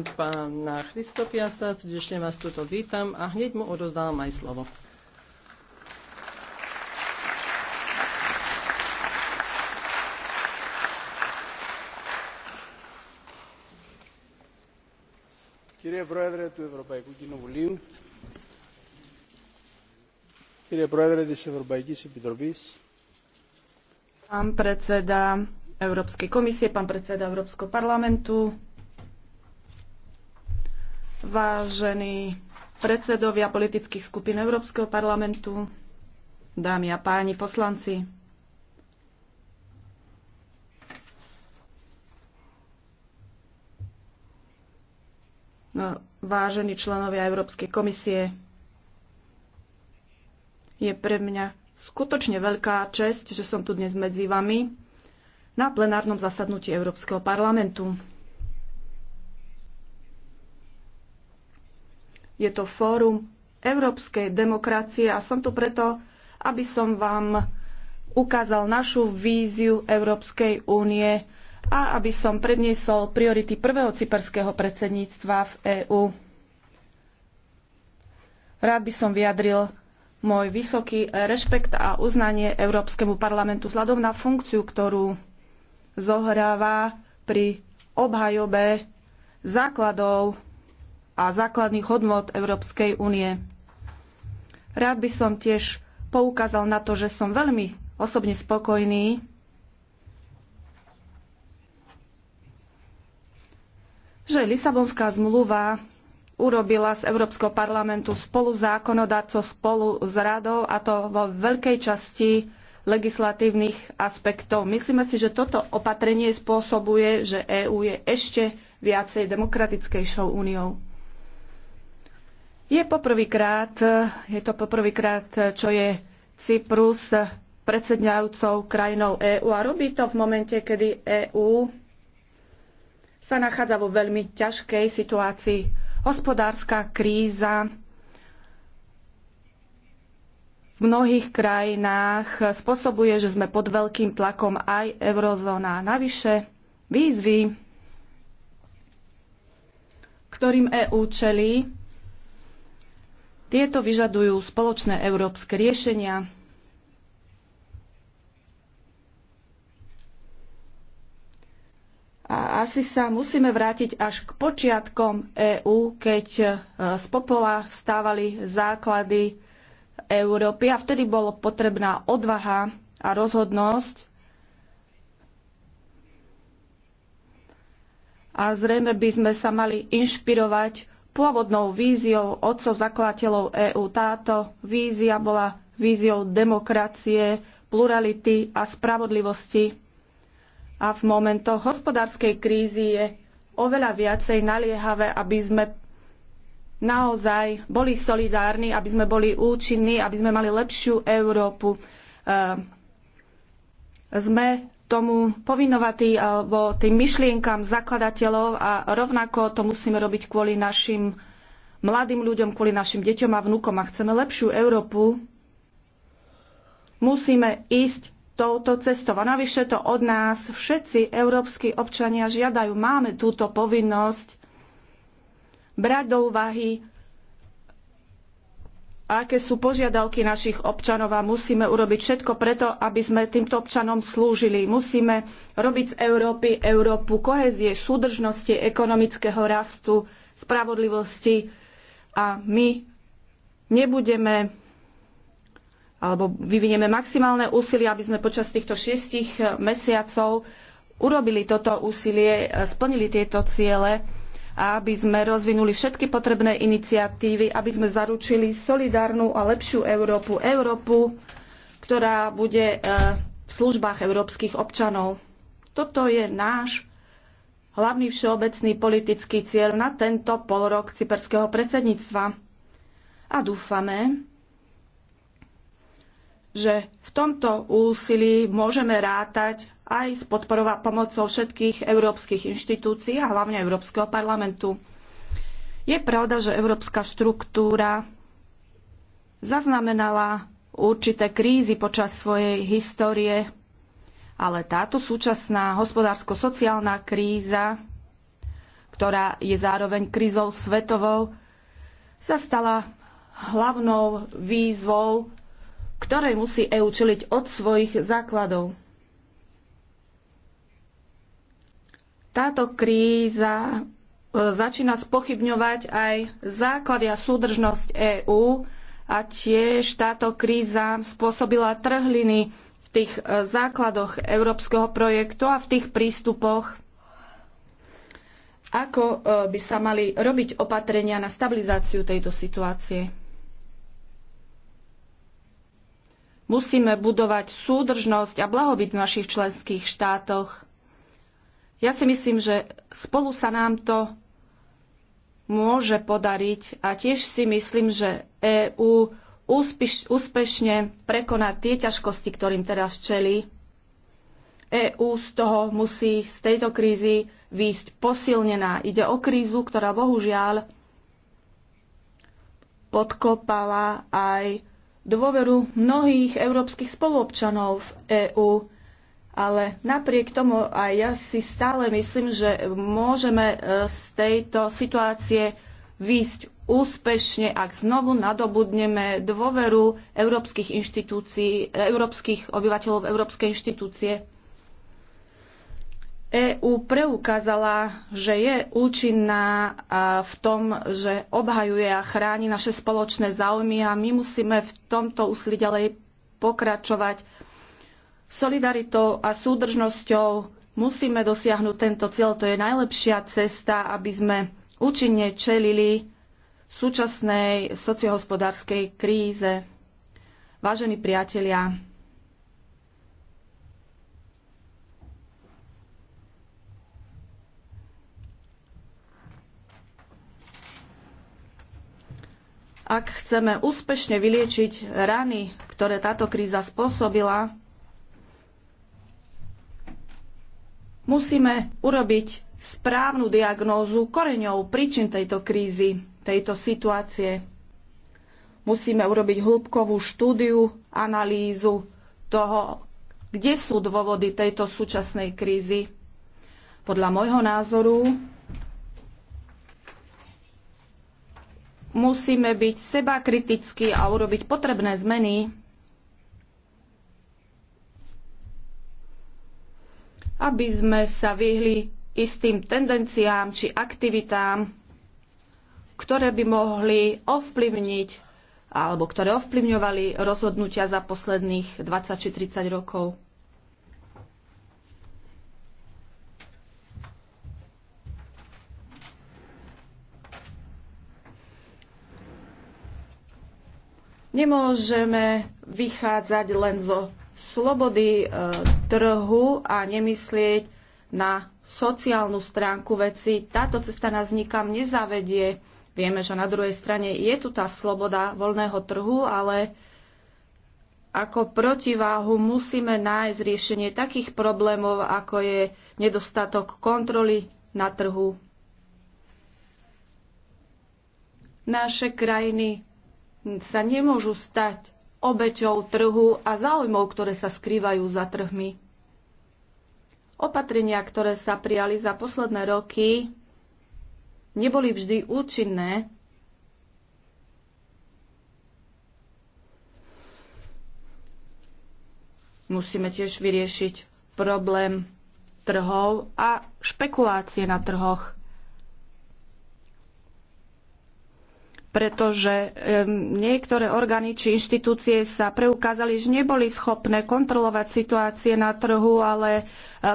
pána Christopiasa. Srdečne vás tuto vítam a hneď mu odozdávam aj slovo. Κύριε Πρόεδρε tu Evropajku Κοινοβουλίου, κύριε Πρόεδρε της Ευρωπαϊκής Επιτροπής, Pán predseda Európskej komisie, pán predseda Európskeho parlamentu, vážení predsedovia politických skupín Európskeho parlamentu, dámy a páni poslanci. No, vážení členovia Európskej komisie, je pre mňa skutočne veľká česť, že som tu dnes medzi vami na plenárnom zasadnutí Európskeho parlamentu. Je to fórum európskej demokracie a som tu preto, aby som vám ukázal našu víziu Európskej únie a aby som predniesol priority prvého cyperského predsedníctva v EÚ. Rád by som vyjadril môj vysoký rešpekt a uznanie Európskemu parlamentu vzhľadom na funkciu, ktorú zohráva pri obhajobe základov a základných hodnot Európskej únie. Rád by som tiež poukázal na to, že som veľmi osobne spokojný že Lisabonská zmluva urobila z Európskeho parlamentu spolu zákonodarcov spolu s radou a to vo veľkej časti legislatívnych aspektov. Myslíme si, že toto opatrenie spôsobuje, že EÚ je ešte viacej demokratickejšou úniou. Je, poprvýkrát, je to poprvýkrát, čo je Cyprus predsedňajúcou krajinou EÚ a robí to v momente, kedy EÚ sa nachádza vo veľmi ťažkej situácii. Hospodárska kríza v mnohých krajinách spôsobuje, že sme pod veľkým tlakom aj eurozóna. Navyše výzvy, ktorým EÚ čelí, tieto vyžadujú spoločné európske riešenia. A asi sa musíme vrátiť až k počiatkom EÚ, keď e, z popola stávali základy Európy a vtedy bolo potrebná odvaha a rozhodnosť. A zrejme by sme sa mali inšpirovať pôvodnou víziou otcov zakladateľov EÚ. Táto vízia bola víziou demokracie, plurality a spravodlivosti. A v momentoch hospodárskej krízy je oveľa viacej naliehavé, aby sme naozaj boli solidárni, aby sme boli účinní, aby sme mali lepšiu Európu. Ehm, sme tomu povinovatí alebo tým myšlienkam zakladateľov a rovnako to musíme robiť kvôli našim mladým ľuďom, kvôli našim deťom a vnúkom. A chceme lepšiu Európu, musíme ísť touto cestou. A navyše to od nás všetci európsky občania žiadajú. Máme túto povinnosť brať do úvahy aké sú požiadavky našich občanov a musíme urobiť všetko preto, aby sme týmto občanom slúžili. Musíme robiť z Európy Európu kohezie, súdržnosti, ekonomického rastu, spravodlivosti a my nebudeme alebo vyvinieme maximálne úsilie, aby sme počas týchto šiestich mesiacov urobili toto úsilie, splnili tieto ciele a aby sme rozvinuli všetky potrebné iniciatívy, aby sme zaručili solidárnu a lepšiu Európu. Európu, ktorá bude e, v službách európskych občanov. Toto je náš hlavný všeobecný politický cieľ na tento polrok cyperského predsedníctva. A dúfame, že v tomto úsilí môžeme rátať aj s podporou a pomocou všetkých európskych inštitúcií a hlavne Európskeho parlamentu. Je pravda, že európska štruktúra zaznamenala určité krízy počas svojej histórie, ale táto súčasná hospodársko-sociálna kríza, ktorá je zároveň krízou svetovou, sa stala hlavnou výzvou, ktorej musí EU čeliť od svojich základov. Táto kríza e, začína spochybňovať aj základy a súdržnosť EÚ a tiež táto kríza spôsobila trhliny v tých e, základoch európskeho projektu a v tých prístupoch, ako e, by sa mali robiť opatrenia na stabilizáciu tejto situácie. Musíme budovať súdržnosť a blahobyt v našich členských štátoch ja si myslím, že spolu sa nám to môže podariť a tiež si myslím, že EÚ úspeš, úspešne prekoná tie ťažkosti, ktorým teraz čeli. EÚ z toho musí z tejto krízy výjsť posilnená. Ide o krízu, ktorá bohužiaľ podkopala aj dôveru mnohých európskych spoluobčanov v EÚ. Ale napriek tomu aj ja si stále myslím, že môžeme e, z tejto situácie výjsť úspešne, ak znovu nadobudneme dôveru európskych inštitúcií, európskych obyvateľov európskej európske inštitúcie. EÚ preukázala, že je účinná v tom, že obhajuje a chráni naše spoločné záujmy a my musíme v tomto úsilí ďalej pokračovať solidaritou a súdržnosťou musíme dosiahnuť tento cieľ. To je najlepšia cesta, aby sme účinne čelili súčasnej sociohospodárskej kríze. Vážení priatelia, ak chceme úspešne vyliečiť rany, ktoré táto kríza spôsobila, Musíme urobiť správnu diagnózu koreňov príčin tejto krízy, tejto situácie. Musíme urobiť hĺbkovú štúdiu, analýzu toho, kde sú dôvody tejto súčasnej krízy. Podľa môjho názoru musíme byť seba kritickí a urobiť potrebné zmeny aby sme sa vyhli istým tendenciám či aktivitám, ktoré by mohli ovplyvniť alebo ktoré ovplyvňovali rozhodnutia za posledných 20 či 30 rokov. Nemôžeme vychádzať len zo slobody e, trhu a nemyslieť na sociálnu stránku veci. Táto cesta nás nikam nezavedie. Vieme, že na druhej strane je tu tá sloboda voľného trhu, ale ako protiváhu musíme nájsť riešenie takých problémov, ako je nedostatok kontroly na trhu. Naše krajiny sa nemôžu stať obeťou trhu a záujmov, ktoré sa skrývajú za trhmi. Opatrenia, ktoré sa prijali za posledné roky, neboli vždy účinné. Musíme tiež vyriešiť problém trhov a špekulácie na trhoch. pretože niektoré orgány či inštitúcie sa preukázali, že neboli schopné kontrolovať situácie na trhu, ale e,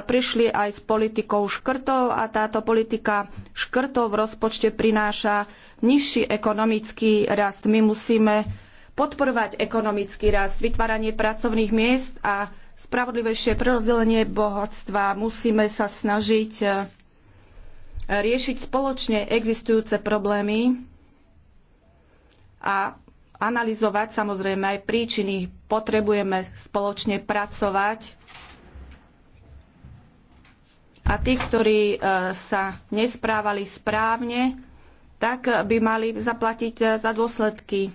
prišli aj s politikou škrtov a táto politika škrtov v rozpočte prináša nižší ekonomický rast. My musíme podporovať ekonomický rast, vytváranie pracovných miest a spravodlivejšie prerozdelenie bohatstva. Musíme sa snažiť e, riešiť spoločne existujúce problémy a analyzovať samozrejme aj príčiny. Potrebujeme spoločne pracovať a tí, ktorí e, sa nesprávali správne, tak by mali zaplatiť e, za dôsledky.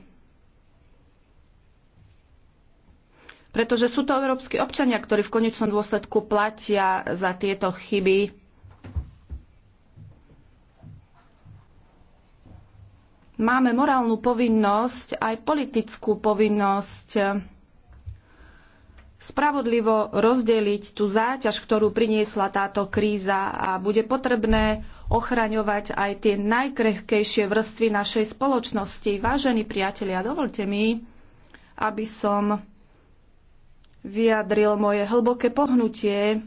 Pretože sú to európsky občania, ktorí v konečnom dôsledku platia za tieto chyby. máme morálnu povinnosť, aj politickú povinnosť eh, spravodlivo rozdeliť tú záťaž, ktorú priniesla táto kríza a bude potrebné ochraňovať aj tie najkrehkejšie vrstvy našej spoločnosti. Vážení priatelia, dovolte mi, aby som vyjadril moje hlboké pohnutie,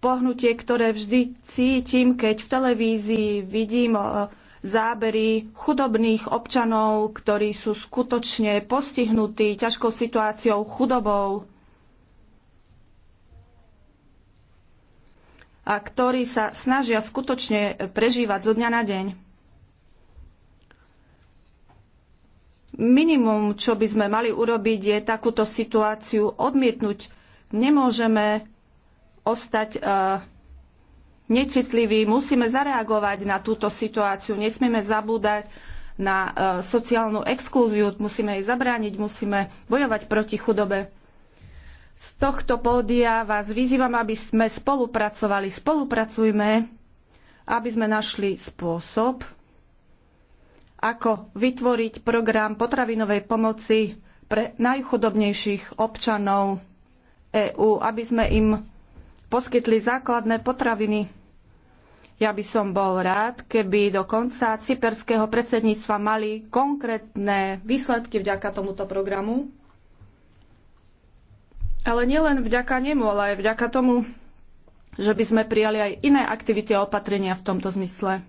pohnutie, ktoré vždy cítim, keď v televízii vidím eh, zábery chudobných občanov, ktorí sú skutočne postihnutí ťažkou situáciou chudobou a ktorí sa snažia skutočne prežívať zo dňa na deň. Minimum, čo by sme mali urobiť, je takúto situáciu odmietnúť. Nemôžeme ostať uh, necitliví. Musíme zareagovať na túto situáciu. Nesmieme zabúdať na e, sociálnu exklúziu. Musíme jej zabrániť, musíme bojovať proti chudobe. Z tohto pódia vás vyzývam, aby sme spolupracovali. Spolupracujme, aby sme našli spôsob, ako vytvoriť program potravinovej pomoci pre najchudobnejších občanov EÚ, aby sme im poskytli základné potraviny. Ja by som bol rád, keby do konca cyperského predsedníctva mali konkrétne výsledky vďaka tomuto programu. Ale nielen vďaka nemu, ale aj vďaka tomu, že by sme prijali aj iné aktivity a opatrenia v tomto zmysle.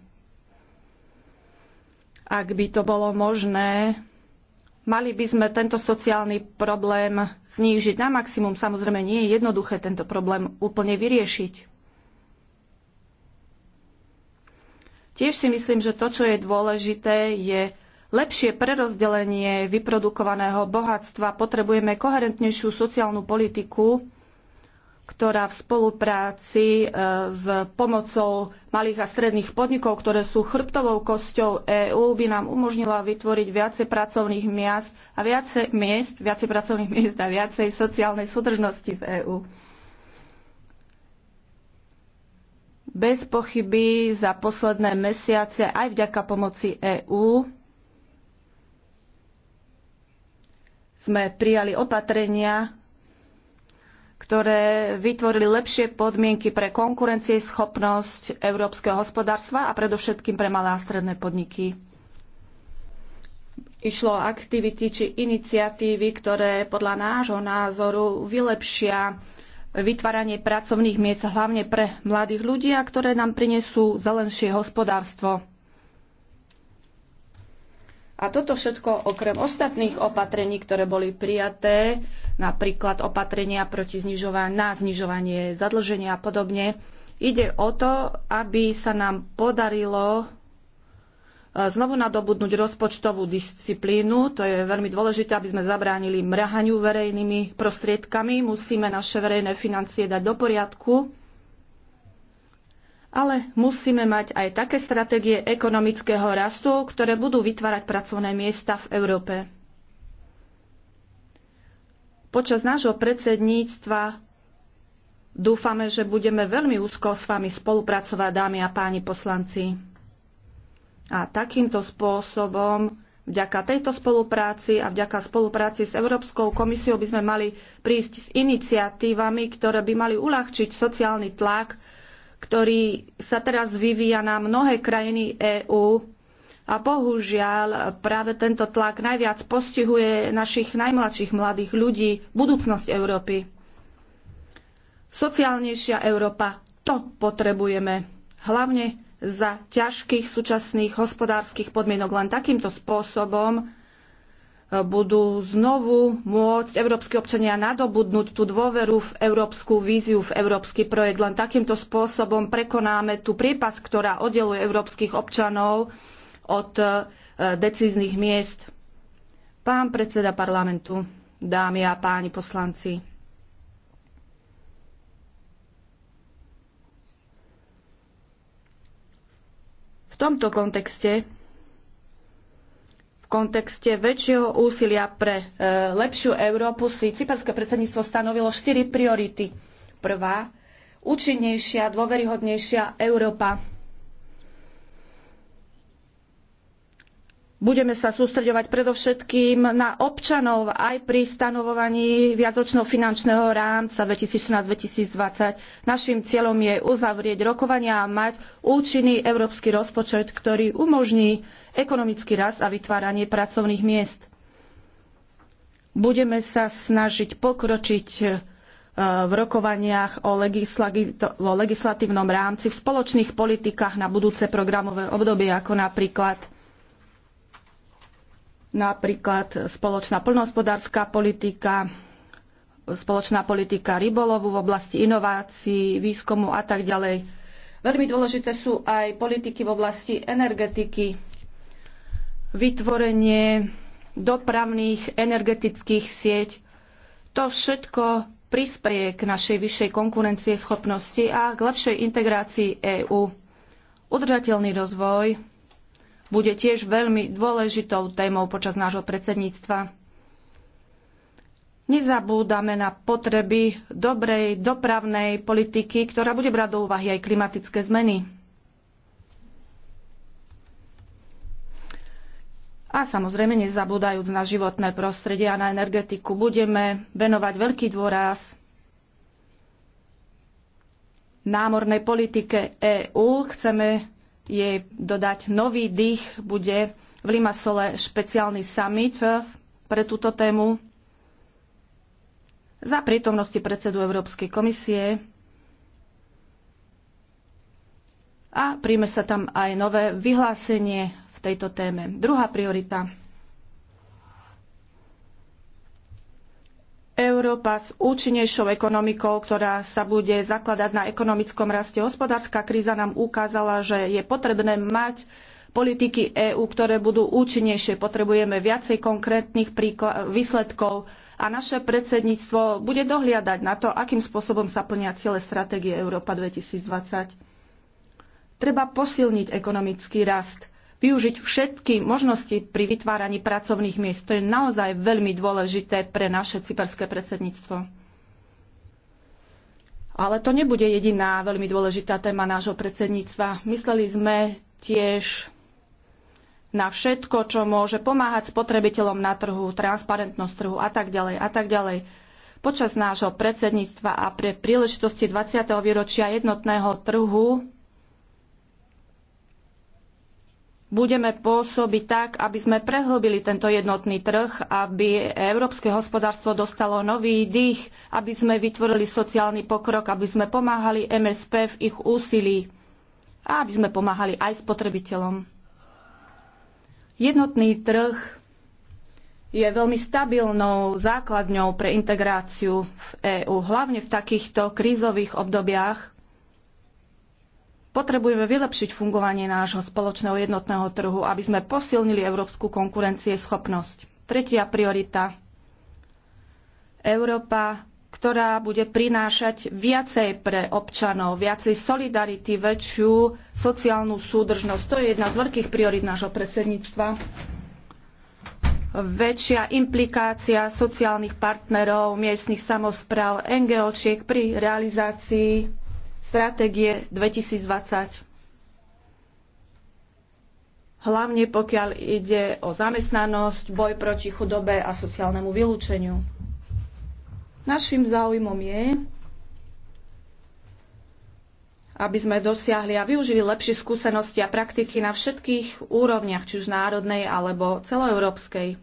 Ak by to bolo možné, Mali by sme tento sociálny problém znížiť na maximum. Samozrejme, nie je jednoduché tento problém úplne vyriešiť. Tiež si myslím, že to, čo je dôležité, je lepšie prerozdelenie vyprodukovaného bohatstva. Potrebujeme koherentnejšiu sociálnu politiku, ktorá v spolupráci e, s pomocou malých a stredných podnikov, ktoré sú chrbtovou kosťou EÚ, by nám umožnila vytvoriť viacej pracovných miest a viacej miest, viacej pracovných miest a viacej sociálnej súdržnosti v EÚ. Bez pochyby za posledné mesiace aj vďaka pomoci EÚ sme prijali opatrenia, ktoré vytvorili lepšie podmienky pre konkurencieschopnosť európskeho hospodárstva a predovšetkým pre malé a stredné podniky. Išlo o aktivity či iniciatívy, ktoré podľa nášho názoru vylepšia vytváranie pracovných miest hlavne pre mladých ľudí a ktoré nám prinesú zelenšie hospodárstvo. A toto všetko okrem ostatných opatrení, ktoré boli prijaté, napríklad opatrenia proti znižovaniu, na znižovanie zadlženia a podobne, ide o to, aby sa nám podarilo e, znovu nadobudnúť rozpočtovú disciplínu. To je veľmi dôležité, aby sme zabránili mrhaniu verejnými prostriedkami. Musíme naše verejné financie dať do poriadku ale musíme mať aj také stratégie ekonomického rastu, ktoré budú vytvárať pracovné miesta v Európe. Počas nášho predsedníctva dúfame, že budeme veľmi úzko s vami spolupracovať, dámy a páni poslanci. A takýmto spôsobom Vďaka tejto spolupráci a vďaka spolupráci s Európskou komisiou by sme mali prísť s iniciatívami, ktoré by mali uľahčiť sociálny tlak ktorý sa teraz vyvíja na mnohé krajiny EÚ a bohužiaľ práve tento tlak najviac postihuje našich najmladších mladých ľudí, budúcnosť Európy. Sociálnejšia Európa, to potrebujeme. Hlavne za ťažkých súčasných hospodárskych podmienok. Len takýmto spôsobom E, budú znovu môcť európsky občania nadobudnúť tú dôveru v európsku víziu, v európsky projekt. Len takýmto spôsobom prekonáme tú priepas, ktorá oddeluje európskych občanov od e, decíznych miest. Pán predseda parlamentu, dámy a páni poslanci. V tomto kontexte kontexte väčšieho úsilia pre e, lepšiu Európu si cyperské predsedníctvo stanovilo štyri priority. Prvá, účinnejšia, dôveryhodnejšia Európa. Budeme sa sústreďovať predovšetkým na občanov aj pri stanovovaní viacročného finančného rámca 2016 2020 Naším cieľom je uzavrieť rokovania a mať účinný európsky rozpočet, ktorý umožní ekonomický rast a vytváranie pracovných miest. Budeme sa snažiť pokročiť e, v rokovaniach o, legislatívnom rámci v spoločných politikách na budúce programové obdobie, ako napríklad napríklad spoločná plnohospodárska politika, spoločná politika rybolovu v oblasti inovácií, výskumu a tak ďalej. Veľmi dôležité sú aj politiky v oblasti energetiky, vytvorenie dopravných, energetických sieť. To všetko prispeje k našej vyššej konkurencieschopnosti a k lepšej integrácii EÚ. Udržateľný rozvoj bude tiež veľmi dôležitou témou počas nášho predsedníctva. Nezabúdame na potreby dobrej dopravnej politiky, ktorá bude brať do úvahy aj klimatické zmeny. a samozrejme nezabúdajúc na životné prostredie a na energetiku, budeme venovať veľký dôraz námornej politike EÚ. Chceme jej dodať nový dých. Bude v Limasole špeciálny summit pre túto tému za prítomnosti predsedu Európskej komisie a príjme sa tam aj nové vyhlásenie v tejto téme. Druhá priorita. Európa s účinnejšou ekonomikou, ktorá sa bude zakladať na ekonomickom raste. Hospodárska kríza nám ukázala, že je potrebné mať politiky EÚ, ktoré budú účinnejšie. Potrebujeme viacej konkrétnych výsledkov a naše predsedníctvo bude dohliadať na to, akým spôsobom sa plnia ciele stratégie Európa 2020. Treba posilniť ekonomický rast, využiť všetky možnosti pri vytváraní pracovných miest. To je naozaj veľmi dôležité pre naše cyperské predsedníctvo. Ale to nebude jediná veľmi dôležitá téma nášho predsedníctva. Mysleli sme tiež na všetko, čo môže pomáhať spotrebiteľom na trhu, transparentnosť trhu a tak ďalej a tak ďalej. Počas nášho predsedníctva a pre príležitosti 20. výročia jednotného trhu budeme pôsobiť tak, aby sme prehlbili tento jednotný trh, aby európske hospodárstvo dostalo nový dých, aby sme vytvorili sociálny pokrok, aby sme pomáhali MSP v ich úsilí a aby sme pomáhali aj spotrebiteľom. Jednotný trh je veľmi stabilnou základňou pre integráciu v EÚ, hlavne v takýchto krízových obdobiach, Potrebujeme vylepšiť fungovanie nášho spoločného jednotného trhu, aby sme posilnili európsku konkurencieschopnosť. Tretia priorita. Európa, ktorá bude prinášať viacej pre občanov, viacej solidarity, väčšiu sociálnu súdržnosť. To je jedna z veľkých priorit nášho predsedníctva. Väčšia implikácia sociálnych partnerov, miestnych samozpráv, NGOčiek pri realizácii stratégie 2020. Hlavne pokiaľ ide o zamestnanosť, boj proti chudobe a sociálnemu vylúčeniu. Našim záujmom je, aby sme dosiahli a využili lepšie skúsenosti a praktiky na všetkých úrovniach, či už národnej alebo celoeurópskej.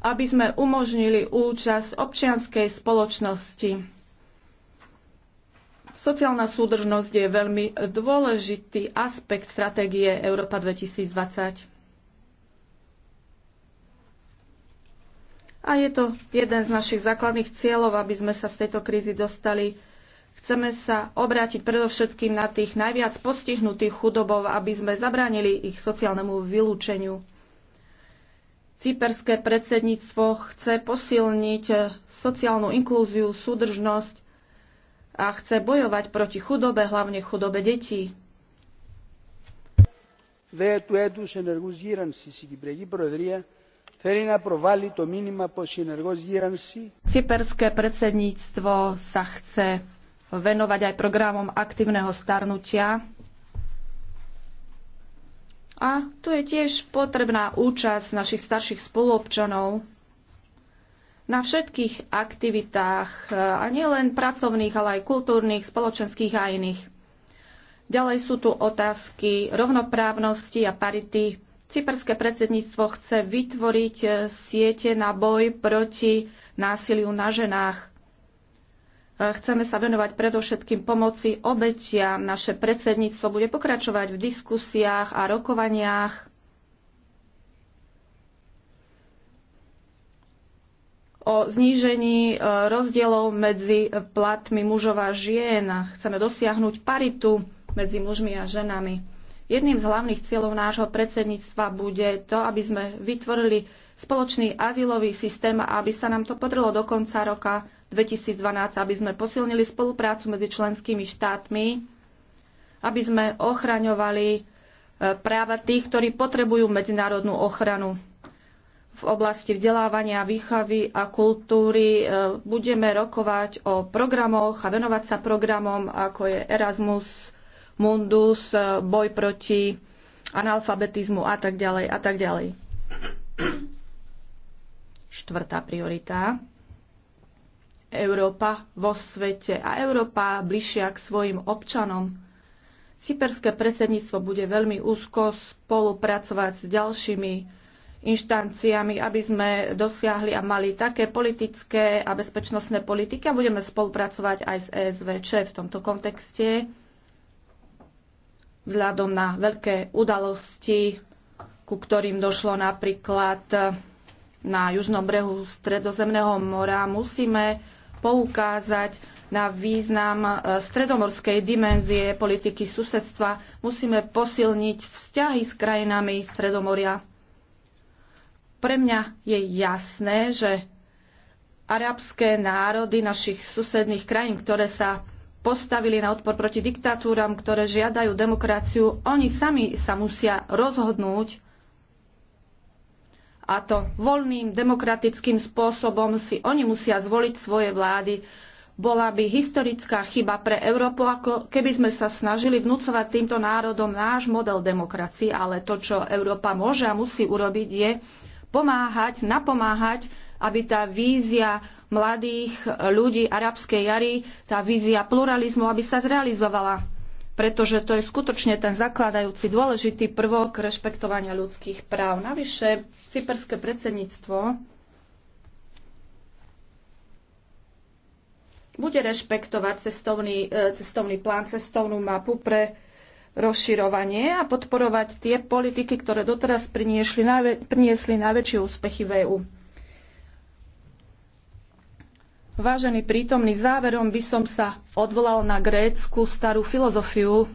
aby sme umožnili účasť občianskej spoločnosti. Sociálna súdržnosť je veľmi dôležitý aspekt stratégie Európa 2020. A je to jeden z našich základných cieľov, aby sme sa z tejto krízy dostali. Chceme sa obrátiť predovšetkým na tých najviac postihnutých chudobov, aby sme zabránili ich sociálnemu vylúčeniu. Cyperské predsedníctvo chce posilniť eh, sociálnu inklúziu, súdržnosť a chce bojovať proti chudobe, hlavne chudobe detí. Δέα του έτους ενεργούς γύρανσης η Κυπριακή Προεδρία θέλει να προβάλλει το μήνυμα πως η ενεργός γύρανση... Cyperské predsedníctvo sa chce venovať aj programom aktívneho starnutia a tu je tiež potrebná účasť našich starších spoluobčanov na všetkých aktivitách, e, a nielen pracovných, ale aj kultúrnych, spoločenských a iných. Ďalej sú tu otázky rovnoprávnosti a parity. Cyperské predsedníctvo chce vytvoriť e, siete na boj proti násiliu na ženách. Chceme sa venovať predovšetkým pomoci obetiam. Naše predsedníctvo bude pokračovať v diskusiách a rokovaniach o znížení e, rozdielov medzi platmi mužov a žien. Chceme dosiahnuť paritu medzi mužmi a ženami. Jedným z hlavných cieľov nášho predsedníctva bude to, aby sme vytvorili spoločný azylový systém a aby sa nám to podrilo do konca roka 2012, aby sme posilnili spoluprácu medzi členskými štátmi, aby sme ochraňovali e, práva tých, ktorí potrebujú medzinárodnú ochranu. V oblasti vzdelávania, výchavy a kultúry e, budeme rokovať o programoch a venovať sa programom, ako je Erasmus, Mundus, e, boj proti analfabetizmu a tak ďalej a tak ďalej. Štvrtá priorita Európa vo svete a Európa bližšia k svojim občanom. Cyperské predsedníctvo bude veľmi úzko spolupracovať s ďalšími inštanciami, aby sme dosiahli a mali také politické a bezpečnostné politiky a budeme spolupracovať aj s ESVČ v tomto kontexte vzhľadom na veľké udalosti, ku ktorým došlo napríklad na južnom brehu Stredozemného mora, musíme poukázať na význam e, stredomorskej dimenzie politiky susedstva. Musíme posilniť vzťahy s krajinami Stredomoria. Pre mňa je jasné, že arabské národy našich susedných krajín, ktoré sa postavili na odpor proti diktatúram, ktoré žiadajú demokraciu, oni sami sa musia rozhodnúť, a to voľným, demokratickým spôsobom si oni musia zvoliť svoje vlády. Bola by historická chyba pre Európu, ako keby sme sa snažili vnúcovať týmto národom náš model demokracie, ale to, čo Európa môže a musí urobiť, je pomáhať, napomáhať, aby tá vízia mladých ľudí arabskej jary, tá vízia pluralizmu, aby sa zrealizovala pretože to je skutočne ten zakladajúci dôležitý prvok rešpektovania ľudských práv. Navyše, cyperské predsedníctvo bude rešpektovať cestovný, e, cestovný plán, cestovnú mapu pre rozširovanie a podporovať tie politiky, ktoré doteraz priniesli, najvä, priniesli najväčšie úspechy v EÚ. Vážený prítomný, záverom by som sa odvolal na grécku starú filozofiu,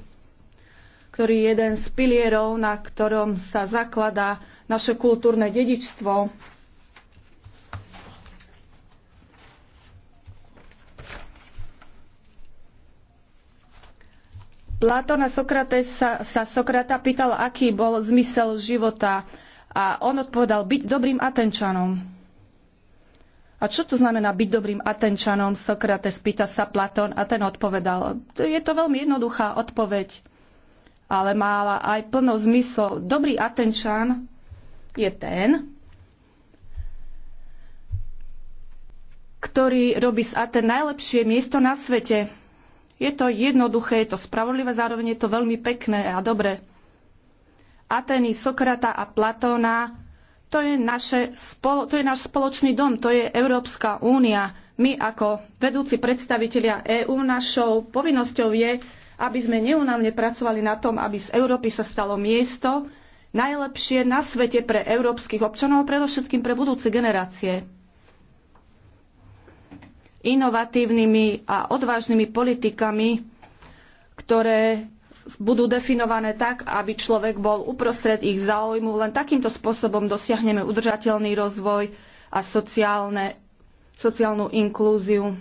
ktorý je jeden z pilierov, na ktorom sa zakladá naše kultúrne dedičstvo. Platón a Sokrates sa, sa Sokrata pýtal, aký bol zmysel života a on odpovedal byť dobrým Atenčanom. A čo to znamená byť dobrým Atenčanom? Sokrates pýta sa Platón a ten odpovedal. Je to veľmi jednoduchá odpoveď, ale mála aj plno zmysel. Dobrý Atenčan je ten, ktorý robí z Aten najlepšie miesto na svete. Je to jednoduché, je to spravodlivé, zároveň je to veľmi pekné a dobré. Ateny Sokrata a Platóna to je, naše, to je náš spoločný dom, to je Európska únia. My ako vedúci predstavitelia EÚ našou povinnosťou je, aby sme neunávne pracovali na tom, aby z Európy sa stalo miesto najlepšie na svete pre európskych občanov a predovšetkým pre budúce generácie. Inovatívnymi a odvážnymi politikami, ktoré budú definované tak, aby človek bol uprostred ich záujmu. Len takýmto spôsobom dosiahneme udržateľný rozvoj a sociálne, sociálnu inklúziu.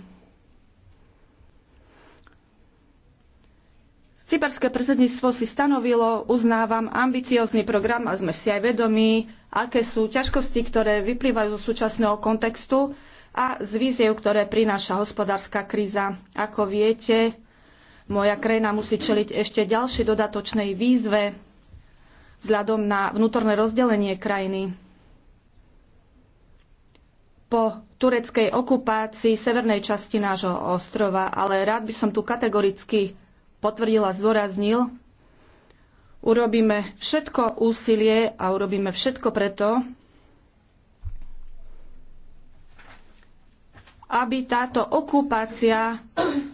Cyperské predsedníctvo si stanovilo, uznávam, ambiciózny program a sme si aj vedomí, aké sú ťažkosti, ktoré vyplývajú zo súčasného kontextu a z víziev, ktoré prináša hospodárska kríza. Ako viete, moja krajina musí čeliť ešte ďalšej dodatočnej výzve vzhľadom na vnútorné rozdelenie krajiny. Po tureckej okupácii severnej časti nášho ostrova, ale rád by som tu kategoricky potvrdil a zdôraznil, urobíme všetko úsilie a urobíme všetko preto, aby táto okupácia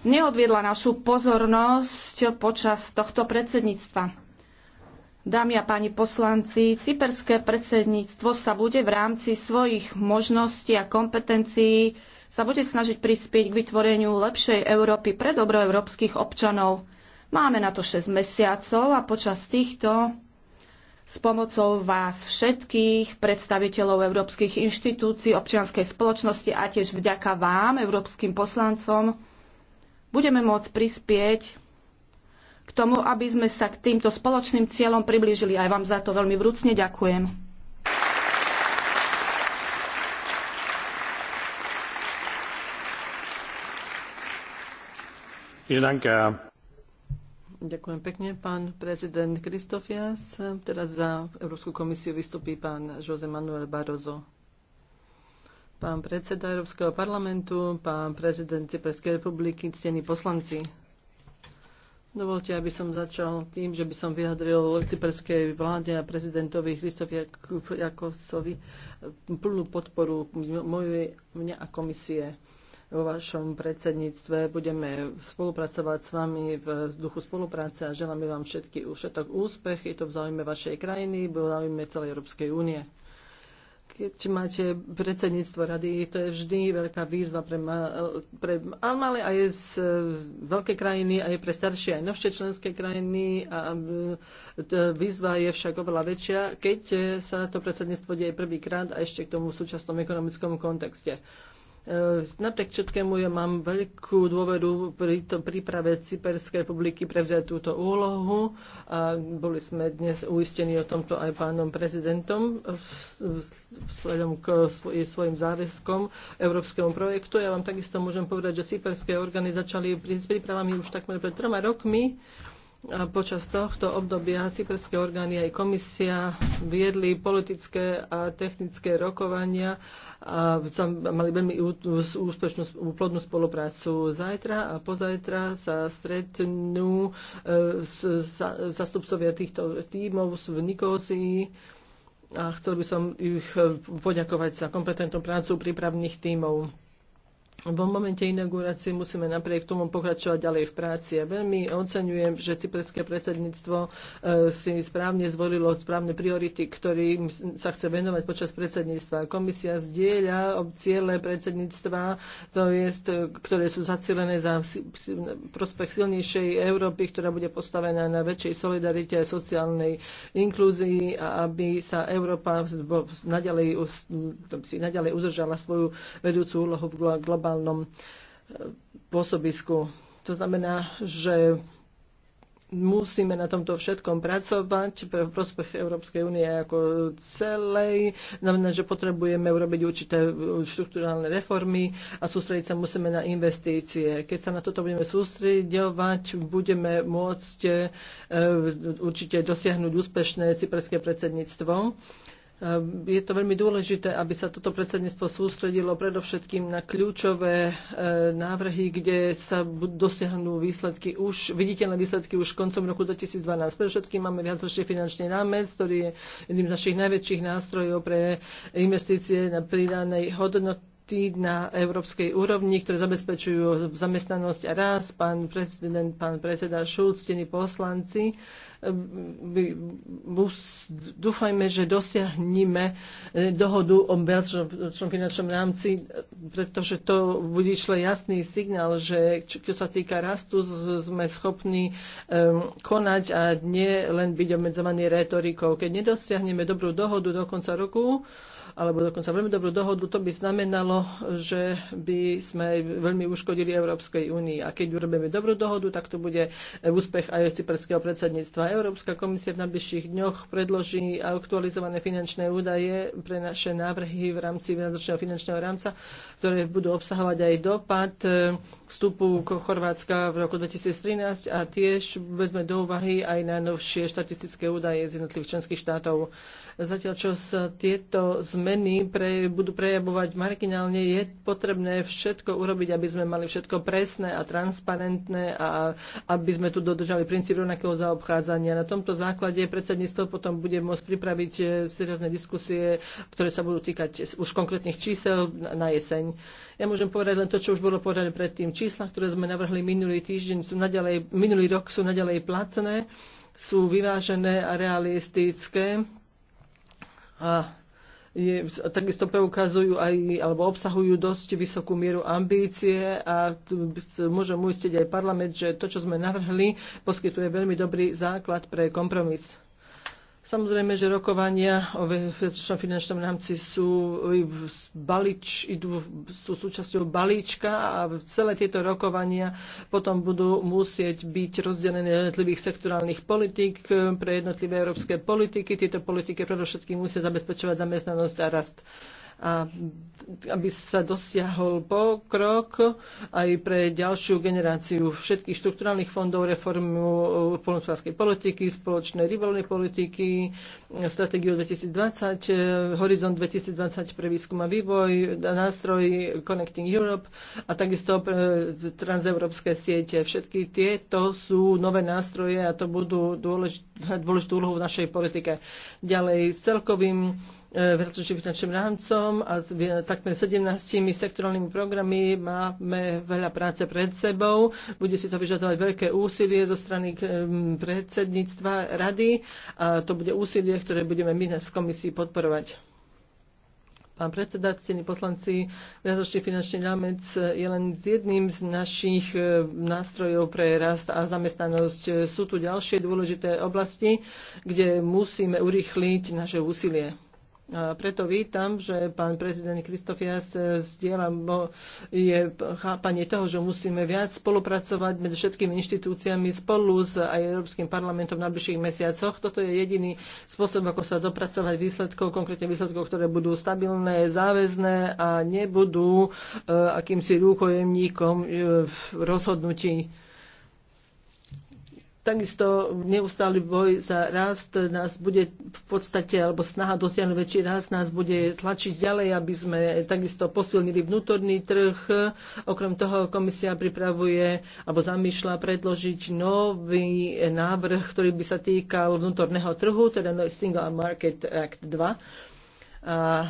neodviedla našu pozornosť počas tohto predsedníctva. Dámy a páni poslanci, cyperské predsedníctvo sa bude v rámci svojich možností a kompetencií sa bude snažiť prispieť k vytvoreniu lepšej Európy pre dobro európskych občanov. Máme na to 6 mesiacov a počas týchto s pomocou vás všetkých, predstaviteľov európskych inštitúcií, občianskej spoločnosti a tiež vďaka vám, európskym poslancom, budeme môcť prispieť k tomu, aby sme sa k týmto spoločným cieľom priblížili. Aj vám za to veľmi vrúcne ďakujem. Ďakujem. Ďakujem pekne, pán prezident Kristofias. Teraz za Európsku komisiu vystupí pán Jose Manuel Barroso. Pán predseda Európskeho parlamentu, pán prezident Cyperskej republiky, ctení poslanci. Dovolte, aby som začal tým, že by som vyjadril cyperskej vláde a prezidentovi Kristofi Jakosovi plnú podporu mojej, mňa a komisie vo vašom predsedníctve. Budeme spolupracovať s vami v duchu spolupráce a želáme vám všetky, všetok úspech. Je to v záujme vašej krajiny, v záujme celej Európskej únie. Keď máte predsedníctvo rady, to je vždy veľká výzva pre, ma, pre malé aj z, z veľké krajiny, aj pre staršie, aj novšie členské krajiny. A, výzva je však oveľa väčšia, keď sa to predsedníctvo deje prvýkrát a ešte k tomu súčasnom ekonomickom kontexte. E, napriek všetkému ja mám veľkú dôveru pri to príprave Cyperskej republiky prevziať túto úlohu a boli sme dnes uistení o tomto aj pánom prezidentom e, vzhľadom k svojim záväzkom európskemu projektu. Ja vám takisto môžem povedať, že cyperské orgány začali s prípravami už takmer pred troma rokmi a počas tohto obdobia cyperské orgány aj komisia viedli politické a technické rokovania a mali veľmi úspešnú úplodnú spoluprácu. Zajtra a pozajtra sa stretnú e, zastupcovia týchto tímov v Nikosii a chcel by som ich poďakovať za kompetentnú prácu prípravných tímov v momente inaugurácie musíme napriek tomu pokračovať ďalej v práci. Ja veľmi oceňujem, že cyperské predsedníctvo e, si správne zvolilo správne priority, ktorým sa chce venovať počas predsedníctva. Komisia zdieľa ciele predsedníctva, to jest, e, ktoré sú zacielené za prospech silnejšej Európy, ktorá bude postavená na väčšej solidarite a sociálnej inklúzii a aby sa Európa naďalej, naďalej udržala svoju vedúcu úlohu v globálnej globálnom e, pôsobisku. To znamená, že musíme na tomto všetkom pracovať pre prospech Európskej únie ako celej. Znamená, že potrebujeme urobiť určité e, štruktúrálne reformy a sústrediť sa musíme na investície. Keď sa na toto budeme sústredovať, budeme môcť e, určite dosiahnuť úspešné cyperské predsedníctvo. Je to veľmi dôležité, aby sa toto predsedníctvo sústredilo predovšetkým na kľúčové e, návrhy, kde sa dosiahnu výsledky už, viditeľné výsledky už koncom roku 2012. Predovšetkým máme viacročný finančný rámec, ktorý je jedným z našich najväčších nástrojov pre investície na pridanej hodnoty na európskej úrovni, ktoré zabezpečujú zamestnanosť a rast. Pán prezident, pán predseda Šulc, tení poslanci, dúfajme, že dosiahneme e, dohodu o bezročnom finančnom rámci, pretože to bude išle jasný signál, že čo sa týka rastu, sme schopní e, konať a nie len byť obmedzovaní retorikou. Keď nedosiahneme dobrú dohodu do konca roku, alebo dokonca veľmi dobrú dohodu, to by znamenalo, že by sme veľmi uškodili Európskej únii. A keď urobíme dobrú dohodu, tak to bude úspech aj cyperského predsedníctva. Európska komisia v najbližších dňoch predloží aktualizované finančné údaje pre naše návrhy v rámci výradočného finančného rámca, ktoré budú obsahovať aj dopad eh, vstupu Chorvátska v roku 2013 a tiež vezme do úvahy aj najnovšie štatistické údaje z jednotlivých členských štátov. Zatiaľ, čo sa tieto zmeny pre, budú prejavovať marginálne, je potrebné všetko urobiť, aby sme mali všetko presné a transparentné a aby sme tu dodržali princíp rovnakého zaobchádzania. Na tomto základe predsedníctvo potom bude môcť pripraviť eh, seriózne diskusie, ktoré sa budú týkať už konkrétnych čísel na jeseň. Ja môžem povedať len to, čo už bolo povedané predtým. Čísla, ktoré sme navrhli minulý týždeň, sú naďalej, minulý rok sú naďalej platné sú vyvážené a realistické a je, takisto preukazujú aj, alebo obsahujú dosť vysokú mieru ambície a tu môžem uistiť aj parlament, že to, čo sme navrhli, poskytuje veľmi dobrý základ pre kompromis. Samozrejme, že rokovania o väčšom finančnom rámci sú, balič, idú, sú súčasťou balíčka a celé tieto rokovania potom budú musieť byť rozdelené do jednotlivých sektorálnych politík e, pre jednotlivé európske politiky. Tieto politiky predovšetkým musia zabezpečovať zamestnanosť a rast a aby sa dosiahol pokrok aj pre ďalšiu generáciu všetkých štrukturálnych fondov, reformu poľnospodárskej politiky, spoločnej rybolovnej politiky, stratégiu 2020, Horizon 2020 pre výskum a vývoj, nástroj Connecting Europe a takisto transeurópske siete. Všetky tieto sú nové nástroje a to budú dôležitú úlohu v našej politike. Ďalej s celkovým pretože e, finančným rámcom a s e, takmer 17 sektorálnymi programy máme veľa práce pred sebou. Bude si to vyžadovať veľké úsilie zo strany e, predsedníctva rady a to bude úsilie, ktoré budeme my z komisii podporovať. Pán predseda, ctení poslanci, viacročný finančný rámec je len jedným z našich nástrojov pre rast a zamestnanosť. Sú tu ďalšie dôležité oblasti, kde musíme urýchliť naše úsilie. A preto vítam, že pán prezident Kristofias zdieľa je chápanie toho, že musíme viac spolupracovať medzi všetkými inštitúciami spolu s aj Európskym parlamentom v najbližších mesiacoch. Toto je jediný spôsob, ako sa dopracovať výsledkov, konkrétne výsledkov, ktoré budú stabilné, záväzné a nebudú e, akýmsi rúkojemníkom e, rozhodnutí Takisto neustály boj za rast nás bude v podstate, alebo snaha dosiahnuť väčší rast nás bude tlačiť ďalej, aby sme takisto posilnili vnútorný trh. Okrem toho komisia pripravuje alebo zamýšľa predložiť nový návrh, ktorý by sa týkal vnútorného trhu, teda Single Market Act 2. A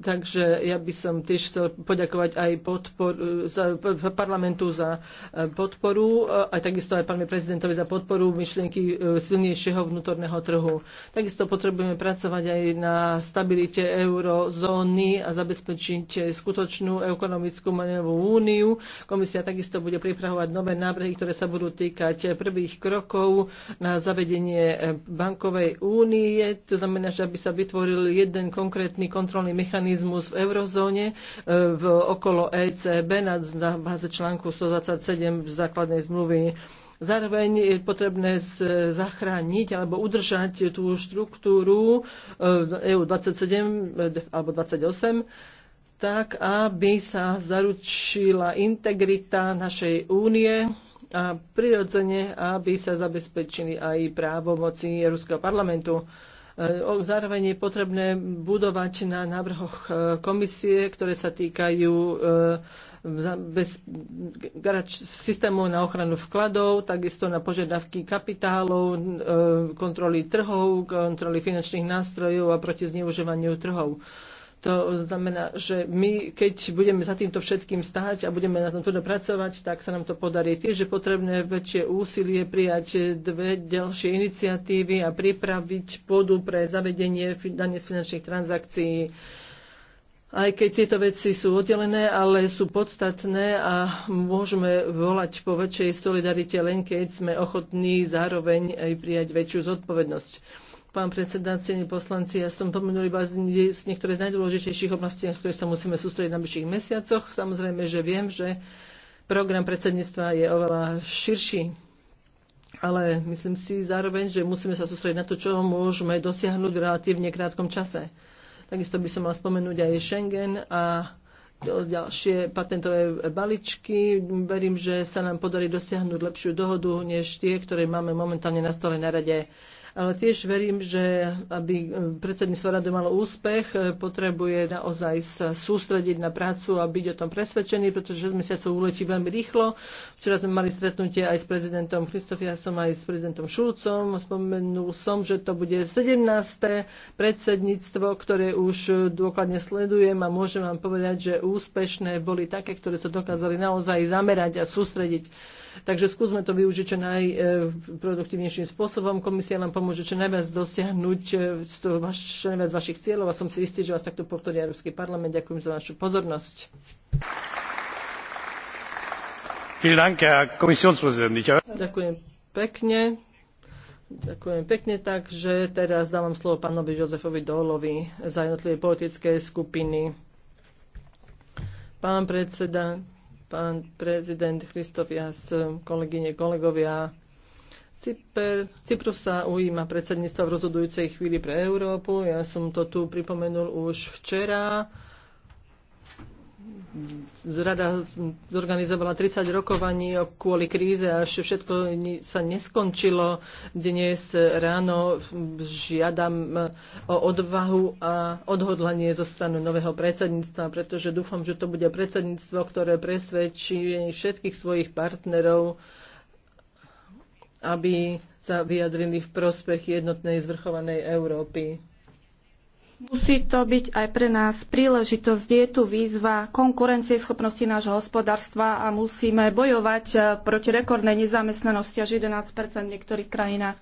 Takže ja by som tiež chcel poďakovať aj podpor, e, za, parlamentu za e, podporu e, aj takisto aj pánovi prezidentovi za podporu myšlienky silnejšieho vnútorného trhu. Takisto potrebujeme pracovať aj na stabilite eurozóny a zabezpečiť skutočnú ekonomickú menovú úniu. Komisia takisto bude pripravovať nové návrhy, ktoré sa budú týkať prvých krokov na zavedenie bankovej únie. To znamená, že aby sa vytvoril jeden konkrétny kontrolný mechanizmus mechanizmus v eurozóne e, v okolo ECB na, báze článku 127 základnej zmluvy. Zároveň je potrebné zachrániť alebo udržať tú štruktúru EU27 e e, alebo 28 tak, aby sa zaručila integrita našej únie a prirodzene, aby sa zabezpečili aj právomoci Európskeho parlamentu. Zároveň je potrebné budovať na návrhoch e, komisie, ktoré sa týkajú e, bez garač, systémov na ochranu vkladov, takisto na požiadavky kapitálov, e, kontroly trhov, kontroly finančných nástrojov a proti zneužívaniu trhov. To znamená, že my, keď budeme za týmto všetkým stáť a budeme na tom tvrdo pracovať, tak sa nám to podarí. Tiež je potrebné väčšie úsilie prijať dve ďalšie iniciatívy a pripraviť pôdu pre zavedenie dane z finančných transakcií aj keď tieto veci sú oddelené, ale sú podstatné a môžeme volať po väčšej solidarite len keď sme ochotní zároveň aj prijať väčšiu zodpovednosť pán predseda, cení poslanci. Ja som pomenul iba z niektoré z najdôležitejších oblastí, na ktoré sa musíme sústrediť na bližších mesiacoch. Samozrejme, že viem, že program predsedníctva je oveľa širší, ale myslím si zároveň, že musíme sa sústrediť na to, čo môžeme dosiahnuť v relatívne krátkom čase. Takisto by som mal spomenúť aj Schengen a ďalšie patentové baličky. Verím, že sa nám podarí dosiahnuť lepšiu dohodu než tie, ktoré máme momentálne na stole na rade. Ale tiež verím, že aby eh, predsedníctvo rady malo úspech, eh, potrebuje naozaj sa sústrediť na prácu a byť o tom presvedčený, pretože 6 mesiacov uletí veľmi rýchlo. Včera sme mali stretnutie aj s prezidentom Kristofiasom, aj s prezidentom Šulcom. Spomenul som, že to bude 17. predsedníctvo, ktoré už eh, dôkladne sledujem a môžem vám povedať, že úspešné boli také, ktoré sa dokázali naozaj zamerať a sústrediť Takže skúsme to využiť čo najproduktívnejším spôsobom. Komisia nám pomôže čo najviac dosiahnuť e, čo najviac vašich cieľov a som si istý, že vás takto podporí Európsky parlament. Ďakujem za vašu pozornosť. Ďakujem pekne. Ďakujem pekne, takže teraz dávam slovo pánovi Jozefovi Dolovi za jednotlivé politické skupiny. Pán predseda, pán prezident Christofias, kolegyne, kolegovia. Cyper, Cyprus sa ujíma predsedníctva v rozhodujúcej chvíli pre Európu. Ja som to tu pripomenul už včera zrada zorganizovala 30 rokovaní kvôli kríze, až všetko sa neskončilo. Dnes ráno žiadam eh, o odvahu a odhodlanie zo strany nového predsedníctva, pretože dúfam, že to bude predsedníctvo, ktoré presvedčí všetkých svojich partnerov, aby sa vyjadrili v prospech jednotnej zvrchovanej Európy. Musí to byť aj pre nás príležitosť. Je tu výzva konkurencie schopnosti nášho hospodárstva a musíme bojovať eh, proti rekordnej nezamestnanosti až 11 v niektorých krajinách.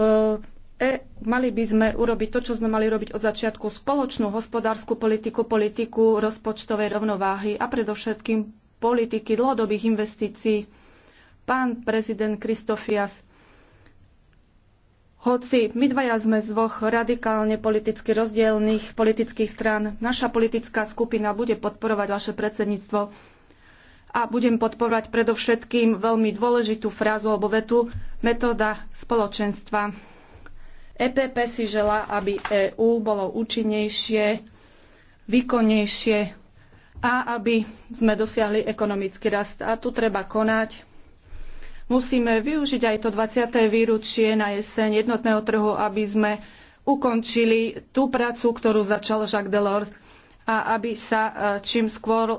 Eh, e, mali by sme urobiť to, čo sme mali robiť od začiatku, spoločnú hospodárskú politiku, politiku rozpočtovej rovnováhy a predovšetkým politiky dlhodobých investícií. Pán prezident Kristofias, hoci my dvaja sme z dvoch radikálne politicky rozdielných politických strán, naša politická skupina bude podporovať vaše predsedníctvo a budem podporovať predovšetkým veľmi dôležitú frázu alebo vetu metóda spoločenstva. EPP si žela, aby EÚ bolo účinnejšie, výkonnejšie a aby sme dosiahli ekonomický rast. A tu treba konať Musíme využiť aj to 20. výročie na jeseň jednotného trhu, aby sme ukončili tú prácu, ktorú začal Jacques Delors a aby sa e, čím skôr e,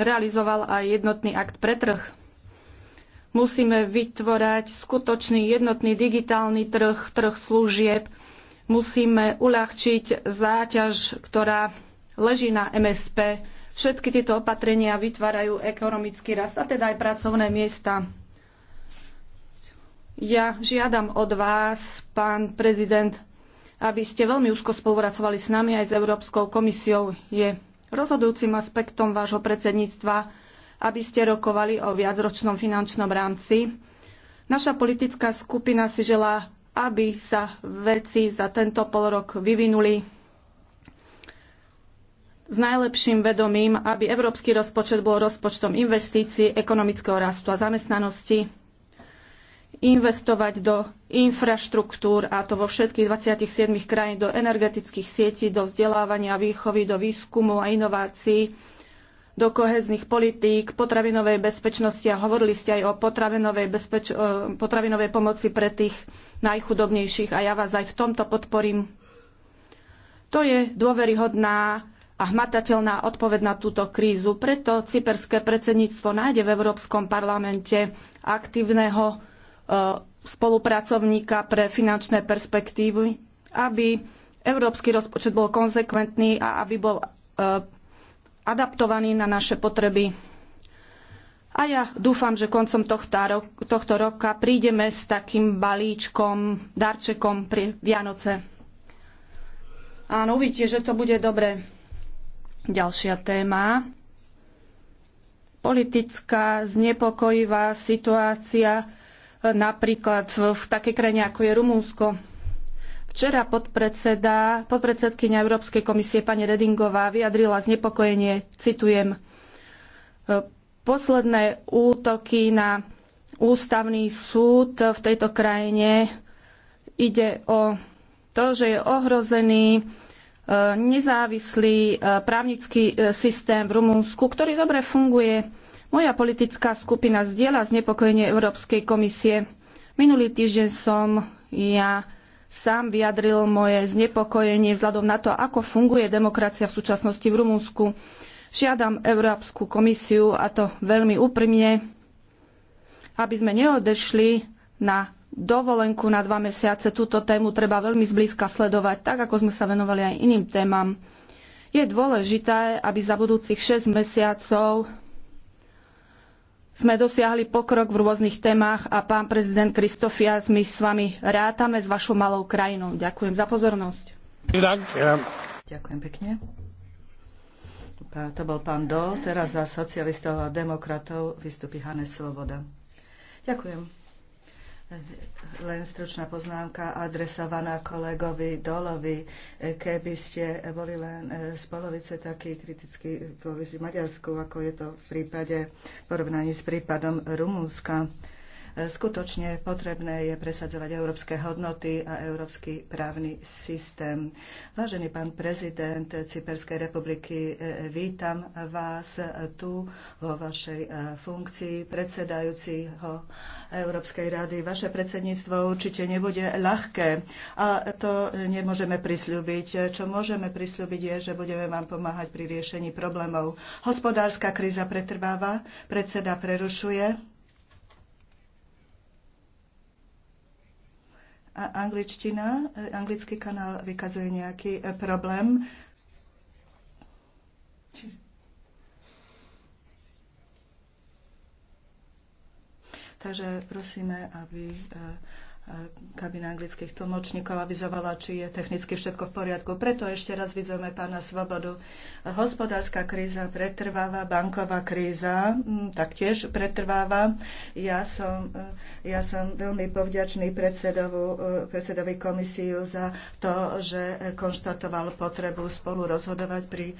realizoval aj jednotný akt pre trh. Musíme vytvorať skutočný jednotný digitálny trh, trh služieb. Musíme uľahčiť záťaž, ktorá leží na MSP. Všetky tieto opatrenia vytvárajú ekonomický rast a teda aj pracovné miesta. Ja žiadam od vás, pán prezident, aby ste veľmi úzko spolupracovali s nami aj s Európskou komisiou. Je rozhodujúcim aspektom vášho predsedníctva, aby ste rokovali o viacročnom finančnom rámci. Naša politická skupina si želá, aby sa veci za tento polrok vyvinuli s najlepším vedomím, aby európsky rozpočet bol rozpočtom investícií, ekonomického rastu a zamestnanosti investovať do infraštruktúr, a to vo všetkých 27 krajín, do energetických sietí, do vzdelávania, výchovy, do výskumu a inovácií, do kohezných politík, potravinovej bezpečnosti a hovorili ste aj o potravinovej, bezpeč- potravinovej pomoci pre tých najchudobnejších a ja vás aj v tomto podporím. To je dôveryhodná a hmatateľná odpoveď na túto krízu. Preto cyperské predsedníctvo nájde v Európskom parlamente aktívneho E, spolupracovníka pre finančné perspektívy, aby európsky rozpočet bol konzekventný a aby bol e, adaptovaný na naše potreby. A ja dúfam, že koncom tohto, roka prídeme s takým balíčkom, darčekom pri Vianoce. Áno, uvidíte, že to bude dobre. Ďalšia téma. Politická znepokojivá situácia napríklad v takej krajine, ako je Rumúnsko. Včera podpredseda, podpredsedkynia Európskej komisie pani Redingová vyjadrila znepokojenie, citujem, e, posledné útoky na ústavný súd v tejto krajine ide o to, že je ohrozený e, nezávislý e, právnický systém v Rumunsku, ktorý dobre funguje moja politická skupina zdieľa znepokojenie Európskej komisie. Minulý týždeň som ja sám vyjadril moje znepokojenie vzhľadom na to, ako funguje demokracia v súčasnosti v Rumunsku. Žiadam Európsku komisiu, a to veľmi úprimne, aby sme neodešli na dovolenku na dva mesiace. Túto tému treba veľmi zblízka sledovať, tak ako sme sa venovali aj iným témam. Je dôležité, aby za budúcich 6 mesiacov sme dosiahli pokrok v rôznych témach a pán prezident Kristofias, my s vami rátame s vašou malou krajinou. Ďakujem za pozornosť. Ďakujem pekne. To bol pán Dol, teraz za socialistov a demokratov vystupí Hane Svoboda. Ďakujem. Len stručná poznámka adresovaná kolegovi Dolovi. Keby ste boli len e, z polovice taký kritický v Maďarsku, ako je to v prípade porovnaní s prípadom Rumúnska, Skutočne potrebné je presadzovať európske hodnoty a európsky právny systém. Vážený pán prezident Cyperskej republiky, e, e, vítam vás tu vo vašej e, funkcii predsedajúciho Európskej rady. Vaše predsedníctvo určite nebude ľahké a to nemôžeme prisľúbiť. Čo môžeme prisľúbiť je, že budeme vám pomáhať pri riešení problémov. Hospodárska kríza pretrváva, predseda prerušuje. angličtina, e, anglický kanál vykazuje nejaký e, problém. Takže prosíme, aby e, kabina anglických tlmočníkov avizovala, či je technicky všetko v poriadku. Preto ešte raz vyzveme pána Svobodu. Hospodárska kríza pretrváva, banková kríza mm, taktiež pretrváva. Ja som, e, ja som veľmi povďačný e, predsedovi komisiu za to, že e, konštatoval potrebu spolu rozhodovať pri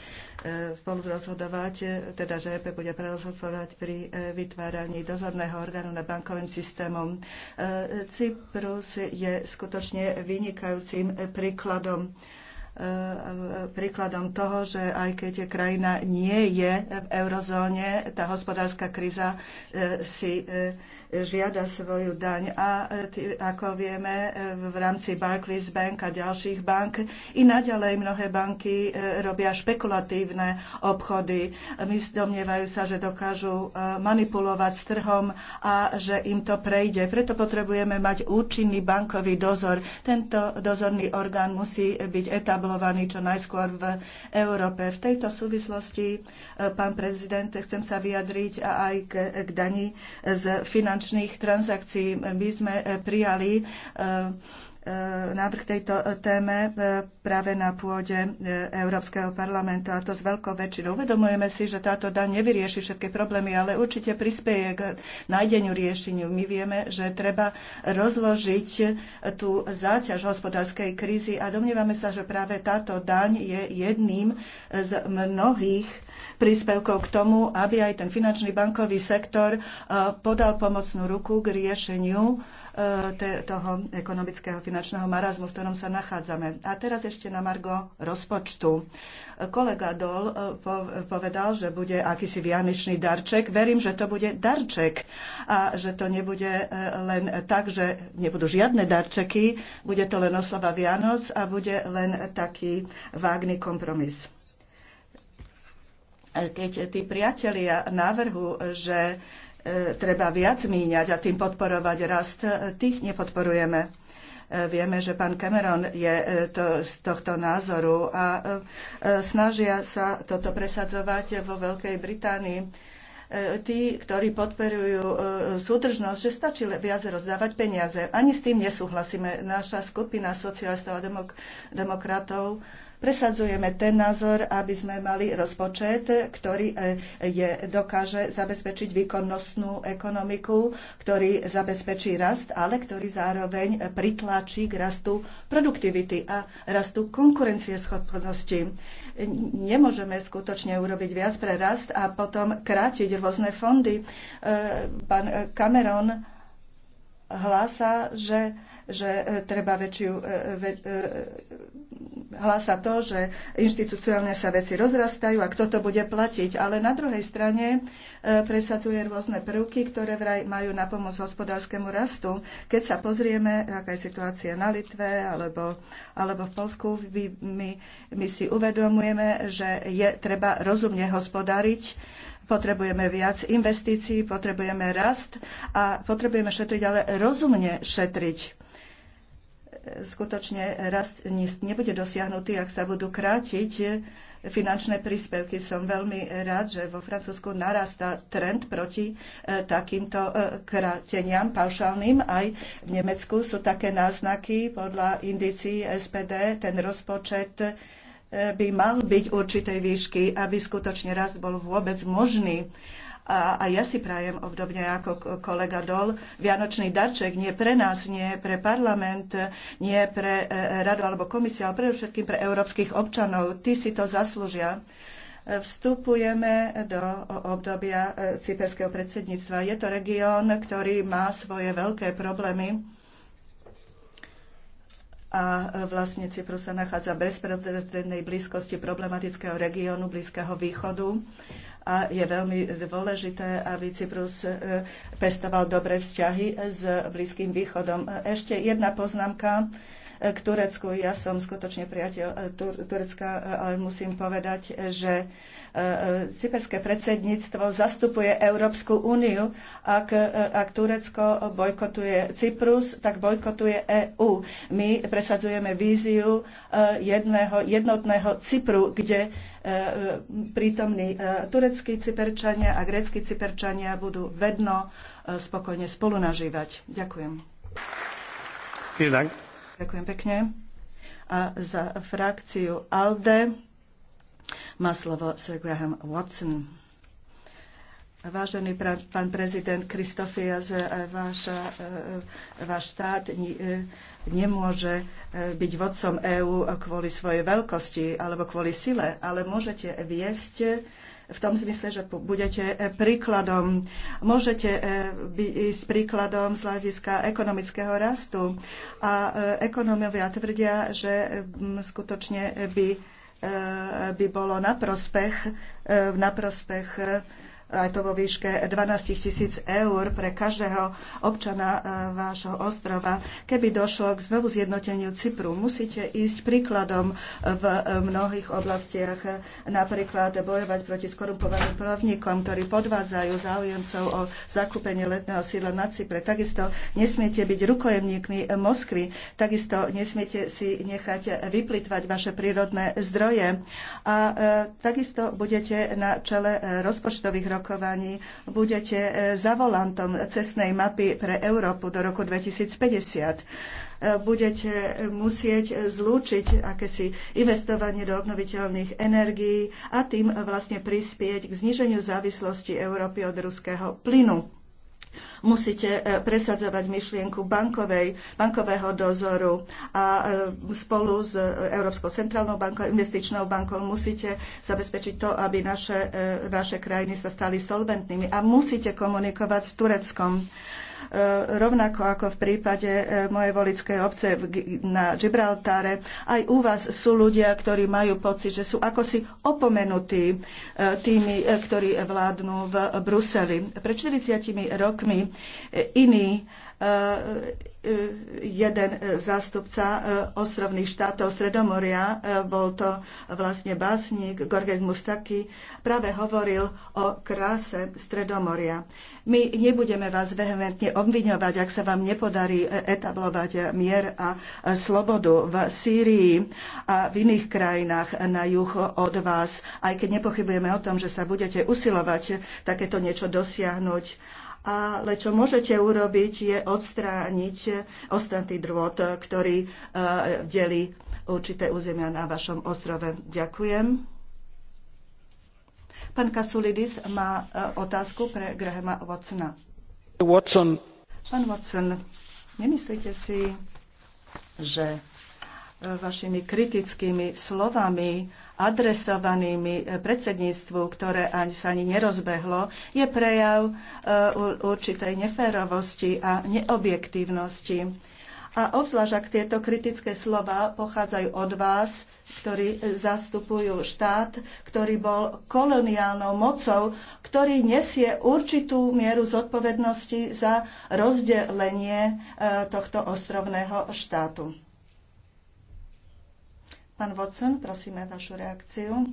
spolu rozhodovať, teda že EP bude prerozhodovať pri e, vytváraní dozorného orgánu nad bankovým systémom. E, Cyprus je skutočne vynikajúcim e, príkladom príkladom toho, že aj keď krajina nie je v eurozóne, tá hospodárska kríza si žiada svoju daň a e, ako vieme e, v rámci Barclays Bank a ďalších bank i naďalej mnohé banky e, robia špekulatívne obchody. My domnievajú sa, že dokážu manipulovať s trhom a že im to prejde. Preto potrebujeme mať účinný bankový dozor. Tento dozorný orgán musí byť etablovaný čo najskôr v Európe. V tejto súvislosti, pán prezident, chcem sa vyjadriť aj k, k daní z finančných finančných transakcií. My sme eh, prijali eh, E, návrh tejto e, téme e, práve na pôde Európskeho parlamentu a to s veľkou väčšinou. Uvedomujeme si, že táto daň nevyrieši všetky problémy, ale určite prispieje k nájdeniu riešeniu. My vieme, že treba rozložiť tú záťaž hospodárskej krízy a domnievame sa, že práve táto daň je jedným z mnohých príspevkov k tomu, aby aj ten finančný bankový sektor podal pomocnú ruku k riešeniu E, toho ekonomického finančného marazmu, v ktorom sa nachádzame. A teraz ešte na Margo rozpočtu. Kolega Dol e, povedal, že bude akýsi vianičný darček. Verím, že to bude darček a že to nebude e, len tak, že nebudú žiadne darčeky, bude to len oslava Vianoc a bude len taký vágny kompromis keď tí priatelia návrhu, že E, treba viac míňať a tým podporovať rast, e, tých nepodporujeme. E, vieme, že pán Cameron je to, z tohto názoru a snažia sa toto presadzovať vo Veľkej Británii tí, ktorí podporujú súdržnosť, že stačí viac rozdávať peniaze. Ani s tým nesúhlasíme. Naša skupina socialistov a demok- demokratov presadzujeme ten názor, aby sme mali rozpočet, ktorý e, je, dokáže zabezpečiť výkonnostnú ekonomiku, ktorý zabezpečí rast, ale ktorý zároveň pritlačí k rastu produktivity a rastu konkurencieschopnosti. Nemôžeme skutočne urobiť viac pre rast a potom krátiť rôzne fondy. E, pán Cameron hlása, že, že e, treba väčšiu... Ve, e, hlása to, že inštitucionálne sa veci rozrastajú a kto to bude platiť. Ale na druhej strane e, presadzuje rôzne prvky, ktoré vraj majú na pomoc hospodárskému rastu. Keď sa pozrieme, aká je situácia na Litve alebo, alebo v Polsku, my, my, si uvedomujeme, že je treba rozumne hospodáriť potrebujeme viac investícií, potrebujeme rast a potrebujeme šetriť, ale rozumne šetriť. Skutočne rast nebude dosiahnutý, ak sa budú krátiť finančné príspevky. Som veľmi rád, že vo Francúzsku narastá trend proti e, takýmto e, kráteniam paušálnym. Aj v Nemecku sú také náznaky podľa indícií SPD. Ten rozpočet by mal byť určitej výšky, aby skutočne rast bol vôbec možný. A, a ja si prajem obdobne ako kolega Dol, vianočný darček nie pre nás, nie pre parlament, nie pre e, radu alebo komisiu, ale predovšetkým pre európskych občanov. Tí si to zaslúžia e, vstupujeme do obdobia e, cyperského predsedníctva. Je to región, ktorý má svoje veľké problémy a e, vlastne Cyprus sa nachádza v bezprostrednej blízkosti problematického regiónu Blízkeho východu a je veľmi dôležité, aby Cyprus e, pestoval dobré vzťahy s Blízkym východom. E, ešte jedna poznámka k Turecku. Ja som skutočne priateľ Turecka, ale musím povedať, že E, e, cyperské predsedníctvo zastupuje Európsku úniu. Ak, e, ak Turecko bojkotuje Cyprus, tak bojkotuje EÚ. My presadzujeme víziu jedného, jednotného Cypru, kde prítomní tureckí cyperčania a greckí cyperčania budú vedno spokojne spolunažívať. Ďakujem. Ďakujem pekne. A za frakciu ALDE má slovo Sir Graham Watson. Vážený pán prezident Kristofias, e, váš, e, váš štát e, nemôže byť vodcom EÚ kvôli svojej veľkosti alebo kvôli sile, ale môžete viesť v tom zmysle, že budete príkladom, môžete ísť príkladom z hľadiska ekonomického rastu. A ekonomovia tvrdia, že skutočne by by bolo na prospech, e, na prospech aj to vo výške 12 tisíc eur pre každého občana e, vášho ostrova, keby došlo k znovu zjednoteniu Cypru. Musíte ísť príkladom v e, mnohých oblastiach, napríklad bojovať proti skorumpovaným právnikom, ktorí podvádzajú záujemcov o zakúpenie letného sídla na Cypre. Takisto nesmiete byť rukojemníkmi Moskvy, takisto nesmiete si nechať vyplitvať vaše prírodné zdroje a e, takisto budete na čele rozpočtových rokov rokovaní budete e, za volantom cestnej mapy pre Európu do roku 2050 e, budete musieť zlúčiť akési investovanie do obnoviteľných energií a tým vlastne prispieť k zniženiu závislosti Európy od ruského plynu musíte e, presadzovať myšlienku bankovej, bankového dozoru a e, spolu s e, Európskou centrálnou bankou, investičnou bankou musíte zabezpečiť to, aby naše, vaše krajiny sa stali solventnými a musíte komunikovať s Tureckom. E, rovnako ako v prípade e, mojej volickej obce na Gibraltáre. Aj u vás sú ľudia, ktorí majú pocit, že sú akosi opomenutí e, tými, ktorí vládnu v Bruseli. Pred 40 rokmi iní jeden zástupca eh, ostrovných štátov Stredomoria, eh, bol to vlastne básnik Gorges Mustaki, práve hovoril o kráse Stredomoria. My nebudeme vás vehementne obviňovať, ak sa vám nepodarí eh, etablovať mier a slobodu v Sýrii a v iných krajinách na juh od vás, aj keď nepochybujeme o tom, že sa budete usilovať takéto niečo dosiahnuť ale čo môžete urobiť, je odstrániť ostatný drôt, ktorý e, delí určité územia na vašom ostrove. Ďakujem. Pán Kasulidis má e, otázku pre Grahama Watsona. Watson. Pán Watson, nemyslíte si, že e, vašimi kritickými slovami adresovanými eh, predsedníctvu, ktoré ani sa ani nerozbehlo, je prejav eh, určitej neférovosti a neobjektívnosti. A obzvlášť, ak tieto kritické slova pochádzajú od vás, ktorí eh, zastupujú štát, ktorý bol koloniálnou mocou, ktorý nesie určitú mieru zodpovednosti za rozdelenie tohto ostrovného štátu. Pán Watson, prosíme vašu reakciu.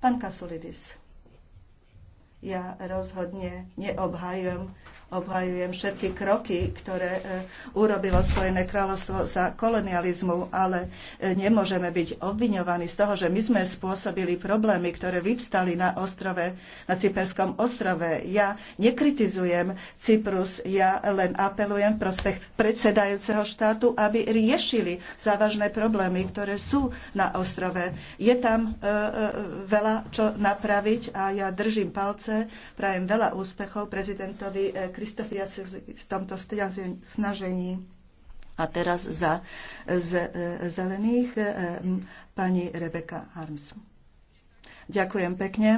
Pán Kasulidis ja rozhodne neobhajujem obhajujem všetky kroky, ktoré e, urobilo Spojené kráľovstvo za kolonializmu, ale e, nemôžeme byť obviňovaní z toho, že my sme spôsobili problémy, ktoré vyvstali na ostrove, na Cyperskom ostrove. Ja nekritizujem Cyprus, ja len apelujem v prospech predsedajúceho štátu, aby riešili závažné problémy, ktoré sú na ostrove. Je tam e, veľa čo napraviť a ja držím palce práce. Prajem veľa úspechov prezidentovi eh, Kristofiasu v tomto snažení. A teraz za z, eh, zelených eh, pani Rebeka Harms. Ďakujem pekne.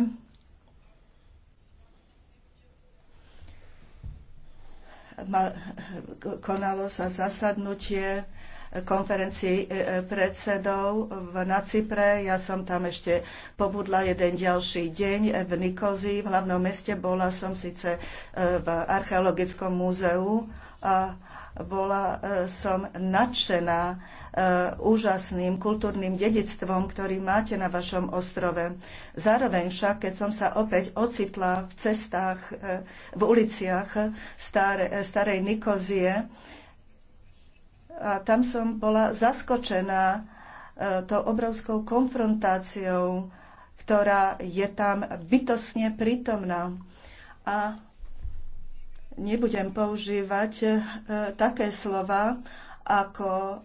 konalo sa zasadnutie konferencii e, e, predsedov v Nacipre. Ja som tam ešte pobudla jeden ďalší deň v Nikozi, v hlavnom meste. Bola som síce e, v archeologickom múzeu a bola som nadšená úžasným kultúrnym dedictvom, ktorý máte na vašom ostrove. Zároveň však, keď som sa opäť ocitla v cestách, v uliciach starej Nikozie, a tam som bola zaskočená e, tou obrovskou konfrontáciou, ktorá je tam bytosne prítomná. A nebudem používať e, také slova, ako e,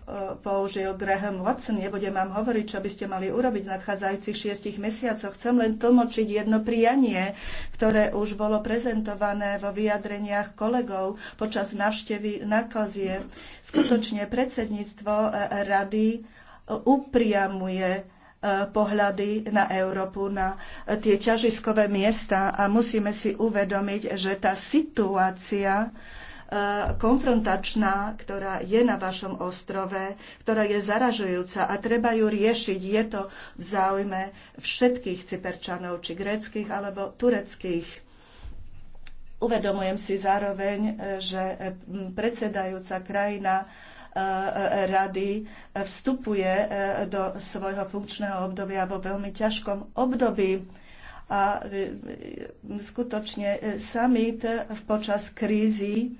použil Graham Watson. Nebudem vám hovoriť, čo by ste mali urobiť v nadchádzajúcich šiestich mesiacoch. Chcem len tlmočiť jedno prianie, ktoré už bolo prezentované vo vyjadreniach kolegov počas navštevy na Kozie. Skutočne predsedníctvo e, rady e, upriamuje pohľady na Európu, na tie ťažiskové miesta a musíme si uvedomiť, že tá situácia E, konfrontačná, ktorá je na vašom ostrove, ktorá je zaražujúca a treba ju riešiť. Je to v záujme všetkých Cyperčanov, či gréckých alebo tureckých. Uvedomujem si zároveň, e, že e, predsedajúca krajina rady vstupuje do svojho funkčného obdobia vo veľmi ťažkom období a skutočne summit počas krízy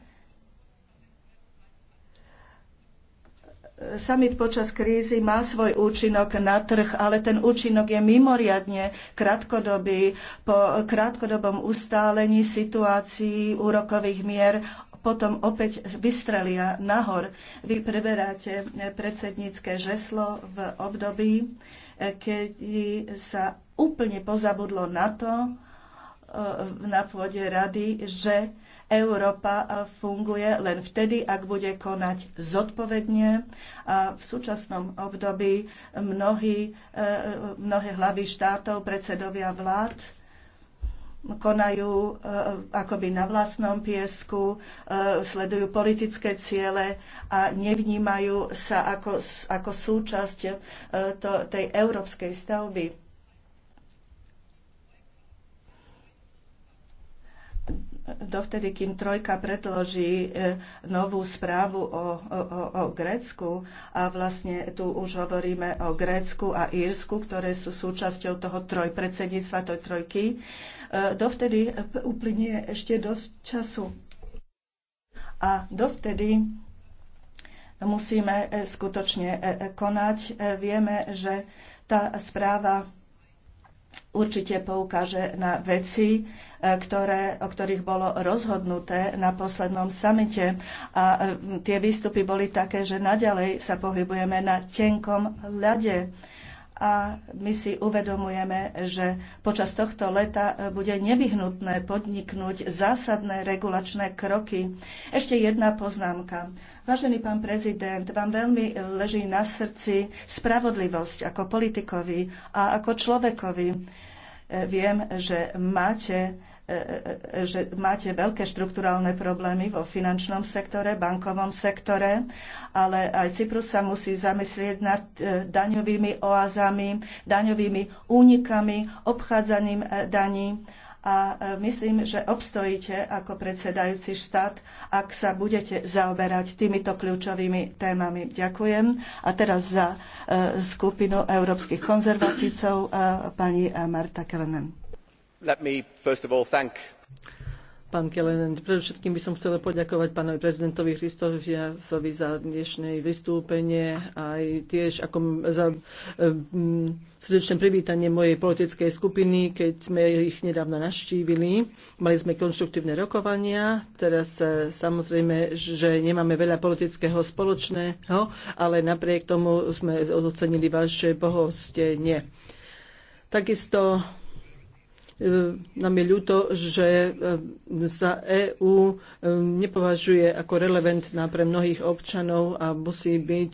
Summit počas krízy má svoj účinok na trh, ale ten účinok je mimoriadne krátkodobý. Po krátkodobom ustálení situácií úrokových mier potom opäť vystrelia nahor. Vy preberáte predsednícke žeslo v období, keď sa úplne pozabudlo na to, na pôde rady, že Európa e, funguje len vtedy, ak bude konať zodpovedne. A v súčasnom období mnohí, e, e, mnohé hlavy štátov, predsedovia vlád konajú akoby na vlastnom piesku, sledujú politické ciele a nevnímajú sa ako, ako súčasť to, tej európskej stavby dovtedy, kým Trojka predloží e, novú správu o, o, o Grécku a vlastne tu už hovoríme o Grécku a Írsku, ktoré sú súčasťou toho trojpredsedníctva, tej trojky, e, dovtedy uplynie ešte dosť času. A dovtedy musíme e, skutočne konať. Vieme, že tá správa určite poukáže na veci, ktoré, o ktorých bolo rozhodnuté na poslednom samite. A tie výstupy boli také, že naďalej sa pohybujeme na tenkom ľade a my si uvedomujeme, že počas tohto leta e, bude nevyhnutné podniknúť zásadné regulačné kroky. Ešte jedna poznámka. Vážený pán prezident, vám veľmi leží na srdci spravodlivosť ako politikovi a ako človekovi. E, viem, že máte E, e, e, že máte veľké štrukturálne problémy vo finančnom sektore, bankovom sektore, ale aj Cyprus sa musí zamyslieť nad daňovými oázami, daňovými únikami, obchádzaním daní. A myslím, že obstojíte ako predsedajúci štát, ak sa budete zaoberať týmito kľúčovými témami. Ďakujem. A teraz za skupinu európskych konzervatívcov pani Marta Kelenen. Pán Kelenen, predovšetkým by som chcela poďakovať pánovi prezidentovi Christofiasovi za dnešné vystúpenie aj tiež ako za um, srdečné privítanie mojej politickej skupiny, keď sme ich nedávno navštívili. Mali sme konštruktívne rokovania. Teraz e, samozrejme, že nemáme veľa politického spoločného, ale napriek tomu sme ocenili vaše pohostenie. Takisto E, nám je ľúto, že e, sa EÚ e, nepovažuje ako relevantná pre mnohých občanov a musí byť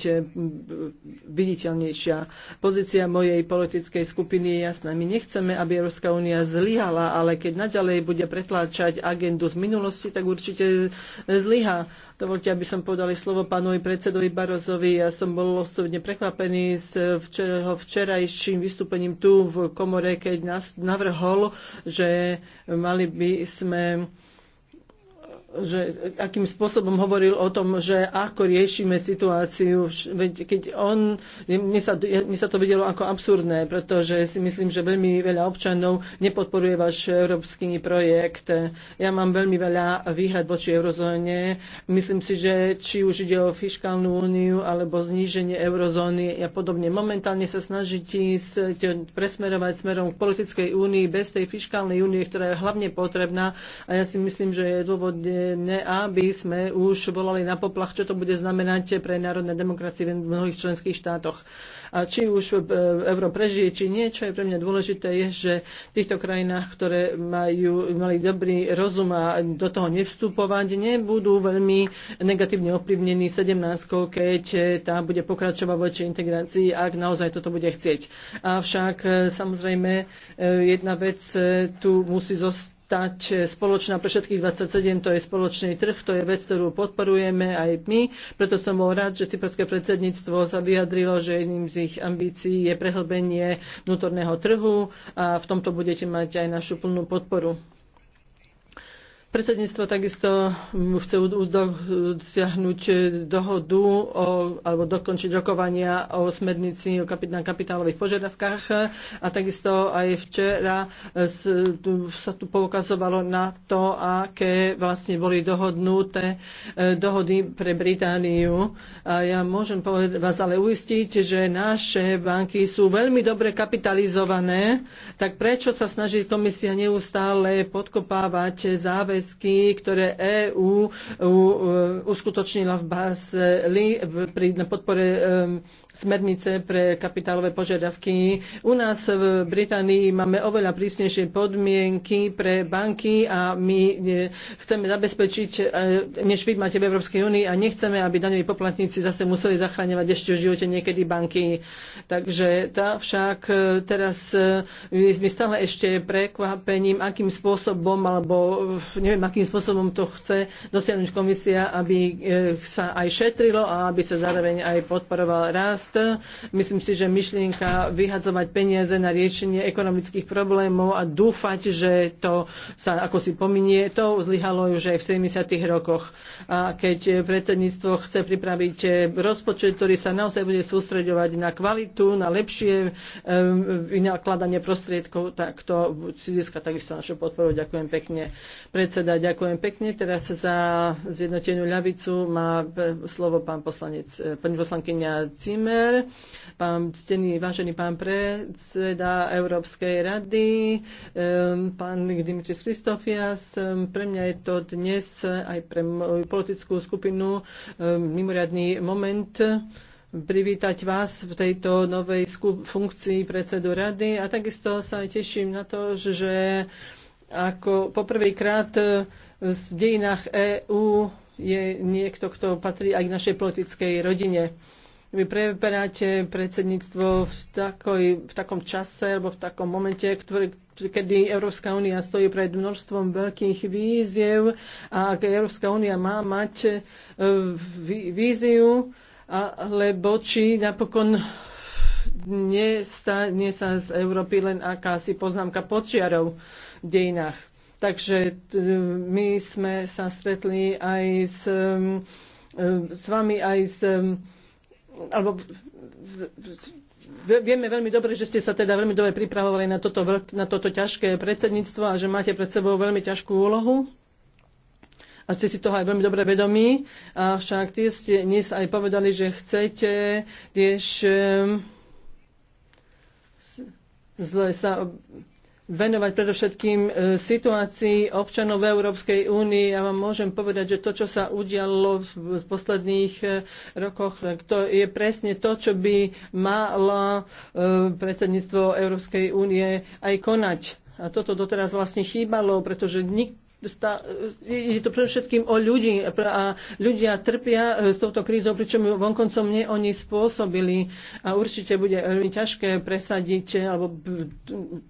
viditeľnejšia. Pozícia mojej politickej skupiny je jasná. My nechceme, aby Európska únia zlyhala, ale keď naďalej bude pretláčať agendu z minulosti, tak určite zlyha. Dovolte, aby som podali slovo pánovi predsedovi Barozovi. Ja som bol osobne prekvapený s včerajším vystúpením tu v komore, keď nás navrhol že mali by sme že akým spôsobom hovoril o tom, že ako riešime situáciu, keď on, mne sa, mne sa to videlo ako absurdné, pretože si myslím, že veľmi veľa občanov nepodporuje váš európsky projekt. Ja mám veľmi veľa výhrad voči eurozóne. Myslím si, že či už ide o fiskálnu úniu alebo zníženie eurozóny a podobne. Momentálne sa snaží ísť presmerovať smerom k politickej únii bez tej fiskálnej únie, ktorá je hlavne potrebná a ja si myslím, že je dôvodne ne, aby sme už volali na poplach, čo to bude znamenať pre národné demokracie v mnohých členských štátoch. A či už e, euro prežije, či nie, čo je pre mňa dôležité, je, že v týchto krajinách, ktoré majú, mali dobrý rozum a do toho nevstupovať, nebudú veľmi negatívne ovplyvnení 17, keď e, tá bude pokračovať voči integrácii, ak naozaj toto bude chcieť. Avšak e, samozrejme jedna vec tu musí zostať stať spoločná pre všetkých 27, to je spoločný trh, to je vec, ktorú podporujeme aj my. Preto som bol rád, že cyperské predsedníctvo sa vyjadrilo, že jedným z ich ambícií je prehlbenie vnútorného trhu a v tomto budete mať aj našu plnú podporu. Predsedníctvo takisto chce dosiahnuť eh, dohodu o, alebo dokončiť rokovania o smernici o kapit- na kapitálových požiadavkách a takisto aj včera eh, sa tu poukazovalo na to, aké vlastne boli dohodnuté eh, dohody pre Britániu. A ja môžem vás ale uistiť, že naše banky sú veľmi dobre kapitalizované, tak prečo sa snaží komisia neustále podkopávať záväzky záväzky, ktoré EÚ uskutočnila v Basli pri podpore smernice pre kapitálové požiadavky. U nás v Británii máme oveľa prísnejšie podmienky pre banky a my e, chceme zabezpečiť, e, než vy máte v Európskej únii a nechceme, aby daňoví poplatníci zase museli zachráňovať ešte v živote niekedy banky. Takže tá však e, teraz my sme stále ešte prekvapením, akým spôsobom alebo neviem, akým spôsobom to chce dosiahnuť komisia, aby sa aj šetrilo a aby sa zároveň aj podporoval rast rast. Myslím si, že myšlienka vyhadzovať peniaze na riešenie ekonomických problémov a dúfať, že to sa ako si pominie, to zlyhalo už aj v 70. rokoch. A keď predsedníctvo chce pripraviť rozpočet, ktorý sa naozaj bude sústreďovať na kvalitu, na lepšie vynakladanie prostriedkov, tak to si získa takisto našu podporu. Ďakujem pekne. Predseda, ďakujem pekne. Teraz za zjednotenú ľavicu má slovo pán poslanec, pani poslankyňa Cim. Kramer, pán ctený, vážený pán predseda Európskej rady, pán Dimitris Kristofias. Pre mňa je to dnes aj pre moju politickú skupinu mimoriadný moment privítať vás v tejto novej funkcii predsedu rady a takisto sa aj teším na to, že ako poprvýkrát v dejinách EÚ je niekto, kto patrí aj k našej politickej rodine. Vy preberáte predsedníctvo v, takoj, v takom čase alebo v takom momente, ktorý, kedy Európska únia stojí pred množstvom veľkých víziev a ak Európska únia má mať e, víziu, alebo či napokon nestane sa z Európy len akási poznámka počiarov v dejinách. Takže e, my sme sa stretli aj s, e, s vami, aj s alebo vieme veľmi dobre, že ste sa teda veľmi dobre pripravovali na toto, na toto ťažké predsedníctvo a že máte pred sebou veľmi ťažkú úlohu a ste si toho aj veľmi dobre vedomí. Avšak tie ste dnes aj povedali, že chcete tiež ehm, zle sa venovať predovšetkým e, situácii občanov v Európskej únii. Ja vám môžem povedať, že to, čo sa udialo v posledných e, rokoch, e, to je presne to, čo by malo predsedníctvo Európskej únie aj konať. A toto doteraz vlastne chýbalo, pretože nikto je to predovšetkým o ľudí a ľudia trpia e, s touto krízou, pričom vonkoncom nie oni spôsobili a určite bude veľmi ťažké presadiť e, alebo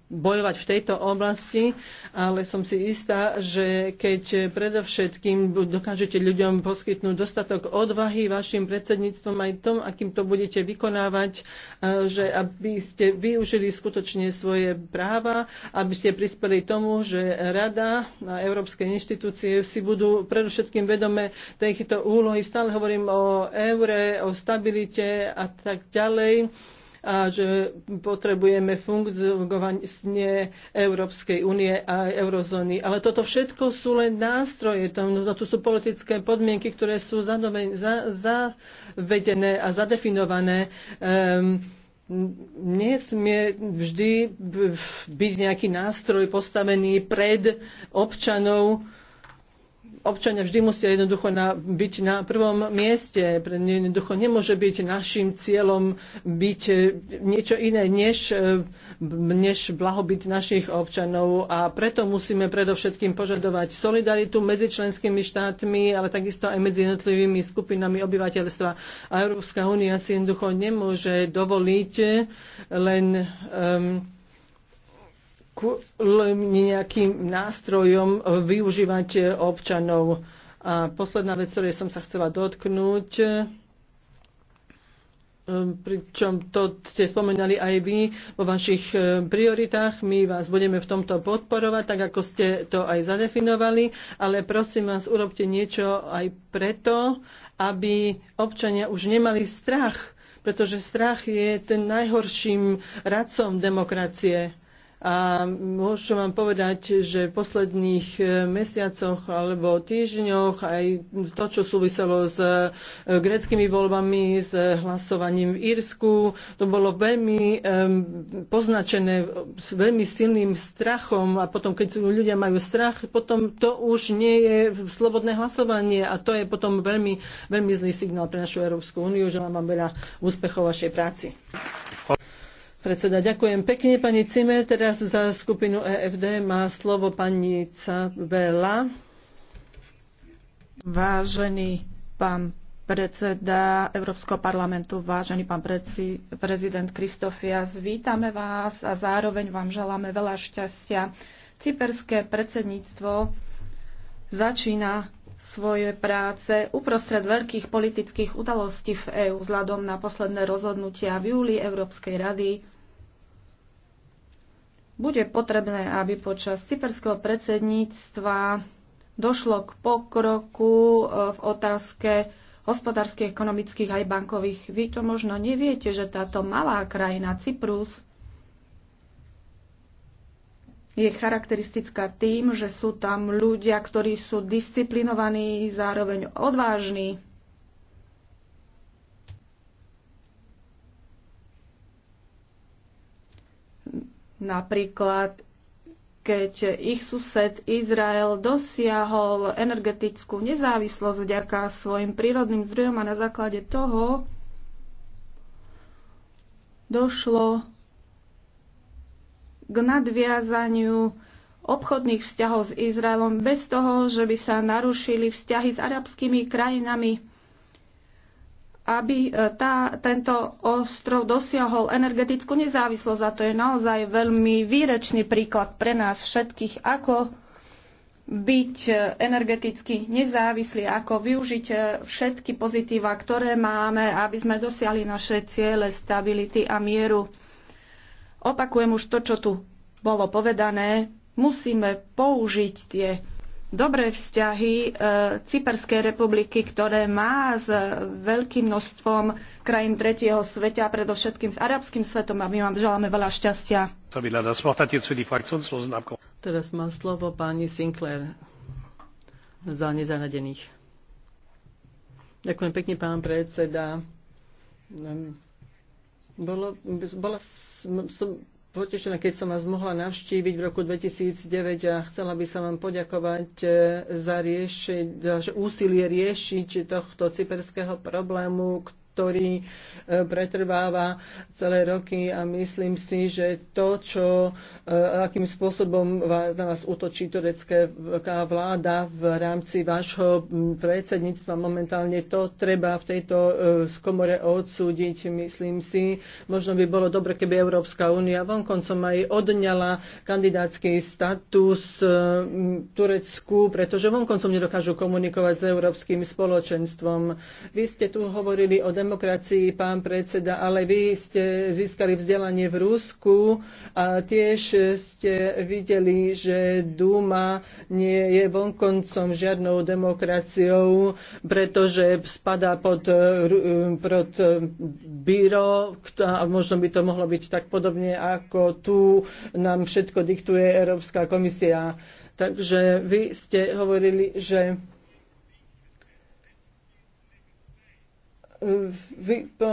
bojovať v tejto oblasti, ale som si istá, že keď e, predovšetkým dokážete ľuďom poskytnúť dostatok odvahy vašim predsedníctvom aj tom, akým to budete vykonávať, že aby ste využili skutočne svoje práva, aby ste prispeli tomu, že Rada na Európskej európske inštitúcie si budú predovšetkým vedome tejto úlohy. Stále hovorím o eure, o stabilite a tak ďalej a že potrebujeme fungovanie Európskej únie a eurozóny. Ale toto všetko sú len nástroje, to, no, to sú politické podmienky, ktoré sú zavedené a zadefinované. Um, nesmie vždy byť nejaký nástroj postavený pred občanov, občania vždy musia jednoducho na, byť na prvom mieste. Pre Jednoducho nemôže byť našim cieľom byť e, niečo iné, než, e, než blahobyt našich občanov. A preto musíme predovšetkým požadovať solidaritu medzi členskými štátmi, ale takisto aj medzi jednotlivými skupinami obyvateľstva. A Európska únia si jednoducho nemôže dovoliť len um, nejakým nástrojom e, využívať e, občanov. A posledná vec, ktorej som sa chcela dotknúť, e, pričom to ste spomenali aj vy vo vašich prioritách. My vás budeme v tomto podporovať, tak ako ste to aj zadefinovali, ale prosím vás, urobte niečo aj preto, aby občania už nemali strach, pretože strach je ten najhorším radcom demokracie. A môžem vám povedať, že v posledných e, mesiacoch alebo týždňoch aj to, čo súviselo s e, greckými voľbami, s hlasovaním v Írsku, to bolo veľmi e, poznačené s veľmi silným strachom a potom, keď ľudia majú strach, potom to už nie je slobodné hlasovanie a to je potom veľmi, veľmi zlý signál pre našu Európsku úniu. Želám vám veľa úspechov vašej práci. Predseda, ďakujem pekne pani Cime. Teraz za skupinu EFD má slovo pani Cavela. Vážený pán predseda Európskeho parlamentu, vážený pán preci, prezident Kristofias, vítame vás a zároveň vám želáme veľa šťastia. Cyperské predsedníctvo začína svoje práce uprostred veľkých politických udalostí v EÚ vzhľadom na posledné rozhodnutia v júli Európskej rady bude potrebné, aby počas cyperského predsedníctva došlo k pokroku e, v otázke hospodárskych, ekonomických aj bankových. Vy to možno neviete, že táto malá krajina Cyprus je charakteristická tým, že sú tam ľudia, ktorí sú disciplinovaní, zároveň odvážni. Napríklad, keď ich sused Izrael dosiahol energetickú nezávislosť vďaka svojim prírodným zdrojom a na základe toho došlo k nadviazaniu obchodných vzťahov s Izraelom bez toho, že by sa narušili vzťahy s arabskými krajinami, aby e, tá, tento ostrov dosiahol energetickú nezávislosť. A to je naozaj veľmi výrečný príklad pre nás všetkých, ako byť e, energeticky nezávislí, ako využiť e, všetky pozitíva, ktoré máme, aby sme dosiahli naše ciele stability a mieru. Opakujem už to, čo tu bolo povedané. Musíme použiť tie dobré vzťahy e, Cyperskej republiky, ktoré má s veľkým množstvom krajín tretieho sveta a predovšetkým s arabským svetom a my vám želáme veľa šťastia. Teraz má slovo pani Sinclair za nezaradených. Ďakujem pekne, pán predseda. Ehm, bolo, bola som potešená, keď som vás mohla navštíviť v roku 2009 a chcela by sa vám poďakovať eh, za, rieši, za úsilie riešiť tohto cyperského problému, ktorý e, pretrváva celé roky a myslím si, že to, čo, e, akým spôsobom na vás útočí turecká vláda v rámci vášho predsedníctva momentálne, to treba v tejto e, komore odsúdiť, myslím si. Možno by bolo dobre, keby Európska únia vonkoncom aj odňala kandidátsky status Turecku, pretože vonkoncom nedokážu komunikovať s Európskym spoločenstvom. Vy ste tu hovorili o demokracii, pán predseda, ale vy ste získali vzdelanie v Rusku a tiež ste videli, že Duma nie je vonkoncom žiadnou demokraciou, pretože spadá pod, pod byro a možno by to mohlo byť tak podobne, ako tu nám všetko diktuje Európska komisia. Takže vy ste hovorili, že vy, po,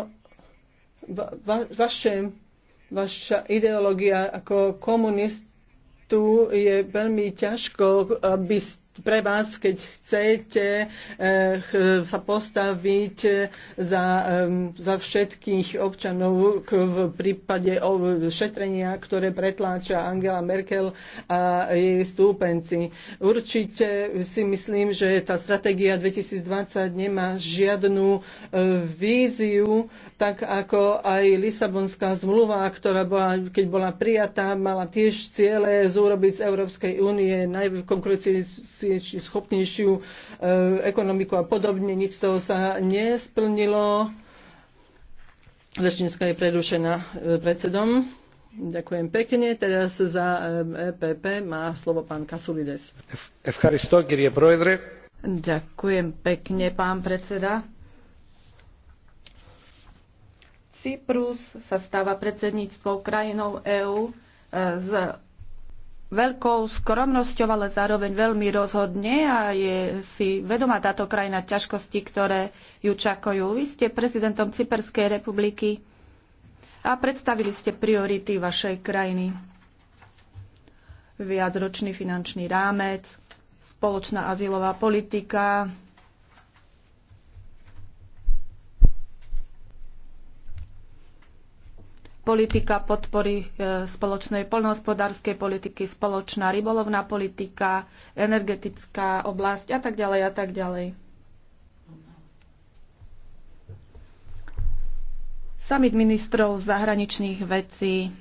va, va, vaše, vaša ideológia ako komunistu je veľmi ťažko, aby ste pre vás, keď chcete eh, sa postaviť eh, za, eh, za všetkých občanov v prípade šetrenia, ktoré pretláča Angela Merkel a jej stúpenci. Určite si myslím, že tá stratégia 2020 nemá žiadnu víziu, tak ako aj Lisabonská zmluva, ktorá bola, keď bola prijatá, mala tiež ciele zúrobiť z Európskej únie najkonkurencii schopnejšiu e, ekonomiku a podobne. Nič z toho sa nesplnilo. Lečnická je prerušená e, predsedom. Ďakujem pekne. Teraz za EPP e má slovo pán Kasulides. Ďakujem pekne, pán predseda. Cyprus sa stáva predsedníctvou krajinou EÚ s veľkou skromnosťou, ale zároveň veľmi rozhodne a je si vedomá táto krajina ťažkosti, ktoré ju čakajú. Vy ste prezidentom Cyperskej republiky a predstavili ste priority vašej krajiny. Viacročný finančný rámec, spoločná azylová politika, politika podpory e, spoločnej poľnohospodárskej politiky, spoločná rybolovná politika, energetická oblasť a tak ďalej a tak ďalej. Samit ministrov zahraničných vecí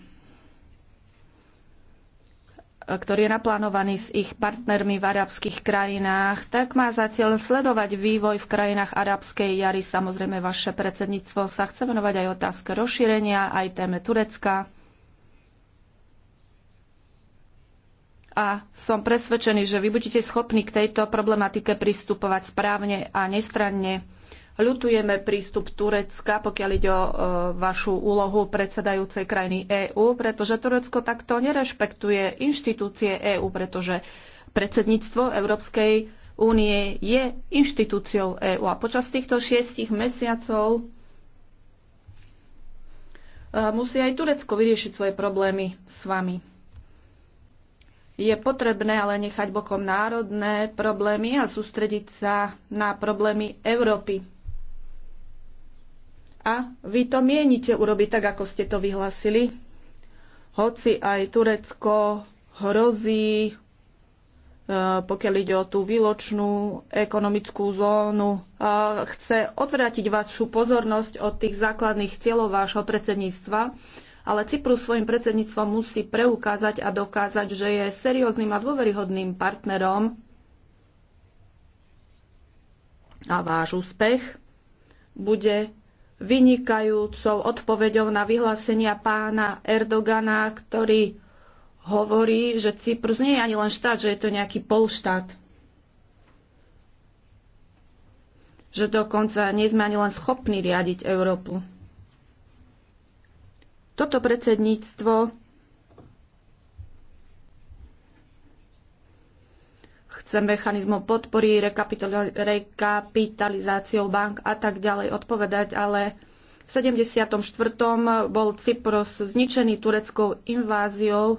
ktorý je naplánovaný s ich partnermi v arabských krajinách, tak má za cieľ sledovať vývoj v krajinách arabskej jary. Samozrejme, vaše predsedníctvo sa chce venovať aj otázke rozšírenia, aj téme Turecka. A som presvedčený, že vy budete schopní k tejto problematike pristupovať správne a nestranne Ľutujeme prístup Turecka, pokiaľ ide o e, vašu úlohu predsedajúcej krajiny EÚ, pretože Turecko takto nerešpektuje inštitúcie EÚ, pretože predsedníctvo Európskej únie je inštitúciou EÚ. A počas týchto šiestich mesiacov e, musí aj Turecko vyriešiť svoje problémy s vami je potrebné ale nechať bokom národné problémy a sústrediť sa na problémy Európy. A vy to mienite urobiť tak, ako ste to vyhlasili? Hoci aj Turecko hrozí, e, pokiaľ ide o tú výločnú ekonomickú zónu, chce odvrátiť vašu pozornosť od tých základných cieľov vášho predsedníctva, ale Cyprus svojim predsedníctvom musí preukázať a dokázať, že je serióznym a dôveryhodným partnerom a váš úspech bude vynikajúcou odpoveďou na vyhlásenia pána Erdogana, ktorý hovorí, že Cyprus nie je ani len štát, že je to nejaký polštát. Že dokonca nie sme ani len schopní riadiť Európu. Toto predsedníctvo s mechanizmom podpory, rekapitalizáciou bank a tak ďalej odpovedať, ale v 74. bol Cyprus zničený tureckou inváziou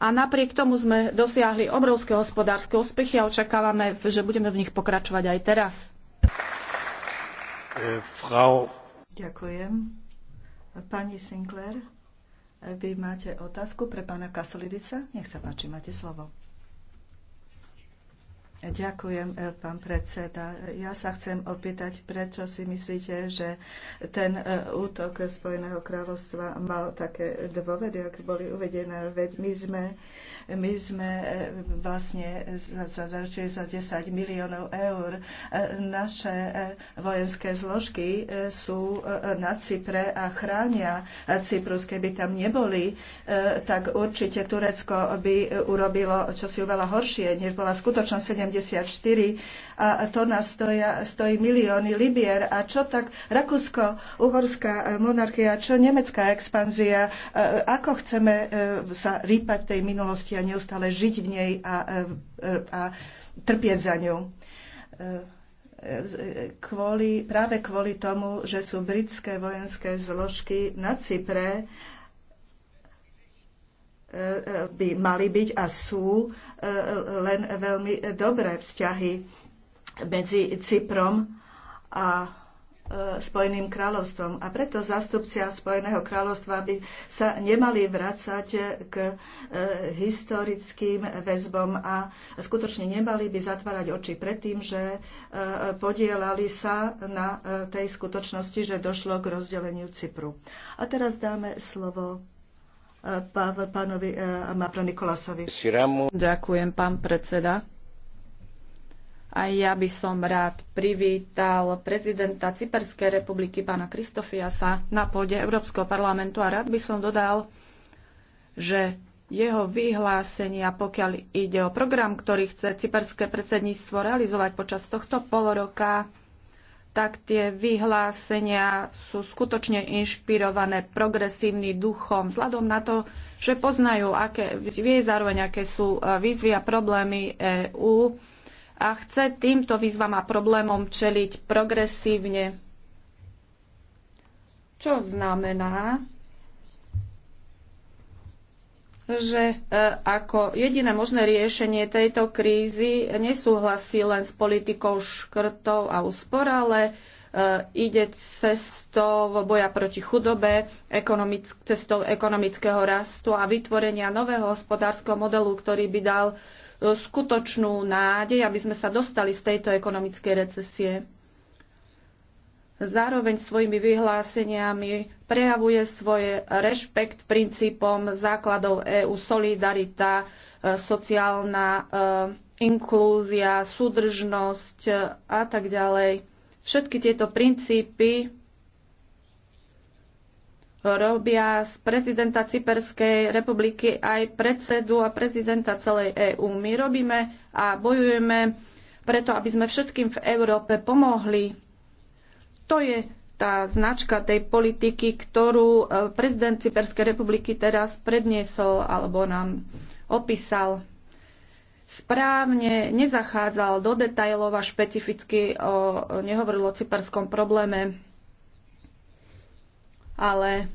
a napriek tomu sme dosiahli obrovské hospodárske úspechy a očakávame, že budeme v nich pokračovať aj teraz. E, frau... Ďakujem. Pani Sinclair, vy máte otázku pre pána Kasolidica? Nech sa páči, máte slovo. Ďakujem, e, pán predseda. Ja sa chcem opýtať, prečo si myslíte, že ten e, útok Spojeného kráľovstva mal také dôvody, ak boli uvedené. Veď my sme my sme e, vlastne e, za 10 miliónov eur. E, naše vojenské zložky sú na Cypre a chránia Cyprus. Keby tam neboli, tak určite Turecko by urobilo čosi oveľa horšie, než bola skutočnosť 74 a to nás stoja, stojí milióny libier. A čo tak Rakúsko-Uhorská monarchia, čo nemecká expanzia, ako chceme sa rýpať tej minulosti a neustále žiť v nej a, e, e, a trpieť za ňu e, kvôli, práve kvôli tomu, že sú britské vojenské zložky na Cypre, by mali byť a sú len veľmi dobré vzťahy medzi Cyprom a E, Spojeným kráľovstvom. A preto zastupcia Spojeného kráľovstva by sa nemali vrácať k e, historickým väzbom a skutočne nemali by zatvárať oči pred tým, že e, podielali sa na tej skutočnosti, že došlo k rozdeleniu Cypru. A teraz dáme slovo pánovi Mapro Nikolasovi. Ďakujem, pán predseda. A ja by som rád privítal prezidenta Cyperskej republiky, pána Kristofiasa, na pôde Európskeho parlamentu a rád by som dodal, že jeho vyhlásenia, pokiaľ ide o program, ktorý chce cyperské predsedníctvo realizovať počas tohto pol roka, tak tie vyhlásenia sú skutočne inšpirované progresívnym duchom, vzhľadom na to, že poznajú, aké, vie zároveň, aké sú e, výzvy a problémy EÚ a chce týmto výzvam a problémom čeliť progresívne. Čo znamená, že e, ako jediné možné riešenie tejto krízy nesúhlasí len s politikou škrtov a úspor, ale e, ide cestou boja proti chudobe, ekonomick, cestou ekonomického rastu a vytvorenia nového hospodárskeho modelu, ktorý by dal E, skutočnú nádej, aby sme sa dostali z tejto ekonomickej recesie. Zároveň svojimi vyhláseniami prejavuje svoje rešpekt princípom základov EÚ solidarita, e, sociálna e, inklúzia, súdržnosť a tak ďalej. Všetky tieto princípy robia z prezidenta Cyperskej republiky aj predsedu a prezidenta celej EÚ. My robíme a bojujeme preto, aby sme všetkým v Európe pomohli. To je tá značka tej politiky, ktorú e, prezident Cyperskej republiky teraz predniesol alebo nám opísal. Správne nezachádzal do detajlov a špecificky o, nehovoril o cyperskom probléme ale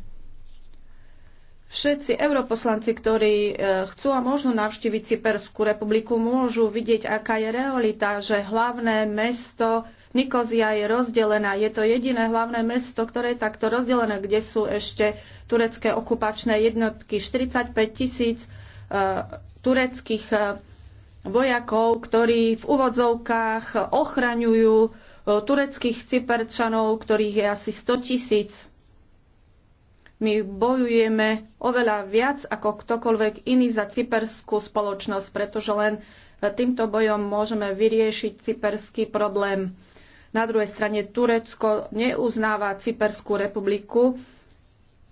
Všetci europoslanci, ktorí e, chcú a môžu navštíviť Cyperskú republiku, môžu vidieť, aká je realita, že hlavné mesto Nikozia je rozdelená. Je to jediné hlavné mesto, ktoré je takto rozdelené, kde sú ešte turecké okupačné jednotky. 45 tisíc e, tureckých e, vojakov, ktorí v úvodzovkách ochraňujú tureckých cyperčanov, ktorých je asi 100 tisíc. My bojujeme oveľa viac ako ktokoľvek iný za cyperskú spoločnosť, pretože len e, týmto bojom môžeme vyriešiť cyperský problém. Na druhej strane Turecko neuznáva Cyperskú republiku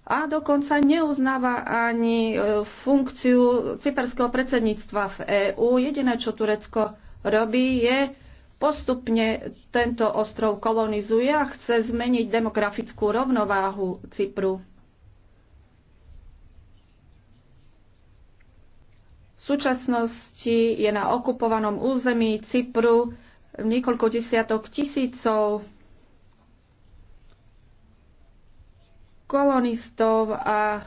a dokonca neuznáva ani e, funkciu cyperského predsedníctva v EÚ. Jediné, čo Turecko robí, je postupne tento ostrov kolonizuje a chce zmeniť demografickú rovnováhu Cypru. súčasnosti je na okupovanom území Cypru niekoľko desiatok tisícov kolonistov a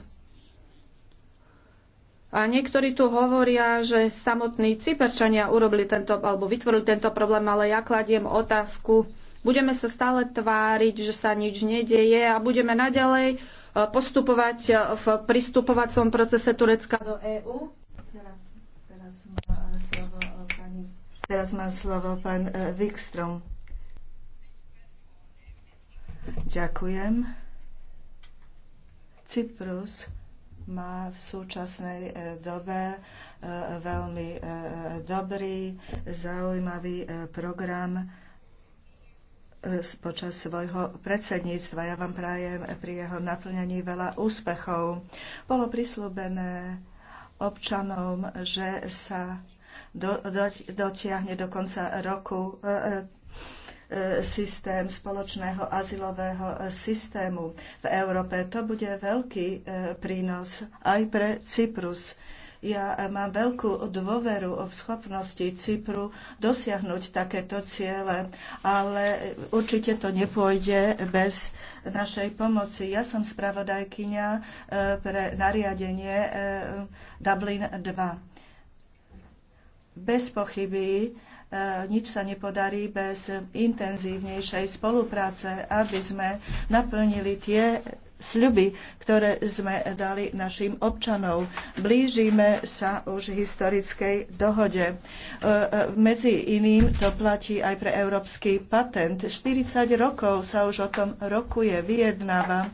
a niektorí tu hovoria, že samotní Cyperčania urobili tento, alebo vytvorili tento problém, ale ja kladiem otázku, budeme sa stále tváriť, že sa nič nedeje a budeme naďalej eh, postupovať eh, v pristupovacom procese Turecka do EÚ? slovo eh, pani... Teraz má slovo pán eh, Wikström. Ďakujem. Cyprus má v súčasnej eh, dobe veľmi dobrý, zaujímavý program počas svojho predsedníctva. Ja vám prajem pri jeho naplňaní veľa úspechov. Bolo prislúbené občanom, že sa do, do, dotiahne do konca roku e, e, e, systém spoločného azylového systému v Európe. To bude veľký prínos aj pre Cyprus. Ja mám veľkú dôveru v schopnosti Cypru dosiahnuť takéto ciele, ale určite to nepôjde bez našej pomoci. Ja som spravodajkyňa pre nariadenie Dublin 2 bez pochyby e, nič sa nepodarí bez intenzívnejšej spolupráce, aby sme naplnili tie sľuby, ktoré sme dali našim občanov. Blížime sa už historickej dohode. E, e, medzi iným to platí aj pre európsky patent. 40 rokov sa už o tom rokuje, vyjednáva.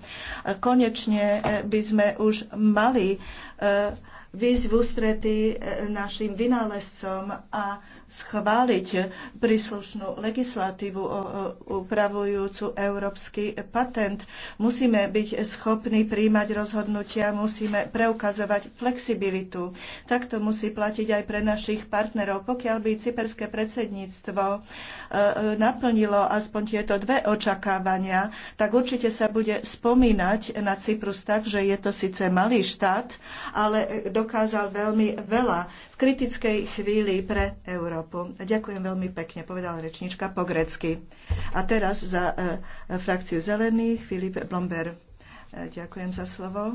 Konečne by sme už mali výjsť v ústrety e, našim vynálezcom a schváliť príslušnú legislatívu upravujúcu európsky patent. Musíme byť schopní príjmať rozhodnutia, musíme preukazovať flexibilitu. Takto musí platiť aj pre našich partnerov. Pokiaľ by cyperské predsedníctvo E, e, naplnilo aspoň tieto dve očakávania, tak určite sa bude spomínať na Cyprus tak, že je to síce malý štát, ale dokázal veľmi veľa v kritickej chvíli pre Európu. Ďakujem veľmi pekne, povedala rečnička po grecky. A teraz za e, frakciu zelených Filip Blomber. Ďakujem za slovo.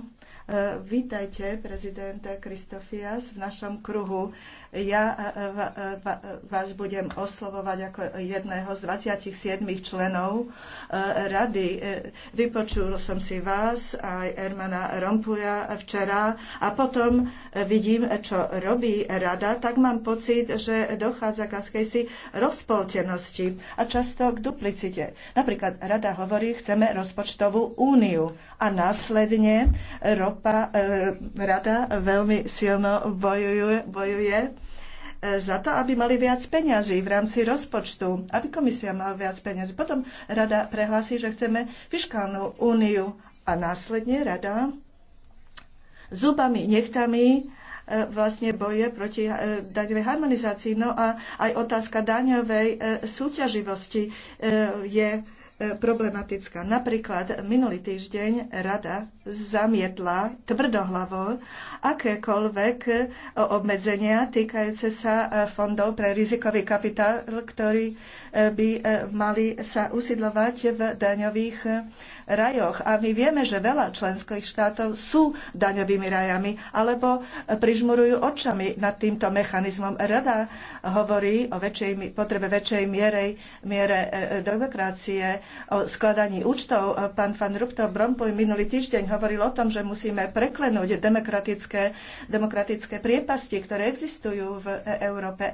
Vítajte, prezident Kristofias, v našom kruhu. Ja e, e, e, vás budem oslovovať ako jedného z 27 členov rady. Vypočul som si vás aj Ermana Rompuja včera a potom vidím, čo robí rada, tak mám pocit, že dochádza k akejsi rozpoltenosti a často k duplicite. Napríklad rada hovorí, chceme rozpočtovú úniu a následne ropa, rada veľmi silno bojuje, bojuje za to, aby mali viac peňazí v rámci rozpočtu, aby komisia mala viac peňazí. Potom rada prehlási, že chceme fiskálnu úniu a následne rada zubami, nechtami e, vlastne boje proti e, daňovej harmonizácii. No a aj otázka daňovej e, súťaživosti je problematická. Napríklad minulý týždeň rada zamietla tvrdohlavo akékoľvek obmedzenia týkajúce sa e, fondov pre rizikový kapitál, ktorí e, by e, mali sa usidlovať v daňových rajoch. A my vieme, že veľa členských štátov sú daňovými rajami alebo prižmurujú očami nad týmto mechanizmom. Rada hovorí o väčšej, potrebe väčšej miere, miere e, demokracie, o skladaní účtov. E, pán Van Rupto Brompuj minulý týždeň hovoril o tom, že musíme preklenúť demokratické, demokratické priepasti, ktoré existujú v e-, Európe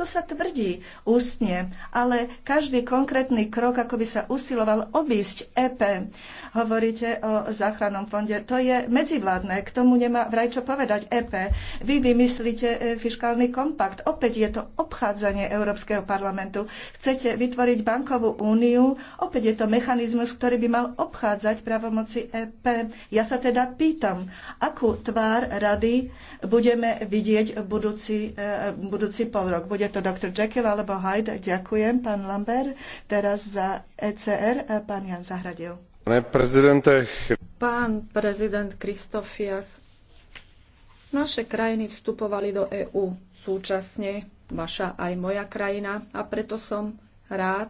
to sa tvrdí ústne, ale každý konkrétny krok, ako by sa usiloval obísť EP, hovoríte o záchrannom fonde, to je medzivládne, k tomu nemá vraj čo povedať EP. Vy vymyslíte e, fiskálny kompakt, opäť je to obchádzanie Európskeho parlamentu. Chcete vytvoriť bankovú úniu, opäť je to mechanizmus, ktorý by mal obchádzať pravomoci EP. Ja sa teda pýtam, akú tvár rady budeme vidieť budúci, e, budúci polrok. Bude to doktor Jekyll alebo Hyde. Ďakujem, pán Lambert. Teraz za ECR eh, pán Jan Zahradil. Pán prezident Kristofias, naše krajiny vstupovali do EÚ súčasne, vaša aj moja krajina, a preto som rád,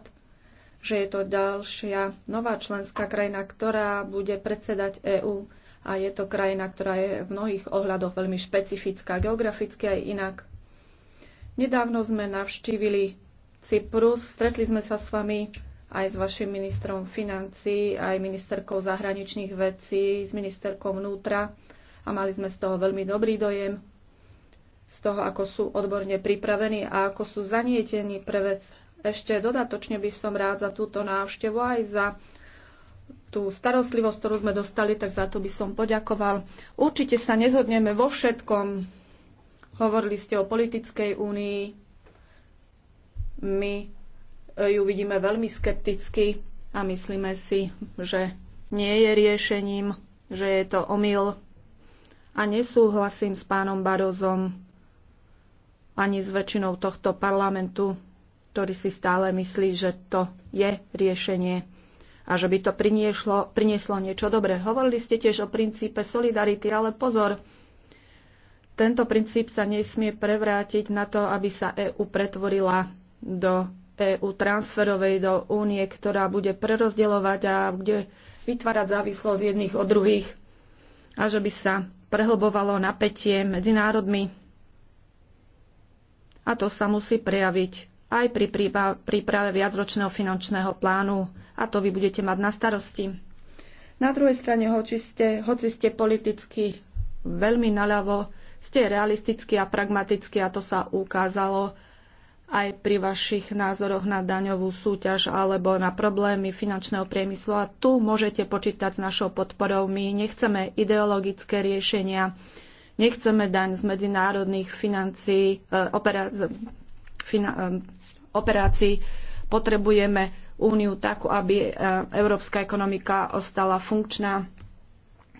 že je to ďalšia nová členská krajina, ktorá bude predsedať EÚ a je to krajina, ktorá je v mnohých ohľadoch veľmi špecifická geograficky aj inak. Nedávno sme navštívili Cyprus, stretli sme sa s vami aj s vašim ministrom financí, aj ministerkou zahraničných vecí, s ministerkou vnútra a mali sme z toho veľmi dobrý dojem, z toho, ako sú odborne pripravení a ako sú zanietení pre vec. Ešte dodatočne by som rád za túto návštevu aj za tú starostlivosť, ktorú sme dostali, tak za to by som poďakoval. Určite sa nezhodneme vo všetkom, Hovorili ste o politickej únii. My e, ju vidíme veľmi skepticky a myslíme si, že nie je riešením, že je to omyl. A nesúhlasím s pánom Barozom ani s väčšinou tohto parlamentu, ktorý si stále myslí, že to je riešenie a že by to prinieslo, prinieslo niečo dobré. Hovorili ste tiež o princípe solidarity, ale pozor, tento princíp sa nesmie prevrátiť na to, aby sa EÚ pretvorila do EÚ transferovej, do únie, ktorá bude prerozdeľovať a bude vytvárať závislosť jedných od druhých a že by sa prehlbovalo napätie medzi národmi. A to sa musí prejaviť aj pri príprave viacročného finančného plánu a to vy budete mať na starosti. Na druhej strane, hoci ste, hoci ste politicky veľmi naľavo, ste realistickí a pragmatickí a to sa ukázalo aj pri vašich názoroch na daňovú súťaž alebo na problémy finančného priemyslu. A tu môžete počítať s našou podporou. My nechceme ideologické riešenia, nechceme daň z medzinárodných financí, e, operá, fina, e, operácií. Potrebujeme úniu takú, aby e, európska ekonomika ostala funkčná.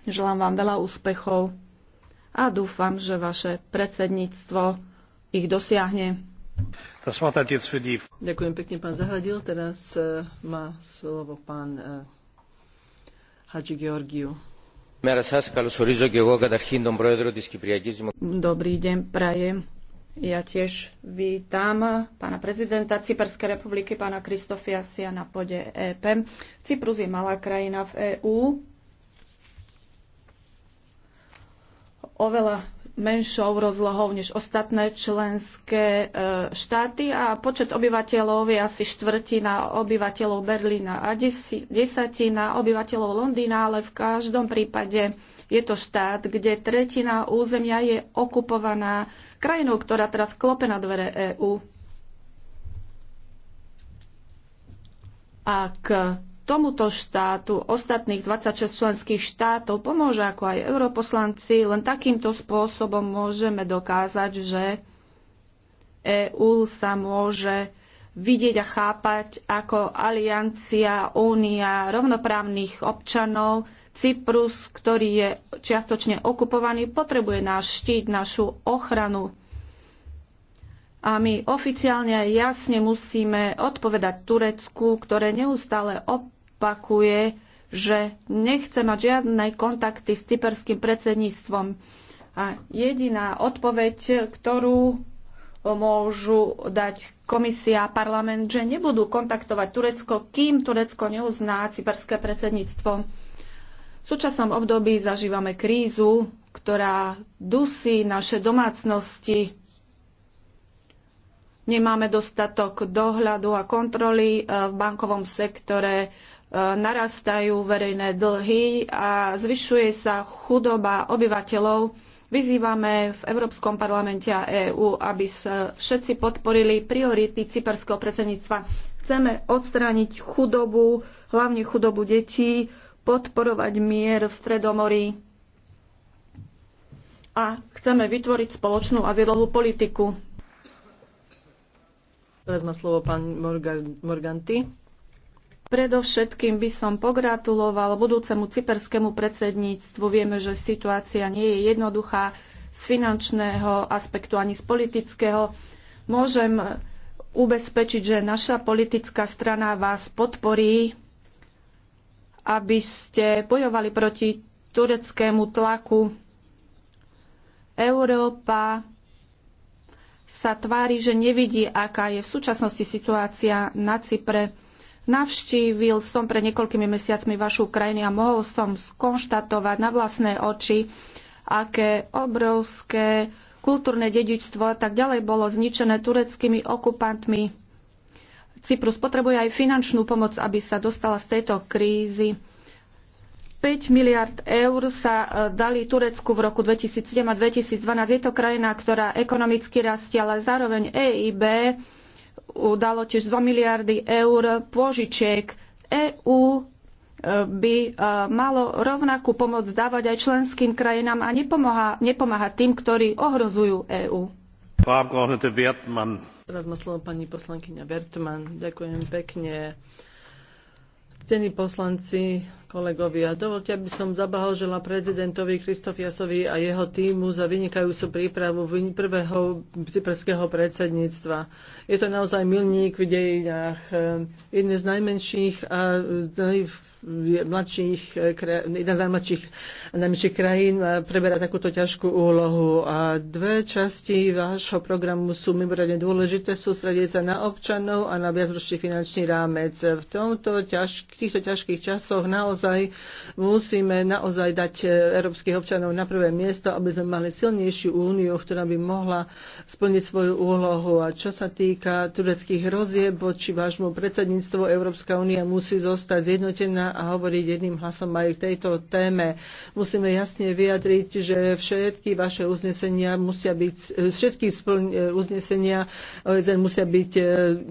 Želám vám veľa úspechov a dúfam, že vaše predsedníctvo ich dosiahne. Ďakujem pekne, pán Zahradil. Teraz e, má slovo pán e, Hadži Georgiu. Dobrý deň, prajem. Ja tiež vítam pána prezidenta Cyperskej republiky, pána Kristofia Sia na pode EP. Cyprus je malá krajina v EÚ, oveľa menšou rozlohou než ostatné členské e, štáty a počet obyvateľov je asi štvrtina obyvateľov Berlína a desatina obyvateľov Londýna, ale v každom prípade je to štát, kde tretina územia je okupovaná krajinou, ktorá teraz klope na dvere EÚ. Ak tomuto štátu ostatných 26 členských štátov pomôže, ako aj europoslanci. Len takýmto spôsobom môžeme dokázať, že EÚ sa môže vidieť a chápať ako aliancia, únia rovnoprávnych občanov. Cyprus, ktorý je čiastočne okupovaný, potrebuje náš štít, našu ochranu. A my oficiálne a jasne musíme odpovedať Turecku, ktoré neustále op- opakuje, že nechce mať žiadne kontakty s cyperským predsedníctvom. A jediná odpoveď, ktorú môžu dať komisia a parlament, že nebudú kontaktovať Turecko, kým Turecko neuzná cyperské predsedníctvo. V súčasnom období zažívame krízu, ktorá dusí naše domácnosti. Nemáme dostatok dohľadu a kontroly eh, v bankovom sektore, narastajú verejné dlhy a zvyšuje sa chudoba obyvateľov. Vyzývame v Európskom parlamente a EÚ, aby sa všetci podporili priority cyperského predsedníctva. Chceme odstrániť chudobu, hlavne chudobu detí, podporovať mier v Stredomorí a chceme vytvoriť spoločnú azylovú politiku. Teraz má slovo pán Morganti. Predovšetkým by som pogratuloval budúcemu cyperskému predsedníctvu. Vieme, že situácia nie je jednoduchá z finančného aspektu ani z politického. Môžem ubezpečiť, že naša politická strana vás podporí, aby ste bojovali proti tureckému tlaku. Európa sa tvári, že nevidí, aká je v súčasnosti situácia na Cypre Navštívil som pred niekoľkými mesiacmi vašu krajinu a mohol som skonštatovať na vlastné oči, aké obrovské kultúrne dedičstvo a tak ďalej bolo zničené tureckými okupantmi. Cyprus potrebuje aj finančnú pomoc, aby sa dostala z tejto krízy. 5 miliard eur sa e, dali Turecku v roku 2007 a 2012. Je to krajina, ktorá ekonomicky rastie, ale zároveň EIB dalo tiež 2 miliardy eur pôžičiek. EÚ e, by e, malo rovnakú pomoc dávať aj členským krajinám a nepomáha, nepomáha tým, ktorí ohrozujú EÚ. Teraz má slovo pani poslankyňa Wertmann. Ďakujem pekne. Cení poslanci, kolegovia. Dovolte, aby som zabahožila prezidentovi Kristofiasovi a jeho týmu za vynikajúcu prípravu prvého cyperského predsedníctva. Je to naozaj milník v dejinách. Ehm, jedne z najmenších a naj eh, mladších, e, jedna z najmladších najmladších krajín e, preberá takúto ťažkú úlohu. A dve časti vášho programu sú mimoriadne dôležité, sústrediť sa na občanov a na viacročný finančný rámec. V tomto ťaž, týchto ťažkých časoch naozaj musíme naozaj dať e, európskych občanov na prvé miesto, aby sme mali silnejšiu úniu, ktorá by mohla splniť svoju úlohu. A čo sa týka tureckých hrozieb voči vášmu predsedníctvu, Európska únia musí zostať zjednotená a hovoriť jedným hlasom aj k tejto téme. Musíme jasne vyjadriť, že všetky vaše uznesenia musia byť, všetky uznesenia OSN musia byť e,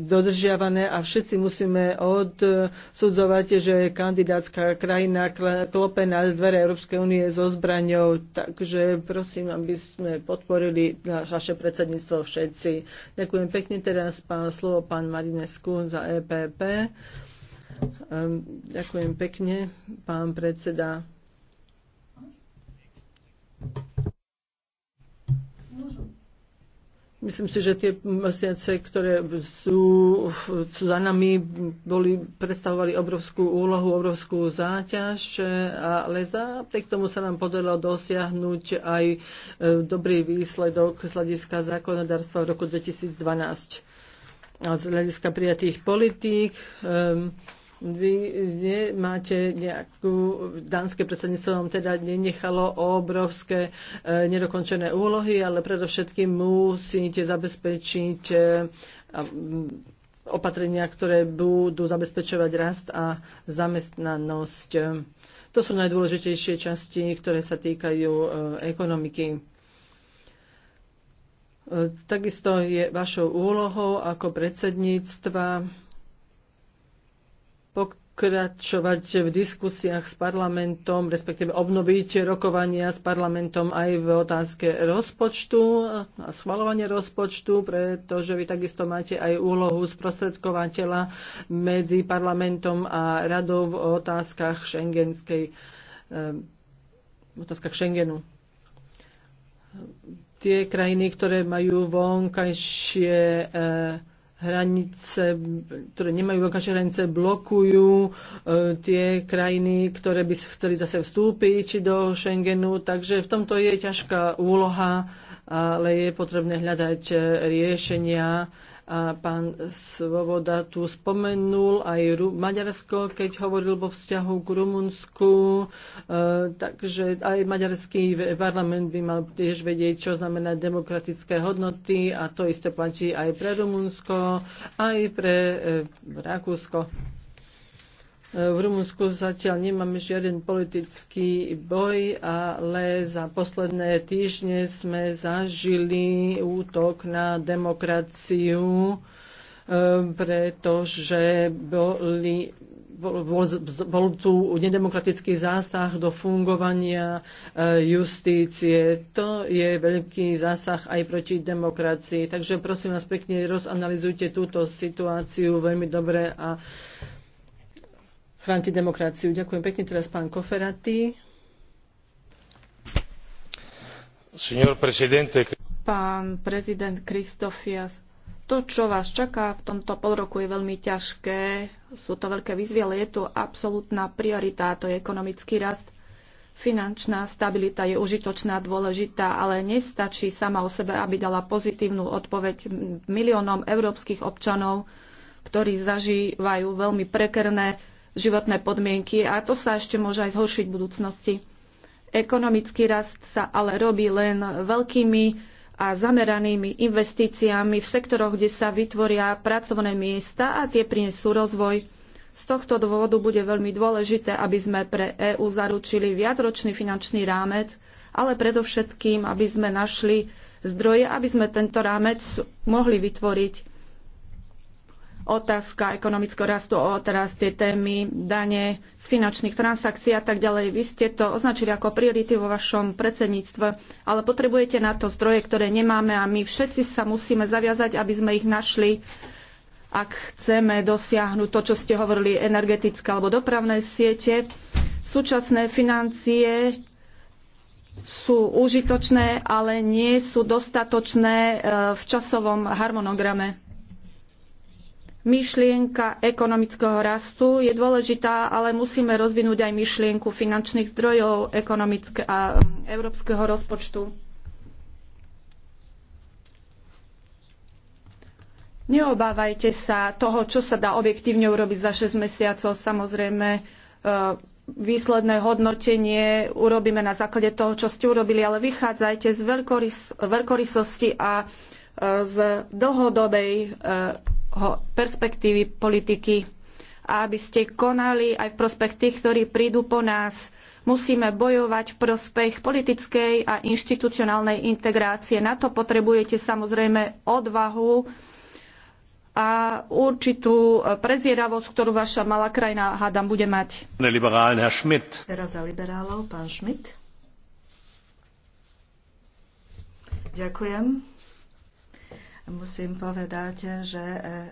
dodržiavané a všetci musíme odsudzovať, že kandidátska krajina klope na dvere Európskej únie so zbraňou. Takže prosím, aby sme podporili vaše predsedníctvo všetci. Ďakujem pekne teraz pán slovo pán Marinesku za EPP. Ehm, ďakujem pekne, pán predseda. Myslím si, že tie mesiace, ktoré sú, sú za nami, boli, predstavovali obrovskú úlohu, obrovskú záťaž, ale za napriek tomu sa nám podarilo dosiahnuť aj e, dobrý výsledok z hľadiska zákonodárstva v roku 2012. A z hľadiska prijatých politík, um, vy nemáte nejakú, dánske predsedníctvo vám teda nenechalo obrovské e, nedokončené úlohy, ale predovšetkým musíte zabezpečiť e, mm, opatrenia, ktoré budú zabezpečovať rast a zamestnanosť. E, to sú najdôležitejšie časti, ktoré sa týkajú e, ekonomiky. E, takisto je vašou úlohou ako predsedníctva pokračovať v diskusiách s parlamentom, respektíve obnoviť rokovania s parlamentom aj v otázke rozpočtu a schvalovanie rozpočtu, pretože vy takisto máte aj úlohu sprostredkovateľa medzi parlamentom a radou v otázkach šengenskej eh, v otázkach Schengenu tie krajiny, ktoré majú vonkajšie eh, hranice, ktoré nemajú veľkáče hranice, blokujú e, tie krajiny, ktoré by chceli zase vstúpiť do Schengenu. Takže v tomto je ťažká úloha, ale je potrebné hľadať riešenia a pán Svoboda tu spomenul aj Maďarsko, keď hovoril vo vzťahu k Rumunsku, e, takže aj maďarský parlament by mal tiež vedieť, čo znamená demokratické hodnoty a to isté platí aj pre Rumunsko, aj pre e, Rakúsko. E, v Rumunsku zatiaľ nemáme žiaden politický boj, ale za posledné týždne sme zažili útok na demokraciu, e, pretože boli bol, bol, bol tu nedemokratický zásah do fungovania e, justície. To je veľký zásah aj proti demokracii. Takže prosím vás pekne, rozanalizujte túto situáciu veľmi dobre a chránte demokraciu. Ďakujem pekne teraz pán Koferati. Pán prezident Kristofias, to, čo vás čaká v tomto polroku, je veľmi ťažké. Sú to veľké výzvy, ale je tu absolútna priorita, to je ekonomický rast. Finančná stabilita je užitočná, dôležitá, ale nestačí sama o sebe, aby dala pozitívnu odpoveď miliónom európskych občanov, ktorí zažívajú veľmi prekerné životné podmienky a to sa ešte môže aj zhoršiť v budúcnosti. Ekonomický rast sa ale robí len veľkými a zameranými investíciami v sektoroch, kde sa vytvoria pracovné miesta a tie prinesú rozvoj. Z tohto dôvodu bude veľmi dôležité, aby sme pre EÚ zaručili viacročný finančný rámec, ale predovšetkým, aby sme našli zdroje, aby sme tento rámec mohli vytvoriť otázka ekonomického rastu, teraz tie témy dane z finančných transakcií a tak ďalej. Vy ste to označili ako priority vo vašom predsedníctve, ale potrebujete na to zdroje, ktoré nemáme a my všetci sa musíme zaviazať, aby sme ich našli ak chceme dosiahnuť to, čo ste hovorili, energetické alebo dopravné siete. Súčasné financie sú užitočné, ale nie sú dostatočné e, v časovom harmonograme. Myšlienka ekonomického rastu je dôležitá, ale musíme rozvinúť aj myšlienku finančných zdrojov ekonomické a um, európskeho rozpočtu. Neobávajte sa toho, čo sa dá objektívne urobiť za 6 mesiacov. Samozrejme, e, výsledné hodnotenie urobíme na základe toho, čo ste urobili, ale vychádzajte z veľkorys- veľkorysosti a e, z dlhodobej e, perspektívy politiky a aby ste konali aj v prospech tých, ktorí prídu po nás. Musíme bojovať v prospech politickej a inštitucionálnej integrácie. Na to potrebujete samozrejme odvahu a určitú prezieravosť, ktorú vaša malá krajina, hádam, bude mať. Herr Schmidt. Teraz za liberálov, pán Schmidt. Ďakujem musím povedať, že eh,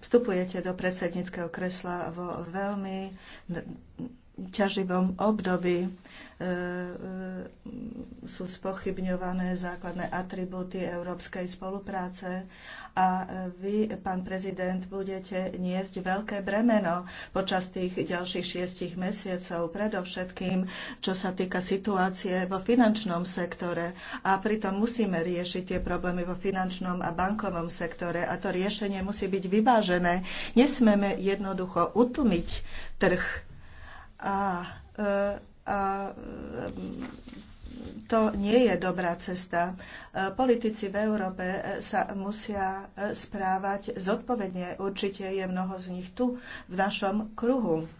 vstupujete do predsedníckého kresla vo veľmi ťaživom období. E, e, sú spochybňované základné atribúty európskej spolupráce a e, vy, pán prezident, budete niesť veľké bremeno počas tých ďalších šiestich mesiacov, predovšetkým, čo sa týka situácie vo finančnom sektore. A pritom musíme riešiť tie problémy vo finančnom a bankovom sektore a to riešenie musí byť vyvážené. Nesmeme jednoducho utlmiť trh a e, a mm, to nie je dobrá cesta. Politici v Európe e, sa musia e, správať zodpovedne. Určite je mnoho z nich tu v našom kruhu.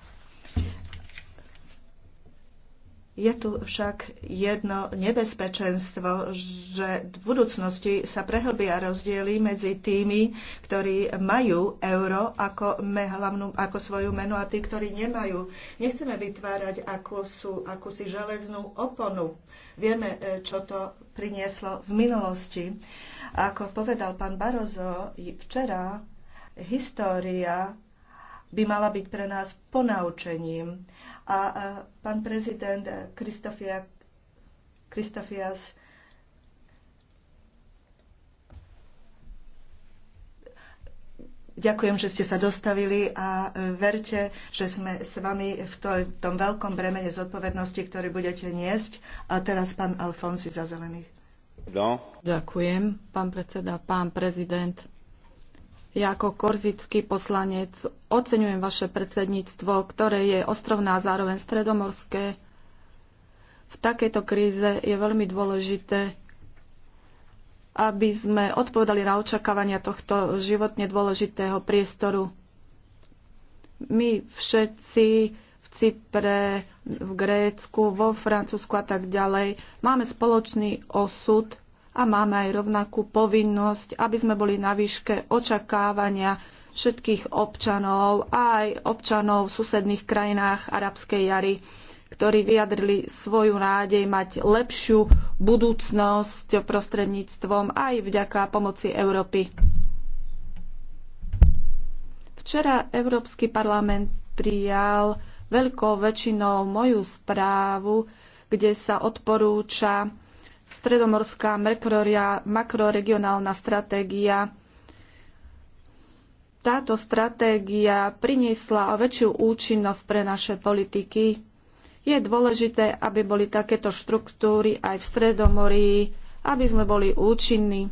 Je tu však jedno nebezpečenstvo, že v budúcnosti sa prehlbia rozdiely medzi tými, ktorí majú euro ako, me, hlavnú, ako svoju menu a tí, ktorí nemajú. Nechceme vytvárať akúsu, akúsi železnú oponu. Vieme, e, čo to prinieslo v minulosti. Ako povedal pán Barozo včera, história by mala byť pre nás ponaučením a e, pán prezident Kristofias Ďakujem, že ste sa dostavili a e, verte, že sme s vami v tom veľkom bremene zodpovednosti, ktorý budete niesť. A teraz pán Alfonsi za zelených. No. Ďakujem, pán predseda, pán prezident, ja ako korzický poslanec oceňujem vaše predsedníctvo, ktoré je ostrovná a zároveň stredomorské. V takejto kríze je veľmi dôležité, aby sme odpovedali na očakávania tohto životne dôležitého priestoru. My všetci v Cypre, v Grécku, vo Francúzsku a tak ďalej máme spoločný osud – a máme aj rovnakú povinnosť, aby sme boli na výške očakávania všetkých občanov a aj občanov v susedných krajinách arabskej jary, ktorí vyjadrili svoju nádej mať lepšiu budúcnosť prostredníctvom aj vďaka pomoci Európy. Včera Európsky parlament prijal veľkou väčšinou moju správu, kde sa odporúča stredomorská makroregionálna stratégia. Táto stratégia priniesla väčšiu účinnosť pre naše politiky. Je dôležité, aby boli takéto štruktúry aj v Stredomorí, aby sme boli účinní.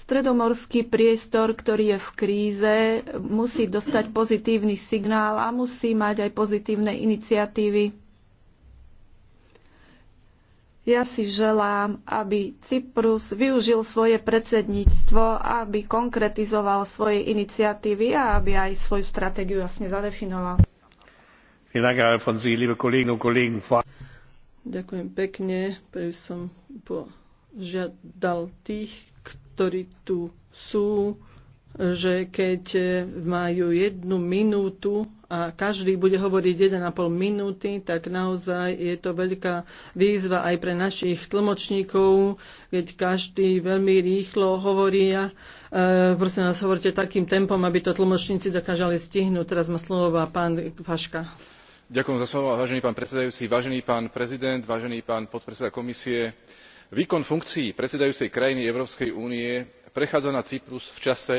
Stredomorský priestor, ktorý je v kríze, musí dostať pozitívny signál a musí mať aj pozitívne iniciatívy. Ja si želám, aby Cyprus využil svoje predsedníctvo, aby konkretizoval svoje iniciatívy a aby aj svoju stratégiu jasne zadefinoval. Ďakujem pekne. Prvý som požiadal tých, ktorí tu sú, že keď e, majú jednu minútu a každý bude hovoriť 1,5 minúty, tak naozaj je to veľká výzva aj pre našich tlmočníkov, keď každý veľmi rýchlo hovorí. E, prosím vás, hovorte takým tempom, aby to tlmočníci dokážali stihnúť. Teraz má slovo pán Paška. Ďakujem za slovo, vážený pán predsedajúci, vážený pán prezident, vážený pán podpredseda komisie. Výkon funkcií predsedajúcej krajiny Európskej únie prechádza na Cyprus v čase,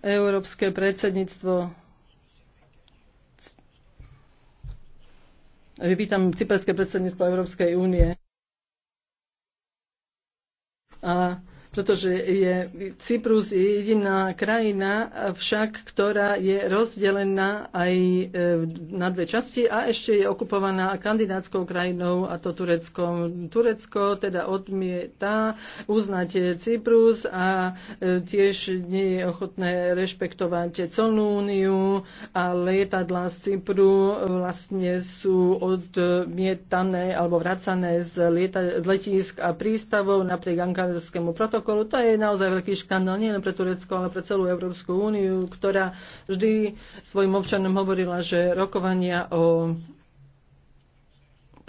Európske predsedníctvo Vítam cyperské predsedníctvo Európskej únie. A pretože je, Cyprus je jediná krajina však, ktorá je rozdelená aj e, na dve časti a ešte je okupovaná kandidátskou krajinou a to Tureckom. Turecko teda odmieta uznať Cyprus a e, tiež nie je ochotné rešpektovať colnú úniu a lietadla z Cypru vlastne sú odmietané alebo vracané z, lieta, z letísk a prístavov napriek ankarskému protokolu protokolu, to je naozaj veľký škandál, nie len pre Turecko, ale pre celú Európsku úniu, ktorá vždy svojim občanom hovorila, že rokovania o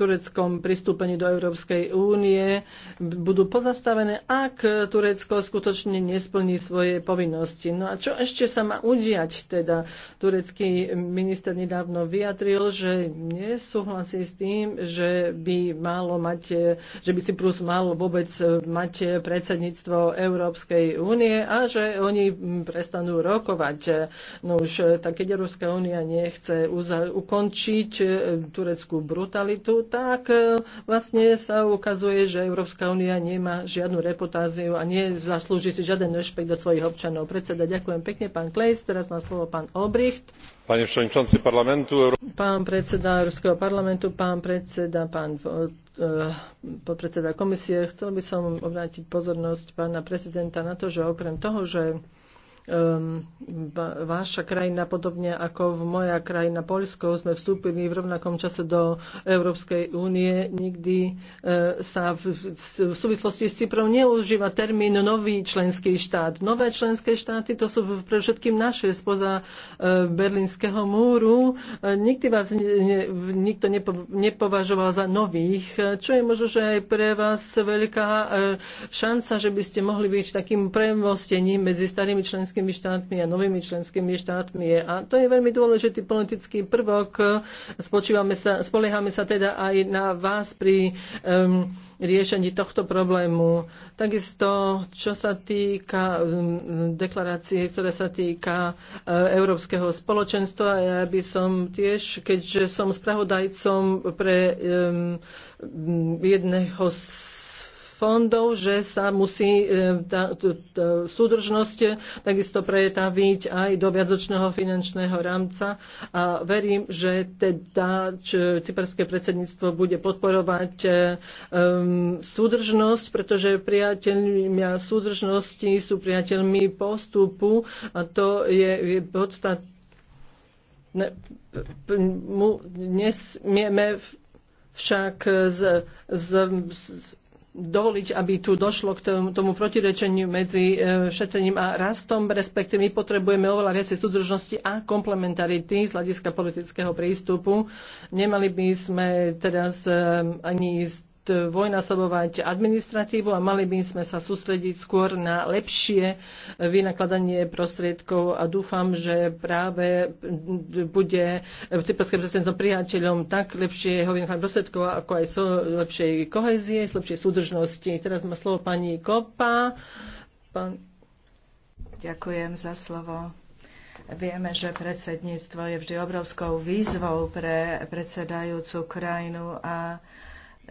tureckom pristúpení do Európskej únie budú pozastavené, ak Turecko skutočne nesplní svoje povinnosti. No a čo ešte sa má udiať? Teda turecký minister nedávno vyjadril, že nesúhlasí s tým, že by malo mať, že by Cyprus mal vôbec mať predsedníctvo Európskej únie a že oni prestanú rokovať. No už e, tak, keď Európska únia nechce ukončiť e, tureckú brutalitu, tak e, vlastne sa ukazuje, že Európska únia nemá žiadnu reputáciu a nezaslúži si žiaden rešpekt od svojich občanov. Predseda, ďakujem pekne, pán Klejs, teraz má slovo pán Obricht. Panie przewodniczący parlamentu. Pán predseda Európskeho parlamentu, pán predseda, pán e, podpredseda komisie, chcel by som obrátiť pozornosť pána prezidenta na to, že okrem toho, že um, vaša krajina, podobne ako v moja krajina Polsko, sme vstúpili v rovnakom čase do Európskej únie. Nikdy uh, sa v, v, v súvislosti s Cyprom neužíva termín nový členský štát. Nové členské štáty to sú pre všetkým naše spoza uh, berlínskeho múru. Uh, nikdy vás ne, nikto nepo, nepovažoval za nových, čo je možno, že aj pre vás veľká uh, šanca, že by ste mohli byť takým premostením medzi starými členskými členskými štátmi a novými členskými štátmi. A to je veľmi dôležitý politický prvok. Spočívame sa, spoliehame sa teda aj na vás pri um, riešení tohto problému. Takisto, čo sa týka um, deklarácie, ktorá sa týka uh, Európskeho spoločenstva, ja by som tiež, keďže som spravodajcom pre um, jedného z fondov, že sa musí e, tá, tá, tá súdržnosť takisto pretaviť aj do viadočného finančného rámca a verím, že teda cyperské predsedníctvo bude podporovať um, súdržnosť, pretože priateľmi súdržnosti sú priateľmi postupu a to je, je podstatné ne, mu nesmieme však z, z, z dovoliť, aby tu došlo k tomu, tomu protirečeniu medzi e, šetrením a rastom, respektíve my potrebujeme oveľa viacej súdržnosti a komplementarity z hľadiska politického prístupu. Nemali by sme teraz e, ani ísť dvojnásobovať administratívu a mali by sme sa sústrediť skôr na lepšie vynakladanie prostriedkov a dúfam, že práve bude cyperské predsedníctvo priateľom tak lepšie jeho vynakladanie prostriedkov, ako aj so lepšej kohezie, s lepšej súdržnosti. Teraz má slovo pani Kopa. Pán... Ďakujem za slovo. Vieme, že predsedníctvo je vždy obrovskou výzvou pre predsedajúcu krajinu a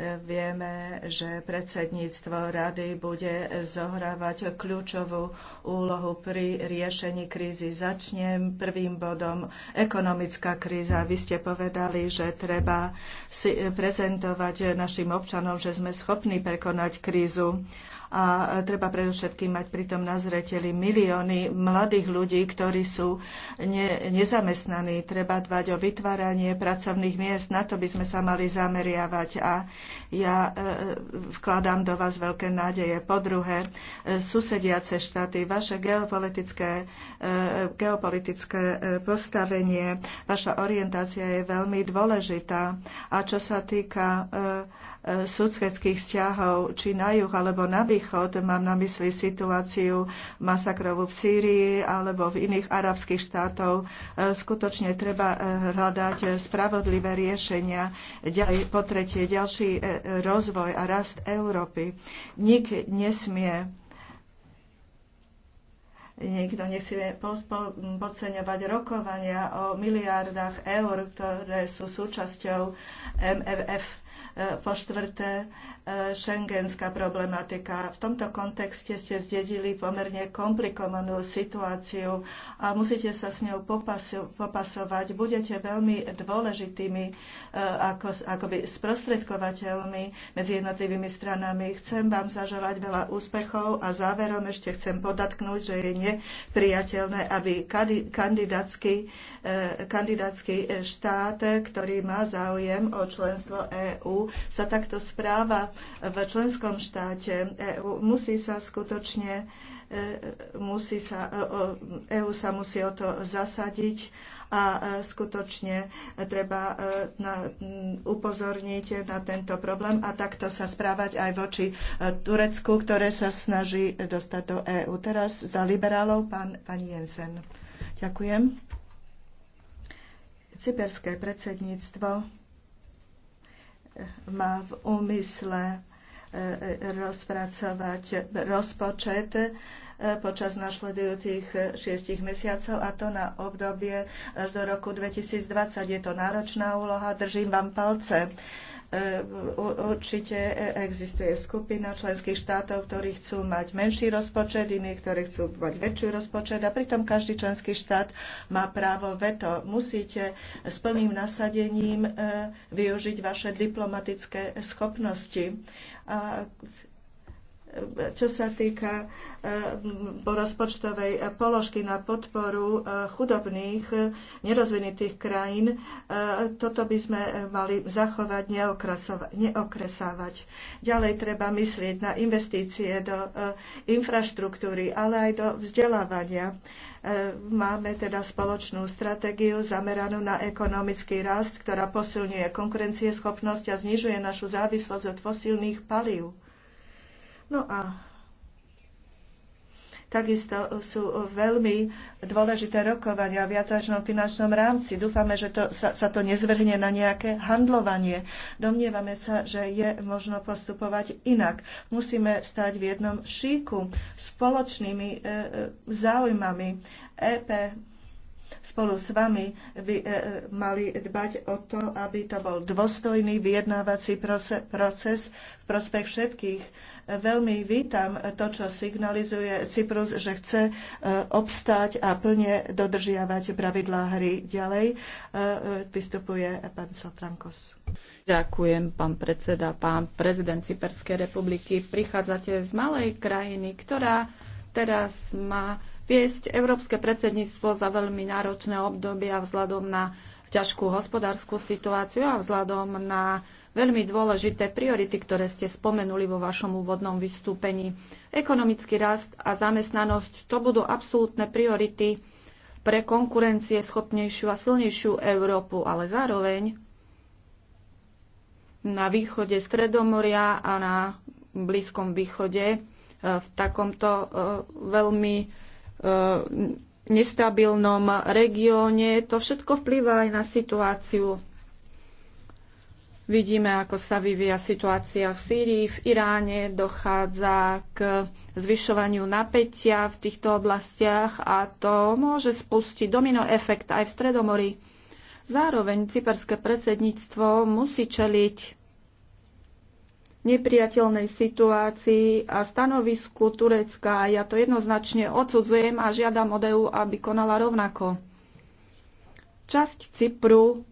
Vieme, že predsedníctvo rady bude zohrávať kľúčovú úlohu pri riešení krízy. Začnem prvým bodom. Ekonomická kríza. Vy ste povedali, že treba si prezentovať našim občanom, že sme schopní prekonať krízu a treba predovšetkým mať pritom na zreteli milióny mladých ľudí, ktorí sú ne, nezamestnaní. Treba dbať o vytváranie pracovných miest, na to by sme sa mali zameriavať a ja e, vkladám do vás veľké nádeje. Po druhé, e, susediace štáty, vaše geopolitické, e, geopolitické postavenie, vaša orientácia je veľmi dôležitá. A čo sa týka susedských vzťahov, či na juh alebo na východ, mám na mysli situáciu masakrovú v Sýrii alebo v iných arabských štátov, e, skutočne treba e, hľadať spravodlivé riešenia. Ďalej, po tretie, ďalší e, rozvoj a rast Európy. Nik nesmie Nikto nechce podceňovať rokovania o miliardách eur, ktoré sú súčasťou MFF Eh, po štvrté, eh, šengenská problematika. V tomto kontexte ste zdedili pomerne komplikovanú situáciu a musíte sa s ňou popasovať. Budete veľmi dôležitými eh, ako, akoby sprostredkovateľmi medzi jednotlivými stranami. Chcem vám zaželať veľa úspechov a záverom ešte chcem podatknúť, že je nepriateľné, aby kandidátsky, kandidátsky štát, ktorý má záujem o členstvo EÚ, sa takto správa v členskom štáte. EU musí sa skutočne, e, musí sa, EU e sa musí o to zasadiť a e, skutočne treba na, upozorniť na tento problém a takto sa správať aj voči Turecku, ktoré sa snaží dostať do EÚ. Teraz za liberálov pán, pán Jensen. Ďakujem. Cyperské predsedníctvo má v úmysle e, e, rozpracovať rozpočet e, počas nasledujúcich šiestich mesiacov a to na obdobie až do roku 2020. Je to náročná úloha, držím vám palce. E, určite e, existuje skupina členských štátov, ktorí chcú mať menší rozpočet, iní, ktorí chcú mať väčší rozpočet a pritom každý členský štát má právo veto. Musíte s plným nasadením e, využiť vaše diplomatické schopnosti. A čo sa týka e, rozpočtovej položky na podporu e, chudobných, e, nerozvinitých krajín, toto by sme mali zachovať, neokresávať. Ďalej treba myslieť na investície do infraštruktúry, ale aj do vzdelávania. Máme teda spoločnú stratégiu zameranú na ekonomický rast, ktorá posilňuje konkurencieschopnosť a znižuje našu závislosť od fosílnych palív No a Takisto sú veľmi dôležité rokovania v viacračnom finančnom rámci. Dúfame, že to, sa, sa to nezvrhne na nejaké handlovanie. Domnievame sa, že je možno postupovať inak. Musíme stať v jednom šíku spoločnými e, e záujmami. EP spolu s vami by e, e, mali dbať o to, aby to bol dôstojný vyjednávací proces v prospech všetkých. E, veľmi vítam to, čo signalizuje Cyprus, že chce obstáť a plne dodržiavať pravidlá hry ďalej. Vystupuje pán Sofrankos. Ďakujem, pán predseda, pán prezident Cyperskej republiky. Prichádzate z malej krajiny, ktorá teraz má viesť európske predsedníctvo za veľmi náročné obdobia vzhľadom na ťažkú hospodárskú situáciu a vzhľadom na veľmi dôležité priority, ktoré ste spomenuli vo vašom úvodnom vystúpení. Ekonomický rast a zamestnanosť to budú absolútne priority pre konkurencie schopnejšiu a silnejšiu Európu, ale zároveň na východe Stredomoria a na Blízkom východe e, v takomto e, veľmi nestabilnom regióne. To všetko vplýva aj na situáciu. Vidíme, ako sa vyvíja situácia v Sýrii, v Iráne, dochádza k zvyšovaniu napätia v týchto oblastiach a to môže spustiť domino efekt aj v Stredomori. Zároveň cyperské predsedníctvo musí čeliť nepriateľnej situácii a stanovisku Turecka. Ja to jednoznačne odsudzujem a žiadam od EU, aby konala rovnako. Časť Cypru,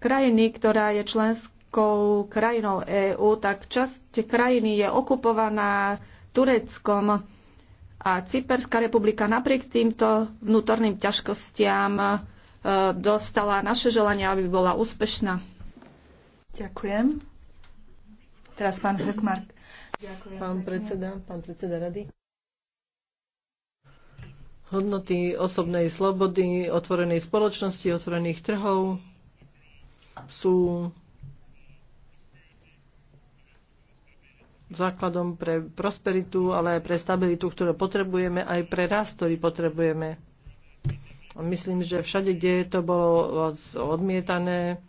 krajiny, ktorá je členskou krajinou EÚ, tak časť krajiny je okupovaná Tureckom a Cyperská republika napriek týmto vnútorným ťažkostiam e, dostala naše želania, aby bola úspešná. Ďakujem. Teraz pán Hökmark. Ďakujem. Pán predseda, pán predseda rady. Hodnoty osobnej slobody, otvorenej spoločnosti, otvorených trhov sú základom pre prosperitu, ale aj pre stabilitu, ktorú potrebujeme, aj pre rast, ktorý potrebujeme. Myslím, že všade, kde to bolo odmietané,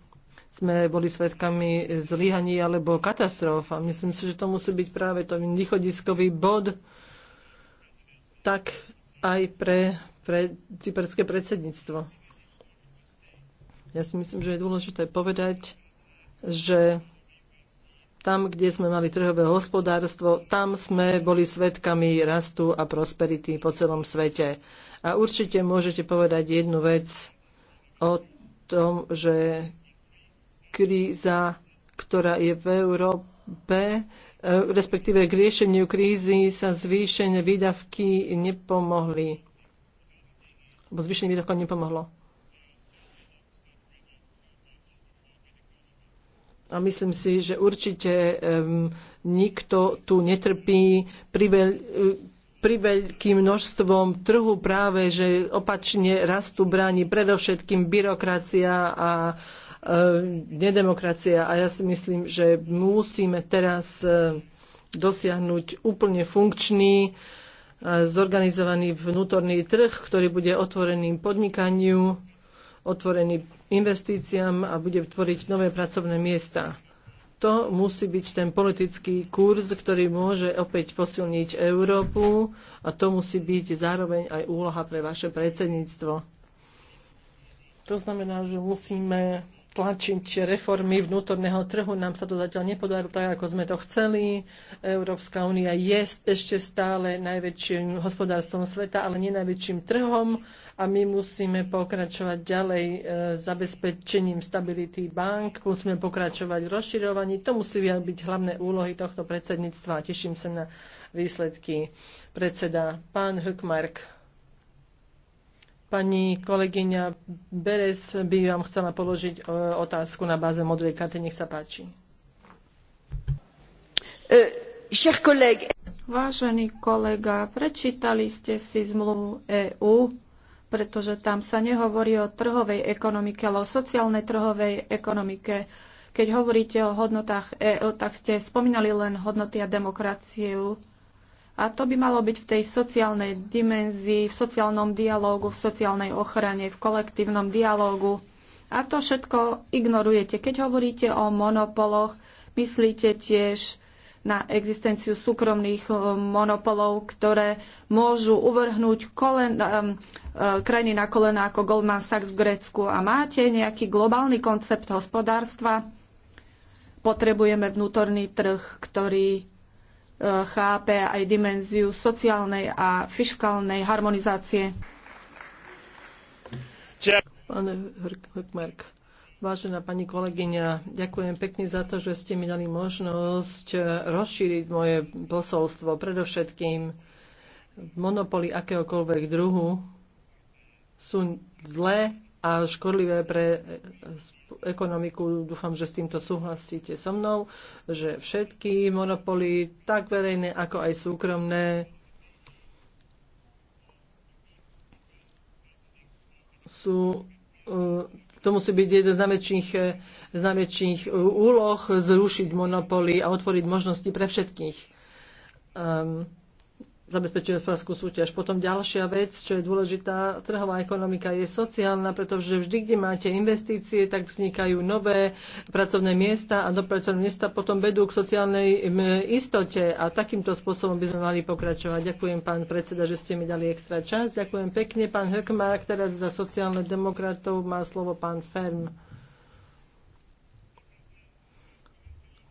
sme boli svetkami zlyhaní alebo katastrof. A myslím si, že to musí byť práve to východiskový bod tak aj pre, pre cyperské predsedníctvo. Ja si myslím, že je dôležité povedať, že tam, kde sme mali trhové hospodárstvo, tam sme boli svetkami rastu a prosperity po celom svete. A určite môžete povedať jednu vec o tom, že kríza, ktorá je v Európe, e, respektíve k riešeniu krízy sa zvýšené výdavky nepomohli. Bo zvýšenie výdavkov nepomohlo. A myslím si, že určite um, nikto tu netrpí priveľ, e, priveľkým množstvom trhu práve, že opačne rastu bráni predovšetkým byrokracia a uh, E, nedemokracia. A ja si myslím, že musíme teraz e, dosiahnuť úplne funkčný, zorganizovaný vnútorný trh, ktorý bude otvorený podnikaniu, otvorený investíciám a bude tvoriť nové pracovné miesta. To musí byť ten politický kurz, ktorý môže opäť posilniť Európu a to musí byť zároveň aj úloha pre vaše predsedníctvo. To znamená, že musíme tlačiť reformy vnútorného trhu. Nám sa to zatiaľ nepodarilo tak, ako sme to chceli. Európska únia je ešte stále najväčším hospodárstvom sveta, ale nie najväčším trhom a my musíme pokračovať ďalej e, zabezpečením stability bank, musíme pokračovať v rozširovaní. To musí byť hlavné úlohy tohto predsedníctva. Teším sa na výsledky predseda pán Hökmark. Pani kolegyňa Beres by vám chcela položiť e, otázku na báze modrej karty. Nech sa páči. E, Vážený kolega, prečítali ste si zmluvu EÚ, pretože tam sa nehovorí o trhovej ekonomike, ale o sociálnej trhovej ekonomike. Keď hovoríte o hodnotách EÚ, tak ste spomínali len hodnoty a demokraciu a to by malo byť v tej sociálnej dimenzii, v sociálnom dialógu, v sociálnej ochrane, v kolektívnom dialógu. A to všetko ignorujete. Keď hovoríte o monopoloch, myslíte tiež na existenciu súkromných eh, monopolov, ktoré môžu uvrhnúť kolen, eh, eh, krajiny na kolena ako Goldman Sachs v Grécku. A máte nejaký globálny koncept hospodárstva? Potrebujeme vnútorný trh, ktorý chápe aj dimenziu sociálnej a fiskálnej harmonizácie. Pane Hökmark, vážená pani kolegyňa, ďakujem pekne za to, že ste mi dali možnosť rozšíriť moje posolstvo. Predovšetkým monopoly akéhokoľvek druhu sú zlé a škodlivé pre ekonomiku. Dúfam, že s týmto súhlasíte so mnou, že všetky monopoly, tak verejné ako aj súkromné, sú, e, to musí byť jedno z najväčších, z najväčších e, úloh zrušiť monopoly a otvoriť možnosti pre všetkých. Um, zabezpečiť hospodárskú súťaž. Potom ďalšia vec, čo je dôležitá, trhová ekonomika je sociálna, pretože vždy, kde máte investície, tak vznikajú nové pracovné miesta a do pracovné miesta potom vedú k sociálnej istote a takýmto spôsobom by sme mali pokračovať. Ďakujem, pán predseda, že ste mi dali extra čas. Ďakujem pekne, pán Hökmark. Teraz za sociálne demokratov má slovo pán Ferm.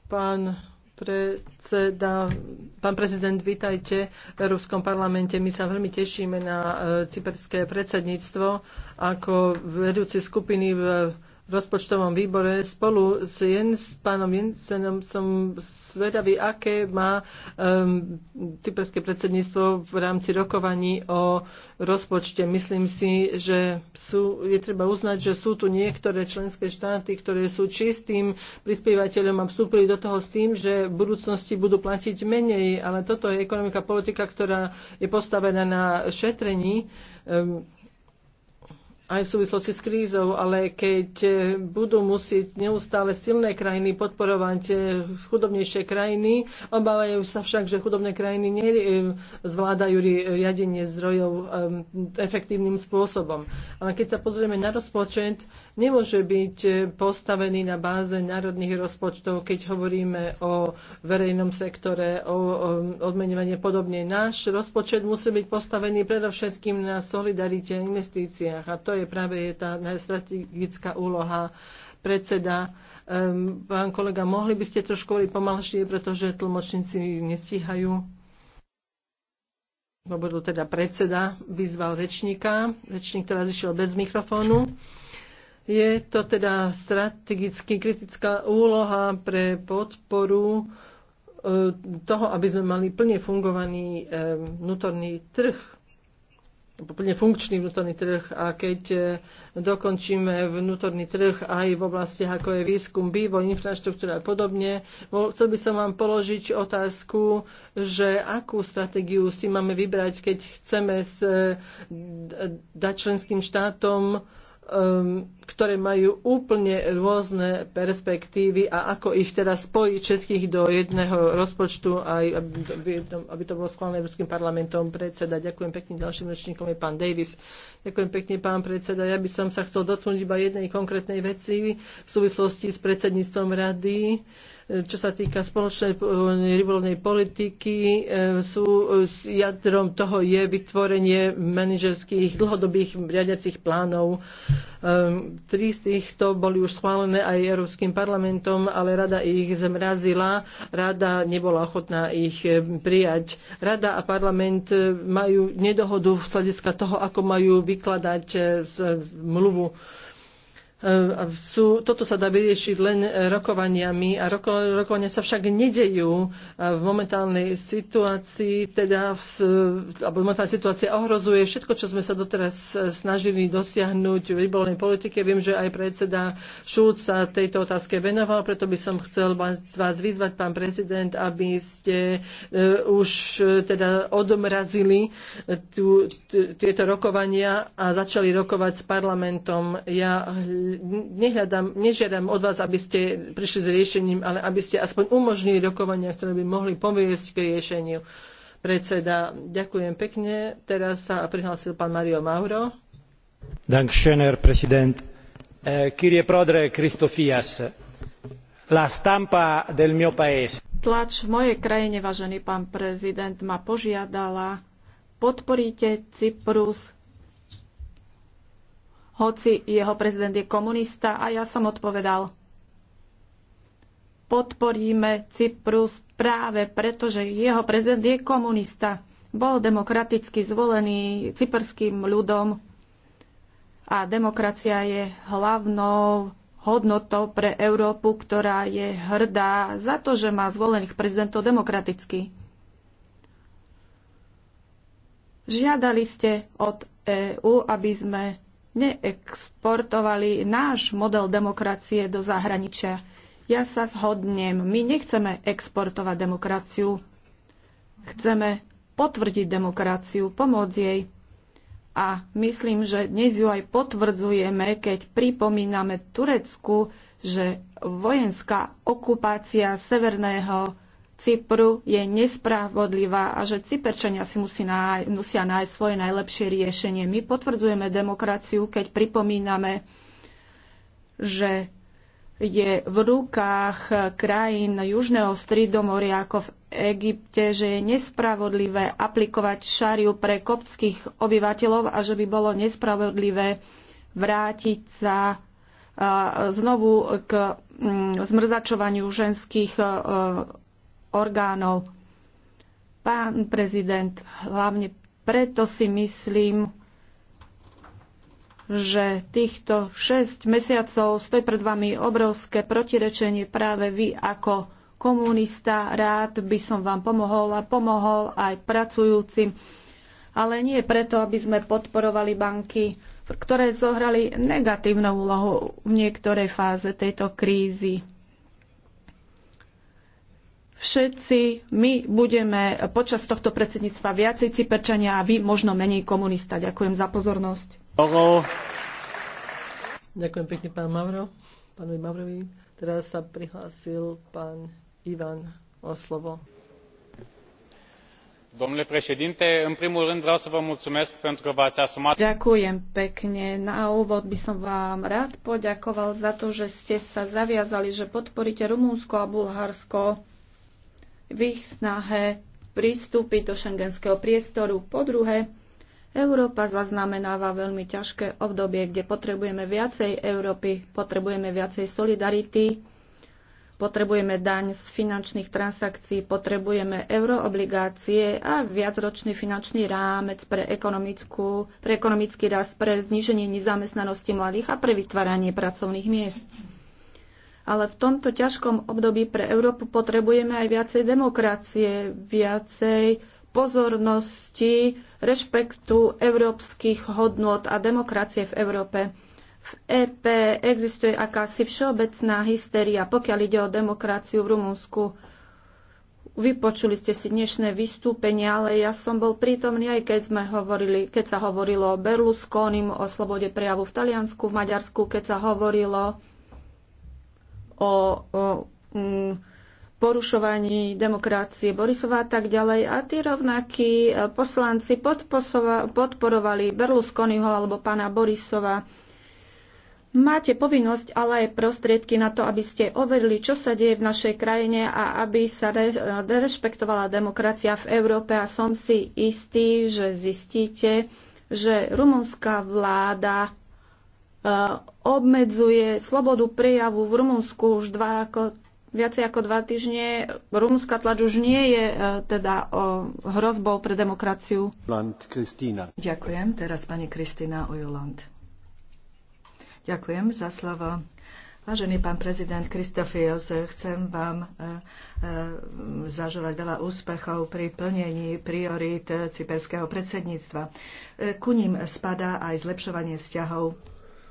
Pán Predseda, pán prezident, vítajte v Európskom parlamente. My sa veľmi tešíme na e, cyperské predsedníctvo. Ako vedúci skupiny v rozpočtovom výbore spolu s, Jens, pánom Jensenom som zvedavý, aké má um, cyperské predsedníctvo v rámci rokovaní o rozpočte. Myslím si, že sú, je treba uznať, že sú tu niektoré členské štáty, ktoré sú čistým prispievateľom a vstúpili do toho s tým, že v budúcnosti budú platiť menej, ale toto je ekonomika politika, ktorá je postavená na šetrení. Um, aj v súvislosti s krízou, ale keď e, budú musieť neustále silné krajiny podporovať e, chudobnejšie krajiny, obávajú sa však, že chudobné krajiny e, zvládajú riadenie zdrojov efektívnym spôsobom. Ale keď sa pozrieme na rozpočet, nemôže byť postavený na báze národných rozpočtov, keď hovoríme o verejnom sektore, o odmenovanie podobne. Náš rozpočet musí byť postavený predovšetkým na solidarite a investíciách. A to je práve tá strategická úloha predseda. Um, pán kolega, mohli by ste trošku hovoriť pomalšie, pretože tlmočníci nestíhajú. to teda predseda, vyzval rečníka. Rečník teraz zišiel bez mikrofónu. Je to teda strategicky kritická úloha pre podporu e, toho, aby sme mali plne fungovaný vnútorný trh úplne funkčný vnútorný trh a keď e, dokončíme vnútorný trh aj v oblastiach ako je výskum, vývoj, infraštruktúra a podobne, chcel by som vám položiť otázku, že akú stratégiu si máme vybrať, keď chceme s, e, dať členským štátom um, ktoré majú úplne rôzne perspektívy a ako ich teda spojiť všetkých do jedného rozpočtu, aj aby, aby to bolo schválené Európskym parlamentom predseda. Ďakujem pekne ďalším rečníkom je pán Davis. Ďakujem pekne pán predseda. Ja by som sa chcel dotknúť iba jednej konkrétnej veci v súvislosti s predsedníctvom rady. Uh, čo sa týka spoločnej rybolovnej politiky, e, sú jadrom toho je vytvorenie manažerských dlhodobých riadiacich plánov. Ehm, tri z týchto boli už schválené aj Európskym parlamentom, ale rada ich zmrazila, rada nebola ochotná ich e, prijať. Rada a parlament e, majú nedohodu z hľadiska toho, ako majú vykladať zmluvu E, sú, toto sa dá vyriešiť len rokovaniami a roko, rokovania sa však nedejú e, v momentálnej situácii, teda v, alebo momentálna situácia ohrozuje všetko, čo sme sa doteraz e, snažili dosiahnuť v rybolnej politike. Viem, že aj predseda Šulc sa tejto otázke venoval, preto by som chcel vás, vás vyzvať, pán prezident, aby ste už teda odmrazili tieto rokovania a začali rokovať s parlamentom. Ja nehľadám, nežiadam od vás, aby ste prišli s riešením, ale aby ste aspoň umožnili rokovania, ktoré by mohli poviesť k riešeniu. Predseda, ďakujem pekne. Teraz sa prihlásil pán Mario Mauro. Dankšener, prezident. Eh, kyrie Prodre Kristofias, la stampa del mio paese. Tlač v mojej krajine, vážený pán prezident, ma požiadala, podporíte Cyprus hoci jeho prezident je komunista a ja som odpovedal, podporíme Cyprus práve preto, že jeho prezident je komunista. Bol demokraticky zvolený cyperským ľudom a demokracia je hlavnou hodnotou pre Európu, ktorá je hrdá za to, že má zvolených prezidentov demokraticky. Žiadali ste od EÚ, aby sme neexportovali náš model demokracie do zahraničia. Ja sa zhodnem, my nechceme exportovať demokraciu. Chceme potvrdiť demokraciu, pomôcť jej. A myslím, že dnes ju aj potvrdzujeme, keď pripomíname Turecku, že vojenská okupácia severného Cypru je nespravodlivá a že Cyperčania si musí náj- musia nájsť svoje najlepšie riešenie. My potvrdzujeme demokraciu, keď pripomíname, že je v rukách krajín južného stridomoria, ako v Egypte, že je nespravodlivé aplikovať šariu pre koptských obyvateľov a že by bolo nespravodlivé vrátiť sa znovu k mm, zmrzačovaniu ženských orgánov. Pán prezident, hlavne preto si myslím, že týchto 6 mesiacov stojí pred vami obrovské protirečenie práve vy ako komunista. Rád by som vám pomohol a pomohol aj pracujúcim, ale nie preto, aby sme podporovali banky, ktoré zohrali negatívnu úlohu v niektorej fáze tejto krízy všetci my budeme počas tohto predsedníctva viacej cyperčania a vy možno menej komunista. Ďakujem za pozornosť. Hello. Ďakujem pekne pán Mavro, pánovi Mavrovi. Teraz sa prihlásil pán Ivan o slovo. Domnule vreau mulțumesc pentru că v-ați asumat... Ďakujem pekne. Na úvod by som vám rád poďakoval za to, že ste sa zaviazali, že podporíte Rumúnsko a Bulharsko v ich snahe pristúpiť do šengenského priestoru. Po druhé, Európa zaznamenáva veľmi ťažké obdobie, kde potrebujeme viacej Európy, potrebujeme viacej solidarity, potrebujeme daň z finančných transakcií, potrebujeme euroobligácie a viacročný finančný rámec pre, ekonomickú, pre ekonomický rast, pre zníženie nezamestnanosti mladých a pre vytváranie pracovných miest. Ale v tomto ťažkom období pre Európu potrebujeme aj viacej demokracie, viacej pozornosti, rešpektu európskych hodnot a demokracie v Európe. V EP existuje akási všeobecná hysteria, pokiaľ ide o demokraciu v Rumunsku. Vypočuli ste si dnešné vystúpenia, ale ja som bol prítomný aj keď, sme hovorili, keď sa hovorilo o Berlusconim, o slobode prejavu v Taliansku, v Maďarsku, keď sa hovorilo o, o um, porušovaní demokracie Borisova a tak ďalej. A tí rovnakí e, poslanci podporovali Berlusconiho alebo pána Borisova. Máte povinnosť, ale aj prostriedky na to, aby ste overili, čo sa deje v našej krajine a aby sa rešpektovala demokracia v Európe. A som si istý, že zistíte, že rumunská vláda E, obmedzuje slobodu prejavu v Rumunsku už dva ako, viacej ako dva týždne. Rumúnska tlač už nie je e, teda hrozbou pre demokraciu. Land, Ďakujem. Teraz pani Kristina Ojuland. Ďakujem za slovo. Vážený pán prezident Kristofios, chcem vám e, zaželať veľa úspechov pri plnení priorít cyperského predsedníctva. Ku ním spadá aj zlepšovanie vzťahov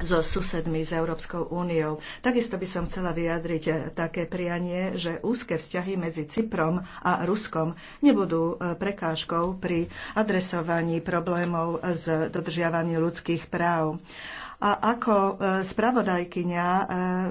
so susedmi s Európskou úniou. Takisto by som chcela vyjadriť eh, také prianie, že úzke vzťahy medzi Cyprom a Ruskom nebudú eh, prekážkou pri adresovaní problémov s dodržiavaním ľudských práv. A ako e, spravodajkyňa e,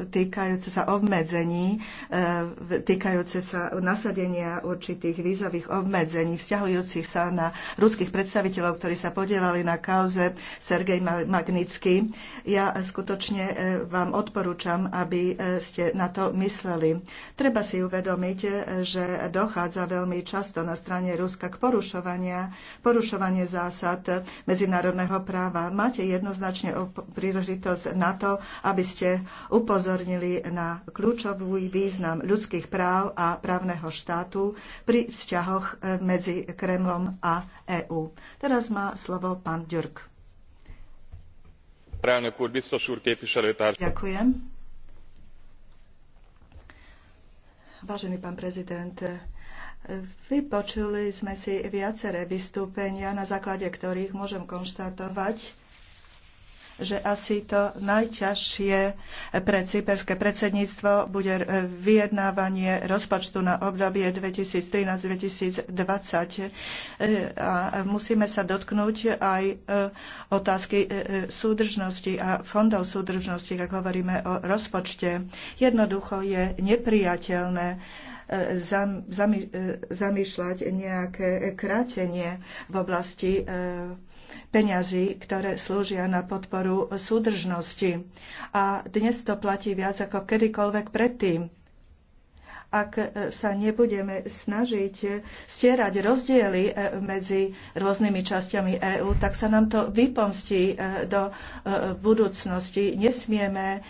týkajúce sa obmedzení, e, týkajúce sa nasadenia určitých vízových obmedzení, vzťahujúcich sa na ruských predstaviteľov, ktorí sa podielali na kauze Sergej Magnický, ja skutočne vám odporúčam, aby ste na to mysleli. Treba si uvedomiť, že dochádza veľmi často na strane Ruska k porušovania, porušovanie zásad medzinárodného práva. Máte jednoznačne op- príležitosť na to, aby ste upozornili na kľúčový význam ľudských práv a právneho štátu pri vzťahoch e, medzi Kremlom a EÚ. Teraz má slovo pán Ďurk. Ďakujem. Vážený pán prezident, e, vypočuli sme si viaceré vystúpenia, na základe ktorých môžem konštatovať, že asi to najťažšie pre cyperské predsedníctvo bude e, vyjednávanie rozpočtu na obdobie 2013-2020. E, a musíme sa dotknúť aj e, otázky súdržnosti a fondov súdržnosti, ak hovoríme o rozpočte. Jednoducho je nepriateľné zamýšľať nejaké krátenie v oblasti peňazí, ktoré slúžia na podporu súdržnosti. A dnes to platí viac ako kedykoľvek predtým ak e, sa nebudeme snažiť e, stierať rozdiely e, medzi rôznymi časťami EÚ, tak sa nám to vypomstí do budúcnosti. Nesmieme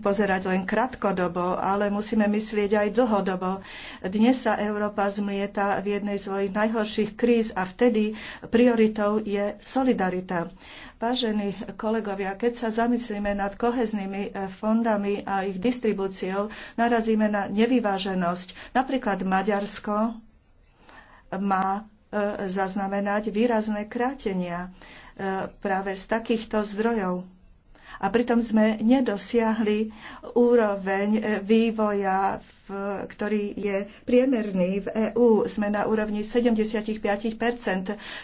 pozerať len krátkodobo, ale musíme myslieť aj dlhodobo. Dnes sa Európa zmlieta v jednej z svojich najhorších kríz a vtedy prioritou je solidarita. Vážení kolegovia, keď sa zamyslíme nad koheznými eh, fondami a ich distribúciou, narazíme na nevyváženosť. Napríklad Maďarsko má eh, zaznamenať výrazné krátenia eh, práve z takýchto zdrojov. A pritom sme nedosiahli úroveň vývoja, ktorý je priemerný v EÚ. Sme na úrovni 75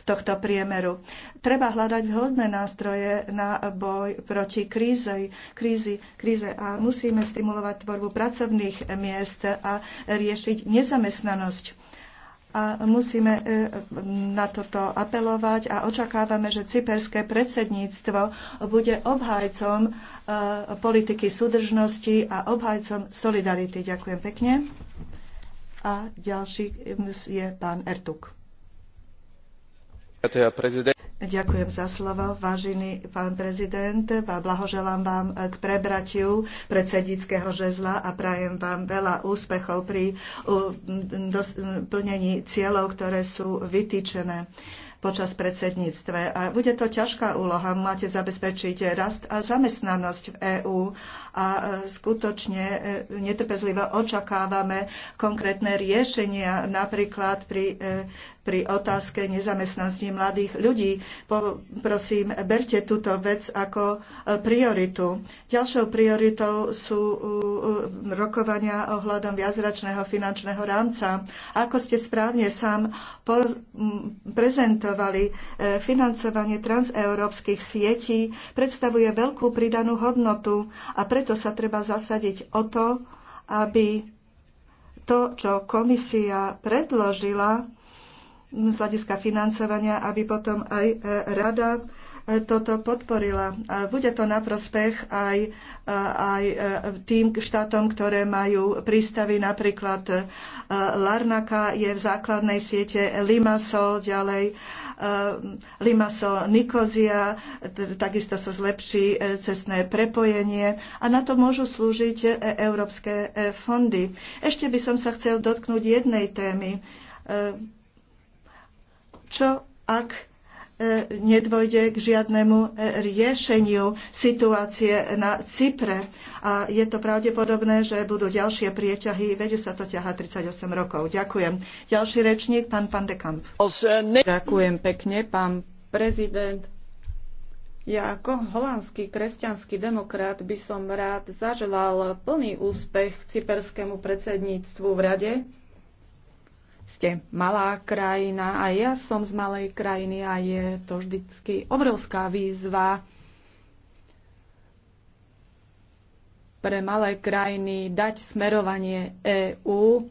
tohto priemeru. Treba hľadať vhodné nástroje na boj proti kríze, krízi, kríze a musíme stimulovať tvorbu pracovných miest a riešiť nezamestnanosť a musíme e, na toto apelovať a očakávame, že cyperské predsedníctvo bude obhajcom e, politiky súdržnosti a obhajcom solidarity. Ďakujem pekne. A ďalší e, je pán Ertuk. Ďakujem za slovo, vážený pán prezident. Blahoželám vám k prebratiu predsedníckého žezla a prajem vám veľa úspechov pri plnení cieľov, ktoré sú vytýčené počas predsedníctve. A bude to ťažká úloha. Máte zabezpečiť rast a zamestnanosť v EÚ a e, skutočne e, netrpezlivo očakávame konkrétne riešenia, napríklad pri e, pri otázke nezamestnanosti mladých ľudí. Prosím, berte túto vec ako prioritu. Ďalšou prioritou sú rokovania ohľadom viacračného finančného rámca. Ako ste správne sám prezentovali, financovanie transeurópskych sietí predstavuje veľkú pridanú hodnotu a preto preto sa treba zasadiť o to, aby to, čo komisia predložila z hľadiska financovania, aby potom aj e, rada e, toto podporila. Bude to na prospech aj, e, aj tým štátom, ktoré majú prístavy, napríklad Larnaka je v základnej siete Limassol, ďalej Eh, Limaso Nikozia, takisto sa zlepší eh, cestné prepojenie a na to môžu slúžiť eh, európske fondy. Ešte by som sa chcel dotknúť jednej témy. Čo ak E, nedvojde k žiadnemu e, riešeniu situácie na Cypre. A je to pravdepodobné, že budú ďalšie prieťahy. Vedú sa to ťaha 38 rokov. Ďakujem. Ďalší rečník, pán Pandekamp. Ďakujem pekne, pán prezident. Ja ako holandský kresťanský demokrat by som rád zaželal plný úspech cyperskému predsedníctvu v Rade ste malá krajina a ja som z malej krajiny a je to vždycky obrovská výzva pre malé krajiny dať smerovanie EÚ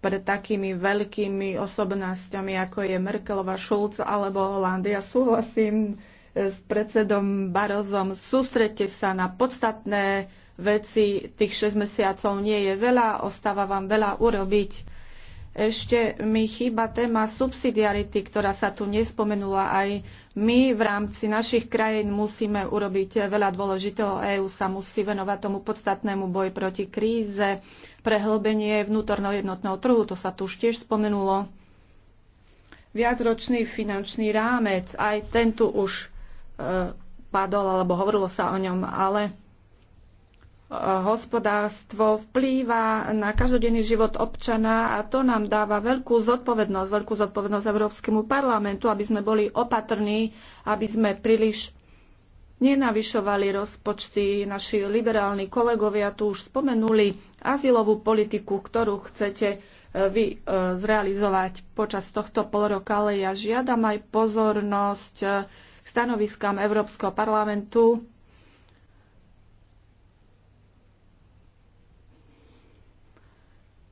pred takými veľkými osobnostiami, ako je Merkelova, Schulz alebo Holandia. Ja súhlasím s predsedom Barozom, sústredte sa na podstatné veci, tých 6 mesiacov nie je veľa, ostáva vám veľa urobiť. Ešte mi chýba téma subsidiarity, ktorá sa tu nespomenula. Aj my v rámci našich krajín musíme urobiť veľa dôležitého. EÚ sa musí venovať tomu podstatnému boji proti kríze, prehlbenie vnútorno jednotného trhu, to sa tu už tiež spomenulo. Viacročný finančný rámec, aj ten tu už e, padol, alebo hovorilo sa o ňom, ale hospodárstvo vplýva na každodenný život občana a to nám dáva veľkú zodpovednosť, veľkú zodpovednosť Európskemu parlamentu, aby sme boli opatrní, aby sme príliš nenavyšovali rozpočty. Naši liberálni kolegovia tu už spomenuli azylovú politiku, ktorú chcete e, vy e, zrealizovať počas tohto pol roka, ale ja žiadam aj pozornosť e, k stanoviskám Európskeho parlamentu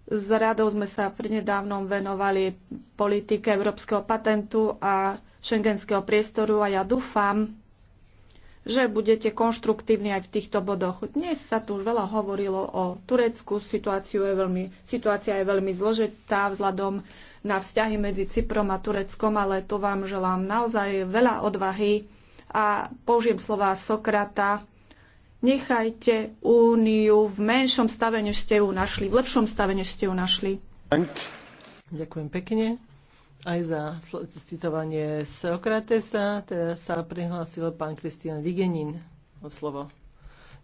S radou sme sa prinedávnom venovali politike európskeho patentu a šengenského priestoru a ja dúfam, že budete konštruktívni aj v týchto bodoch. Dnes sa tu už veľa hovorilo o Turecku. Situáciu je veľmi, situácia je veľmi zložitá vzhľadom na vzťahy medzi Cyprom a Tureckom, ale tu vám želám naozaj veľa odvahy a použijem slova Sokrata, Nechajte úniu v menšom stave, než ste ju našli, v lepšom stave, než ste ju našli. Ďakujem pekne aj za citovanie Sokratesa. Teraz sa prihlásil pán Kristian Vigenin o slovo.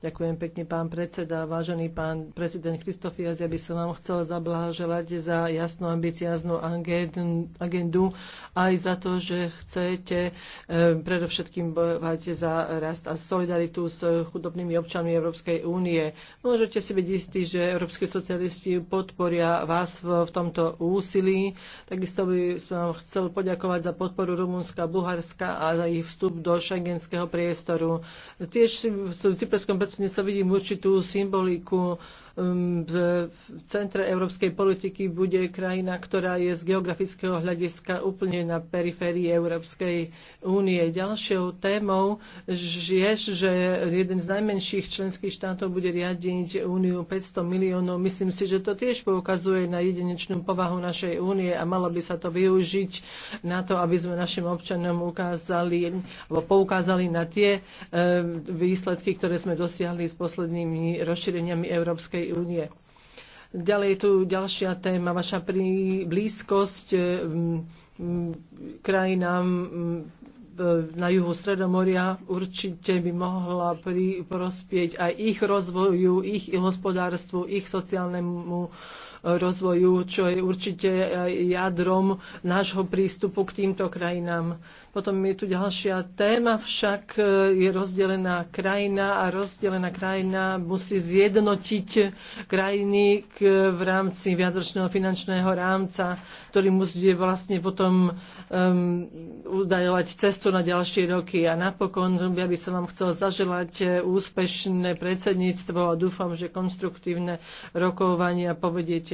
Ďakujem pekne, pán predseda. Vážený pán prezident Kristofias, ja by som vám chcel zablahoželať za jasnú, ambiciáznu agendu, aj za to, že chcete e, predovšetkým bojovať za rast a solidaritu s chudobnými občanmi Európskej únie. Môžete si byť istí, že Európske socialisti podporia vás v, v tomto úsilí. Takisto by som vám chcel poďakovať za podporu Rumunska, Bulharska a za ich vstup do šengenského priestoru. Tiež si v Cyperskom skutočne sa vidím určitú symboliku Um, v centre európskej politiky bude krajina, ktorá je z geografického hľadiska úplne na periférii Európskej únie. Ďalšou témou je, že jeden z najmenších členských štátov bude riadiť úniu 500 miliónov. Myslím si, že to tiež poukazuje na jedinečnú povahu našej únie a malo by sa to využiť na to, aby sme našim občanom ukázali alebo poukázali na tie eh, výsledky, ktoré sme dosiahli s poslednými rozšíreniami Európskej Európskej únie. Ďalej je tu ďalšia téma, vaša blízkosť eh, mm, krajinám mm, eh, na juhu Stredomoria určite by mohla prospieť aj ich rozvoju, ich hospodárstvu, ich sociálnemu rozvoju, čo je určite jadrom nášho prístupu k týmto krajinám. Potom je tu ďalšia téma, však e, je rozdelená krajina a rozdelená krajina musí zjednotiť krajiny v rámci viadročného finančného rámca, ktorý musí vlastne potom um, udajovať cestu na ďalšie roky. A napokon ja by som vám chcel zaželať e, úspešné predsedníctvo a dúfam, že konstruktívne rokovania povedete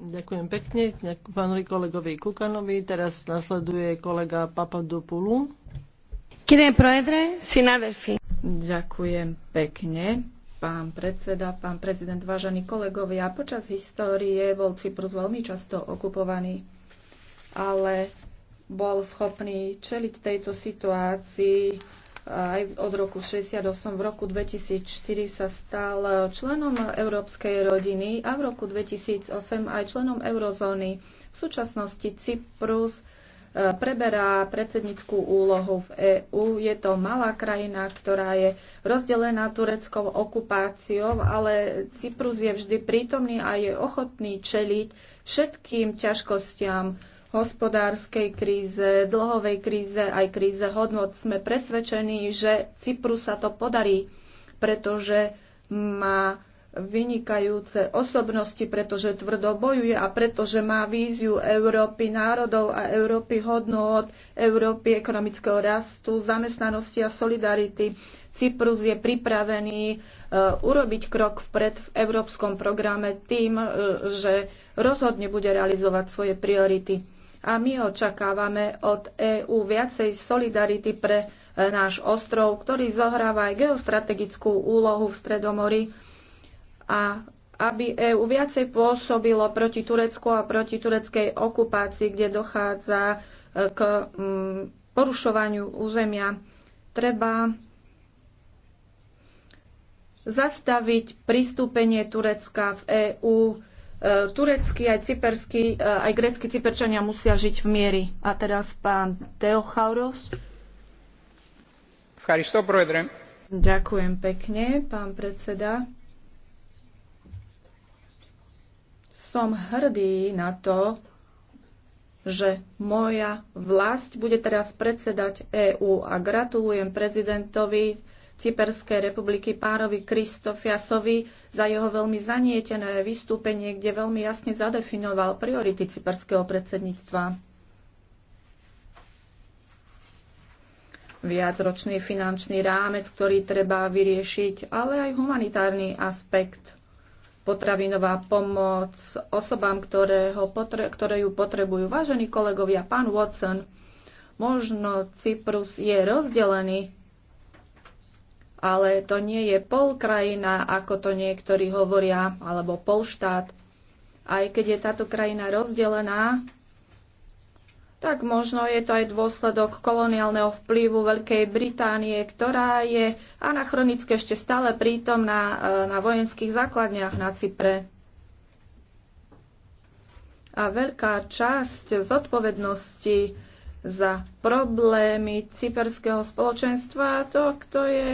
Ďakujem pekne ďakujem pánovi kolegovi Kukanovi. Teraz nasleduje kolega Papadopoulou. Ďakujem pekne. Pán predseda, pán prezident, vážení kolegovia, počas histórie bol Cyprus veľmi často okupovaný, ale bol schopný čeliť tejto situácii aj od roku 68. V roku 2004 sa stal členom Európskej rodiny a v roku 2008 aj členom eurozóny. V súčasnosti Cyprus e, preberá predsednickú úlohu v EÚ. Je to malá krajina, ktorá je rozdelená tureckou okupáciou, ale Cyprus je vždy prítomný a je ochotný čeliť všetkým ťažkostiam, hospodárskej kríze, dlhovej kríze, aj kríze hodnot sme presvedčení, že Cypru sa to podarí, pretože má vynikajúce osobnosti, pretože tvrdo bojuje a pretože má víziu Európy národov a Európy hodnot, Európy ekonomického rastu, zamestnanosti a solidarity. Cyprus je pripravený e, urobiť krok vpred v európskom programe tým, e, že rozhodne bude realizovať svoje priority a my očakávame od EÚ viacej solidarity pre e, náš ostrov, ktorý zohráva aj geostrategickú úlohu v Stredomori a aby EÚ viacej pôsobilo proti Turecku a proti tureckej okupácii, kde dochádza e, k mm, porušovaniu územia. Treba zastaviť pristúpenie Turecka v EÚ tureckí, aj cyperskí, eh, aj grécky cyperčania musia žiť v miery. A teraz pán Teochauros. Ďakujem pekne, pán predseda. Som hrdý na to, že moja vlast bude teraz predsedať EÚ a gratulujem prezidentovi Cyperskej republiky párovi Kristofiasovi za jeho veľmi zanietené vystúpenie, kde veľmi jasne zadefinoval priority cyperského predsedníctva. Viacročný finančný rámec, ktorý treba vyriešiť, ale aj humanitárny aspekt, potravinová pomoc osobám, ho potre- ktoré ju potrebujú. Vážení kolegovia, pán Watson, možno Cyprus je rozdelený ale to nie je pol krajina, ako to niektorí hovoria, alebo pol štát. Aj keď je táto krajina rozdelená, tak možno je to aj dôsledok koloniálneho vplyvu Veľkej Británie, ktorá je anachronicky ešte stále prítomná e, na vojenských základniach na Cypre. A veľká časť zodpovednosti za problémy cyperského spoločenstva, to, kto je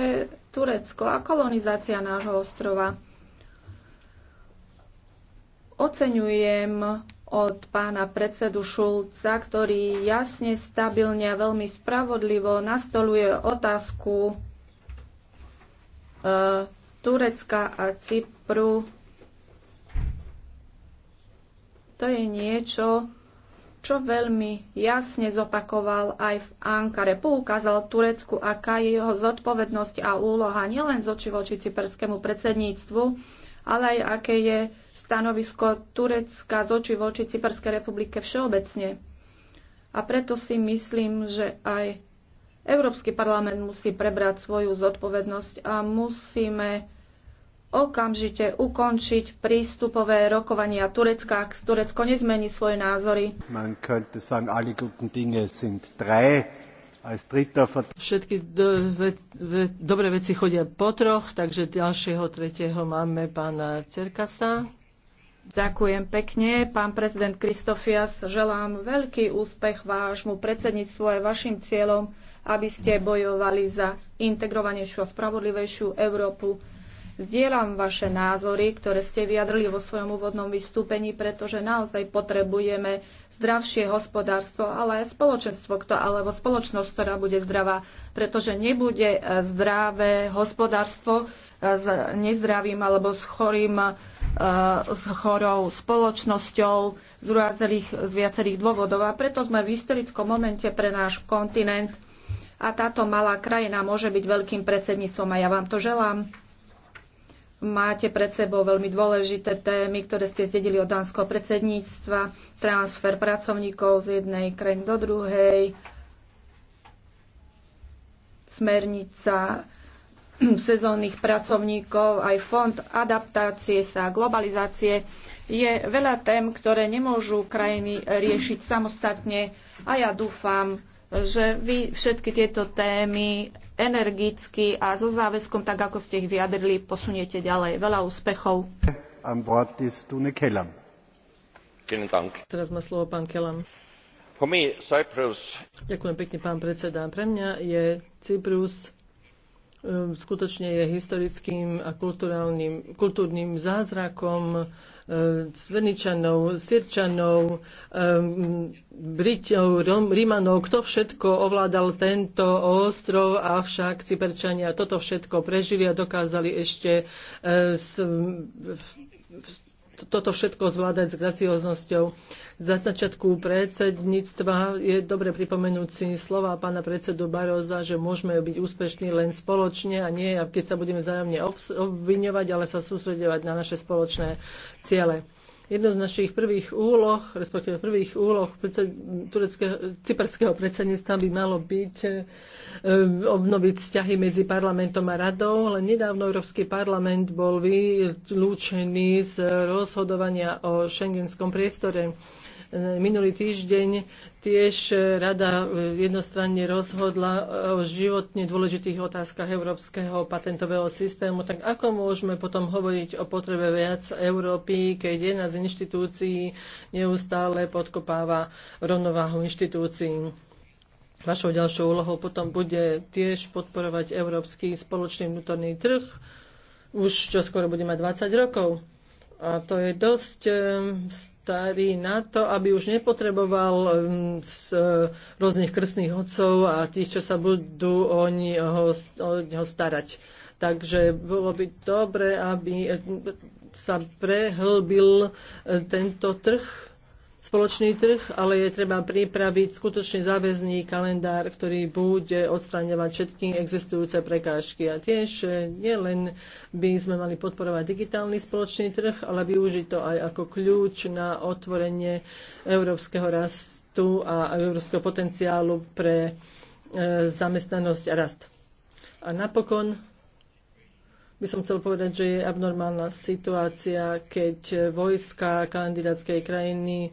Turecko a kolonizácia nášho ostrova. Oceňujem od pána predsedu Šulca, ktorý jasne, stabilne a veľmi spravodlivo nastoluje otázku e, Turecka a Cypru. To je niečo, čo veľmi jasne zopakoval aj v Ankare. Poukázal Turecku, aká je jeho zodpovednosť a úloha nielen z oči voči cyperskému predsedníctvu, ale aj aké je stanovisko Turecka z oči voči Cyperskej republike všeobecne. A preto si myslím, že aj Európsky parlament musí prebrať svoju zodpovednosť a musíme okamžite ukončiť prístupové rokovania Turecka, ak Turecko nezmení svoje názory. Všetky do, ve, ve, dobré veci chodia po troch, takže ďalšieho tretieho máme pána Cerkasa. Ďakujem pekne, pán prezident Kristofias. Želám veľký úspech vášmu predsedníctvu a vašim cieľom, aby ste bojovali za integrovanejšiu a spravodlivejšiu Európu Zdieľam vaše názory, ktoré ste vyjadrili vo svojom úvodnom vystúpení, pretože naozaj potrebujeme zdravšie hospodárstvo, ale aj spoločenstvo, alebo spoločnosť, ktorá bude zdravá, pretože nebude e, zdravé hospodárstvo e, s nezdravým alebo s chorým e, s chorou spoločnosťou z viacerých, z viacerých dôvodov. A preto sme v historickom momente pre náš kontinent a táto malá krajina môže byť veľkým predsedníctvom a ja vám to želám. Máte pred sebou veľmi dôležité témy, ktoré ste zdedili od dánskeho predsedníctva, transfer pracovníkov z jednej krajiny do druhej, smernica sezónnych pracovníkov, aj fond adaptácie sa, globalizácie. Je veľa tém, ktoré nemôžu krajiny riešiť samostatne a ja dúfam, že vy všetky tieto témy energicky a so záväzkom, tak ako ste ich vyjadrili, posuniete ďalej. Veľa úspechov. Teraz má slovo pán Kelam. Ďakujem pekne, pán predseda. Pre mňa je Cyprus um, skutočne je historickým a kultúrnym zázrakom Sverničanov, Sirčanov, Britov, Rímanov, kto všetko ovládal tento ostrov, avšak Cyperčania toto všetko prežili a dokázali ešte eh, toto všetko zvládať s gracioznosťou. Za začiatku predsedníctva je dobre pripomenúť si slova pána predsedu Baroza, že môžeme byť úspešní len spoločne a nie, keď sa budeme vzájomne obviňovať, ale sa sústredovať na naše spoločné ciele. Jedno z našich prvých úloh, respektíve prvých úloh tureckého, cyperského predsedníctva by malo byť e, obnoviť vzťahy medzi parlamentom a radou, ale nedávno Európsky parlament bol vylúčený z rozhodovania o šengenskom priestore. E, minulý týždeň tiež e, rada e, jednostranne rozhodla e, o životne dôležitých otázkach európskeho patentového systému, tak ako môžeme potom hovoriť o potrebe viac Európy, keď jedna z inštitúcií neustále podkopáva rovnováhu inštitúcií? Vašou ďalšou úlohou potom bude tiež podporovať európsky spoločný vnútorný trh, už čo skoro bude mať 20 rokov. A to je dosť starý na to, aby už nepotreboval z mm, e, rôznych krstných hodcov a tých, čo sa budú o neho, o neho starať. Takže bolo by dobre, aby sa prehlbil e, tento trh spoločný trh, ale je treba pripraviť skutočne záväzný kalendár, ktorý bude odstraňovať všetky existujúce prekážky. A tiež e, nielen by sme mali podporovať digitálny spoločný trh, ale využiť to aj ako kľúč na otvorenie európskeho rastu a európskeho potenciálu pre e, zamestnanosť a rast. A napokon by som chcel povedať, že je abnormálna situácia, keď vojska kandidátskej krajiny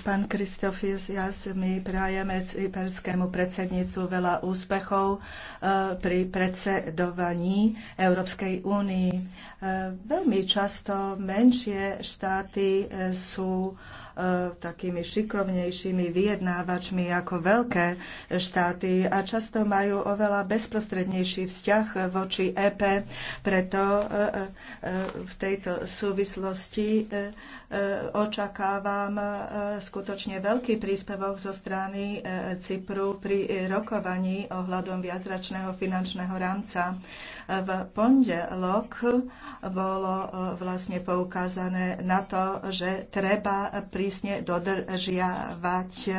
Pán Kristofis, ja my prajeme cyperskému predsedníctvu veľa úspechov e, pri predsedovaní Európskej únii. E, veľmi často menšie štáty e, sú E, takými šikovnejšími vyjednávačmi ako veľké štáty a často majú oveľa bezprostrednejší vzťah voči EP. Preto e, e, v tejto súvislosti očakávam skutočne veľký príspevok zo strany Cypru pri rokovaní ohľadom viacračného finančného rámca. V pondelok bolo e, vlastne poukázané na to, že treba prísne dodržiavať e,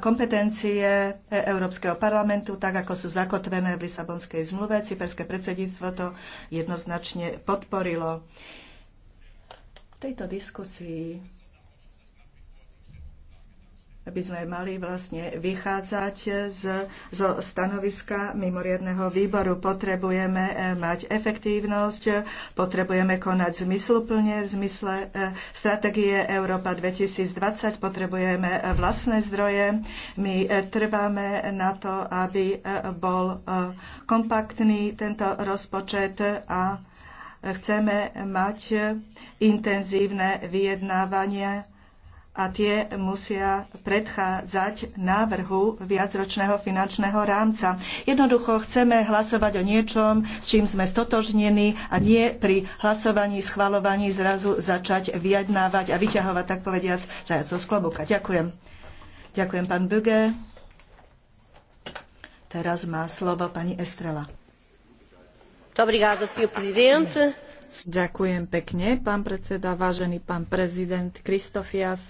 kompetencie Európskeho parlamentu, tak ako sú zakotvené v Lisabonskej zmluve. Cyperské predsedníctvo to jednoznačne podporilo. V tejto diskusii aby sme mali vlastne vychádzať z, zo stanoviska mimoriadného výboru. Potrebujeme eh, mať efektívnosť, potrebujeme konať zmysluplne v zmysle eh, stratégie Európa 2020, potrebujeme eh, vlastné zdroje. My trváme na to, aby bol kompaktný tento rozpočet a chceme mať intenzívne vyjednávanie a tie musia predchádzať návrhu viacročného finančného rámca. Jednoducho chceme hlasovať o niečom, s čím sme stotožnení a nie pri hlasovaní, schvalovaní zrazu začať vyjednávať a vyťahovať, tak povediac, zajaco zo klobúka. Ďakujem. Ďakujem, pán Böge. Teraz má slovo pani Estrela. Ďakujem pekne, pán predseda, vážený pán prezident Kristofias.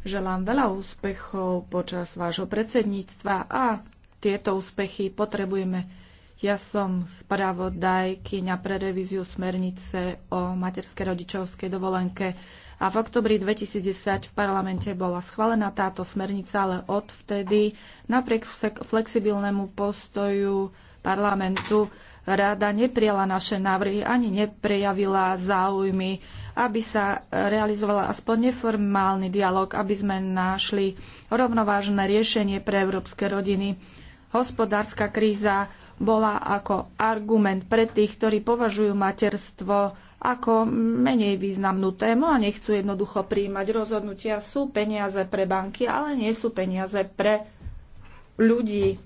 Želám veľa úspechov počas vášho predsedníctva a tieto úspechy potrebujeme. Ja som spravodajkyňa pre revíziu smernice o materskej rodičovskej dovolenke a v oktobri 2010 v parlamente bola schválená táto smernica, ale odvtedy napriek flexibilnému postoju parlamentu Rada neprijala naše návrhy ani neprejavila záujmy, aby sa realizovala aspoň neformálny dialog, aby sme našli rovnovážne riešenie pre európske rodiny. Hospodárska kríza bola ako argument pre tých, ktorí považujú materstvo ako menej významnú tému a nechcú jednoducho príjmať rozhodnutia. Sú peniaze pre banky, ale nie sú peniaze pre ľudí.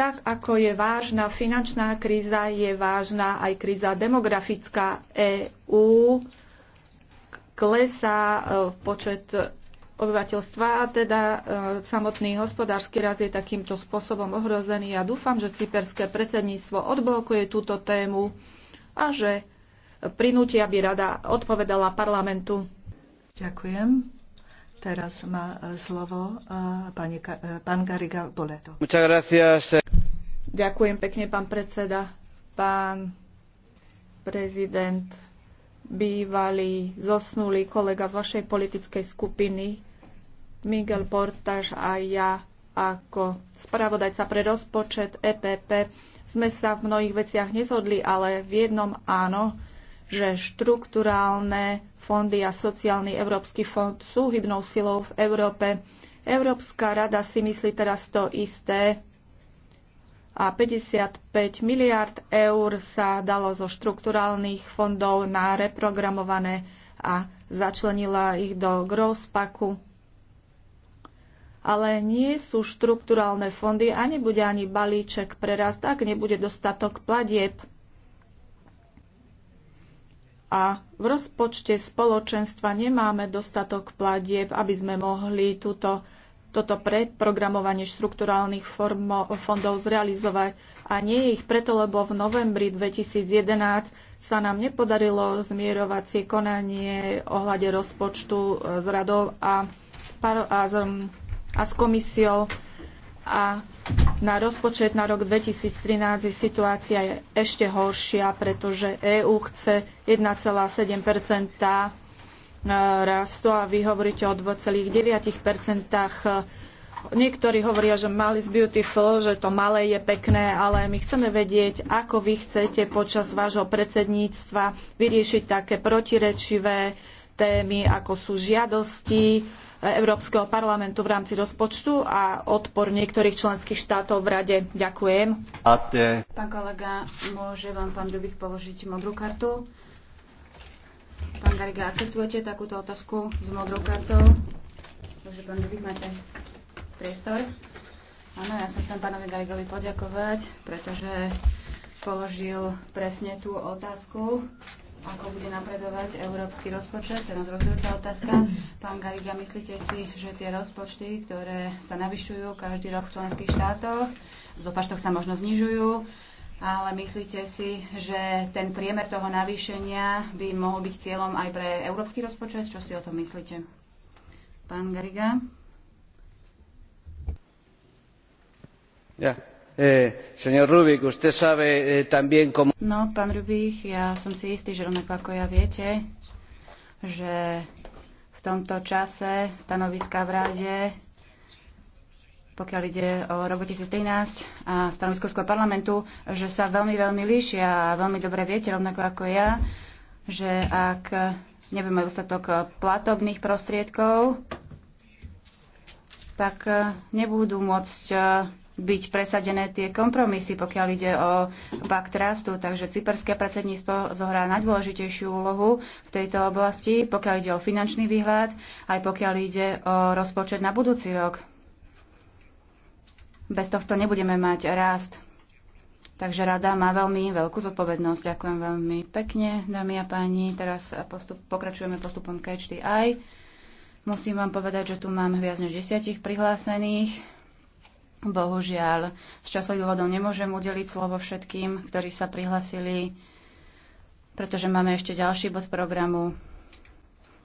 Tak ako je vážna finančná kríza, je vážna aj kríza demografická EÚ. Klesá e, počet obyvateľstva a teda e, samotný hospodársky raz je takýmto spôsobom ohrozený. Ja dúfam, že cyperské predsedníctvo odblokuje túto tému a že prinúti, aby rada odpovedala parlamentu. Ďakujem. Teraz má e, slovo e, pani, e, pán Gariga Boleto. Eh. Ďakujem pekne, pán predseda. Pán prezident, bývalý zosnulý kolega z vašej politickej skupiny, Miguel Portaž a ja ako spravodajca pre rozpočet EPP sme sa v mnohých veciach nezhodli, ale v jednom áno, že štruktúrálne fondy a sociálny Európsky fond sú hybnou silou v Európe. Európska rada si myslí teraz to isté a 55 miliard eur sa dalo zo štrukturálnych fondov na reprogramované a začlenila ich do Packu. Ale nie sú štrukturálne fondy a nebude ani balíček pre rast, ak nebude dostatok platieb a v rozpočte spoločenstva nemáme dostatok platieb, aby sme mohli túto, toto preprogramovanie štrukturálnych formo, fondov zrealizovať. A nie je ich preto, lebo v novembri 2011 sa nám nepodarilo zmierovacie konanie ohľade rozpočtu e, s radou a, a, a s komisiou. A na rozpočet na rok 2013 je situácia je ešte horšia, pretože EÚ chce 1,7 e, rastu a vy hovoríte o 2,9 Niektorí hovoria, že malý is beautiful, že to malé je pekné, ale my chceme vedieť, ako vy chcete počas vášho predsedníctva vyriešiť také protirečivé témy, ako sú žiadosti, Európskeho parlamentu v rámci rozpočtu a odpor niektorých členských štátov v Rade. Ďakujem. A te... Pán kolega, môže vám pán Ľubich položiť modrú kartu? Pán Gariga, akceptujete takúto otázku s modrou kartou? Takže pán Ľubich, máte priestor. Áno, ja sa chcem pánovi Garigovi poďakovať, pretože položil presne tú otázku, ako bude napredovať európsky rozpočet. Teraz rozhodujúca otázka. Pán Gariga, myslíte si, že tie rozpočty, ktoré sa navyšujú každý rok v členských štátoch, z sa možno znižujú, ale myslíte si, že ten priemer toho navýšenia by mohol byť cieľom aj pre európsky rozpočet? Čo si o tom myslíte? Pán Gariga? Ja, Eh, eh, no, pán rbig ja som si istý, že rovnako ako ja viete, že v tomto čase stanoviska v rade, pokiaľ ide o rok 2013 a stanovisko parlamentu, že sa veľmi, veľmi líšia a veľmi dobre viete, rovnako ako ja, že ak nebudeme dostatok platobných prostriedkov, tak eh, nebudú môcť byť presadené tie kompromisy, pokiaľ ide o pakt rastu. Takže cyperské predsedníctvo zohrá najdôležitejšiu úlohu v tejto oblasti, pokiaľ ide o finančný výhľad, aj pokiaľ ide o rozpočet na budúci rok. Bez tohto nebudeme mať rast. Takže rada má veľmi veľkú zodpovednosť. Ďakujem veľmi pekne, dámy a páni. Teraz postup, pokračujeme postupom Catch Musím vám povedať, že tu mám viac než desiatich prihlásených. Bohužiaľ, z časových dôvodov nemôžem udeliť slovo všetkým, ktorí sa prihlasili, pretože máme ešte ďalší bod programu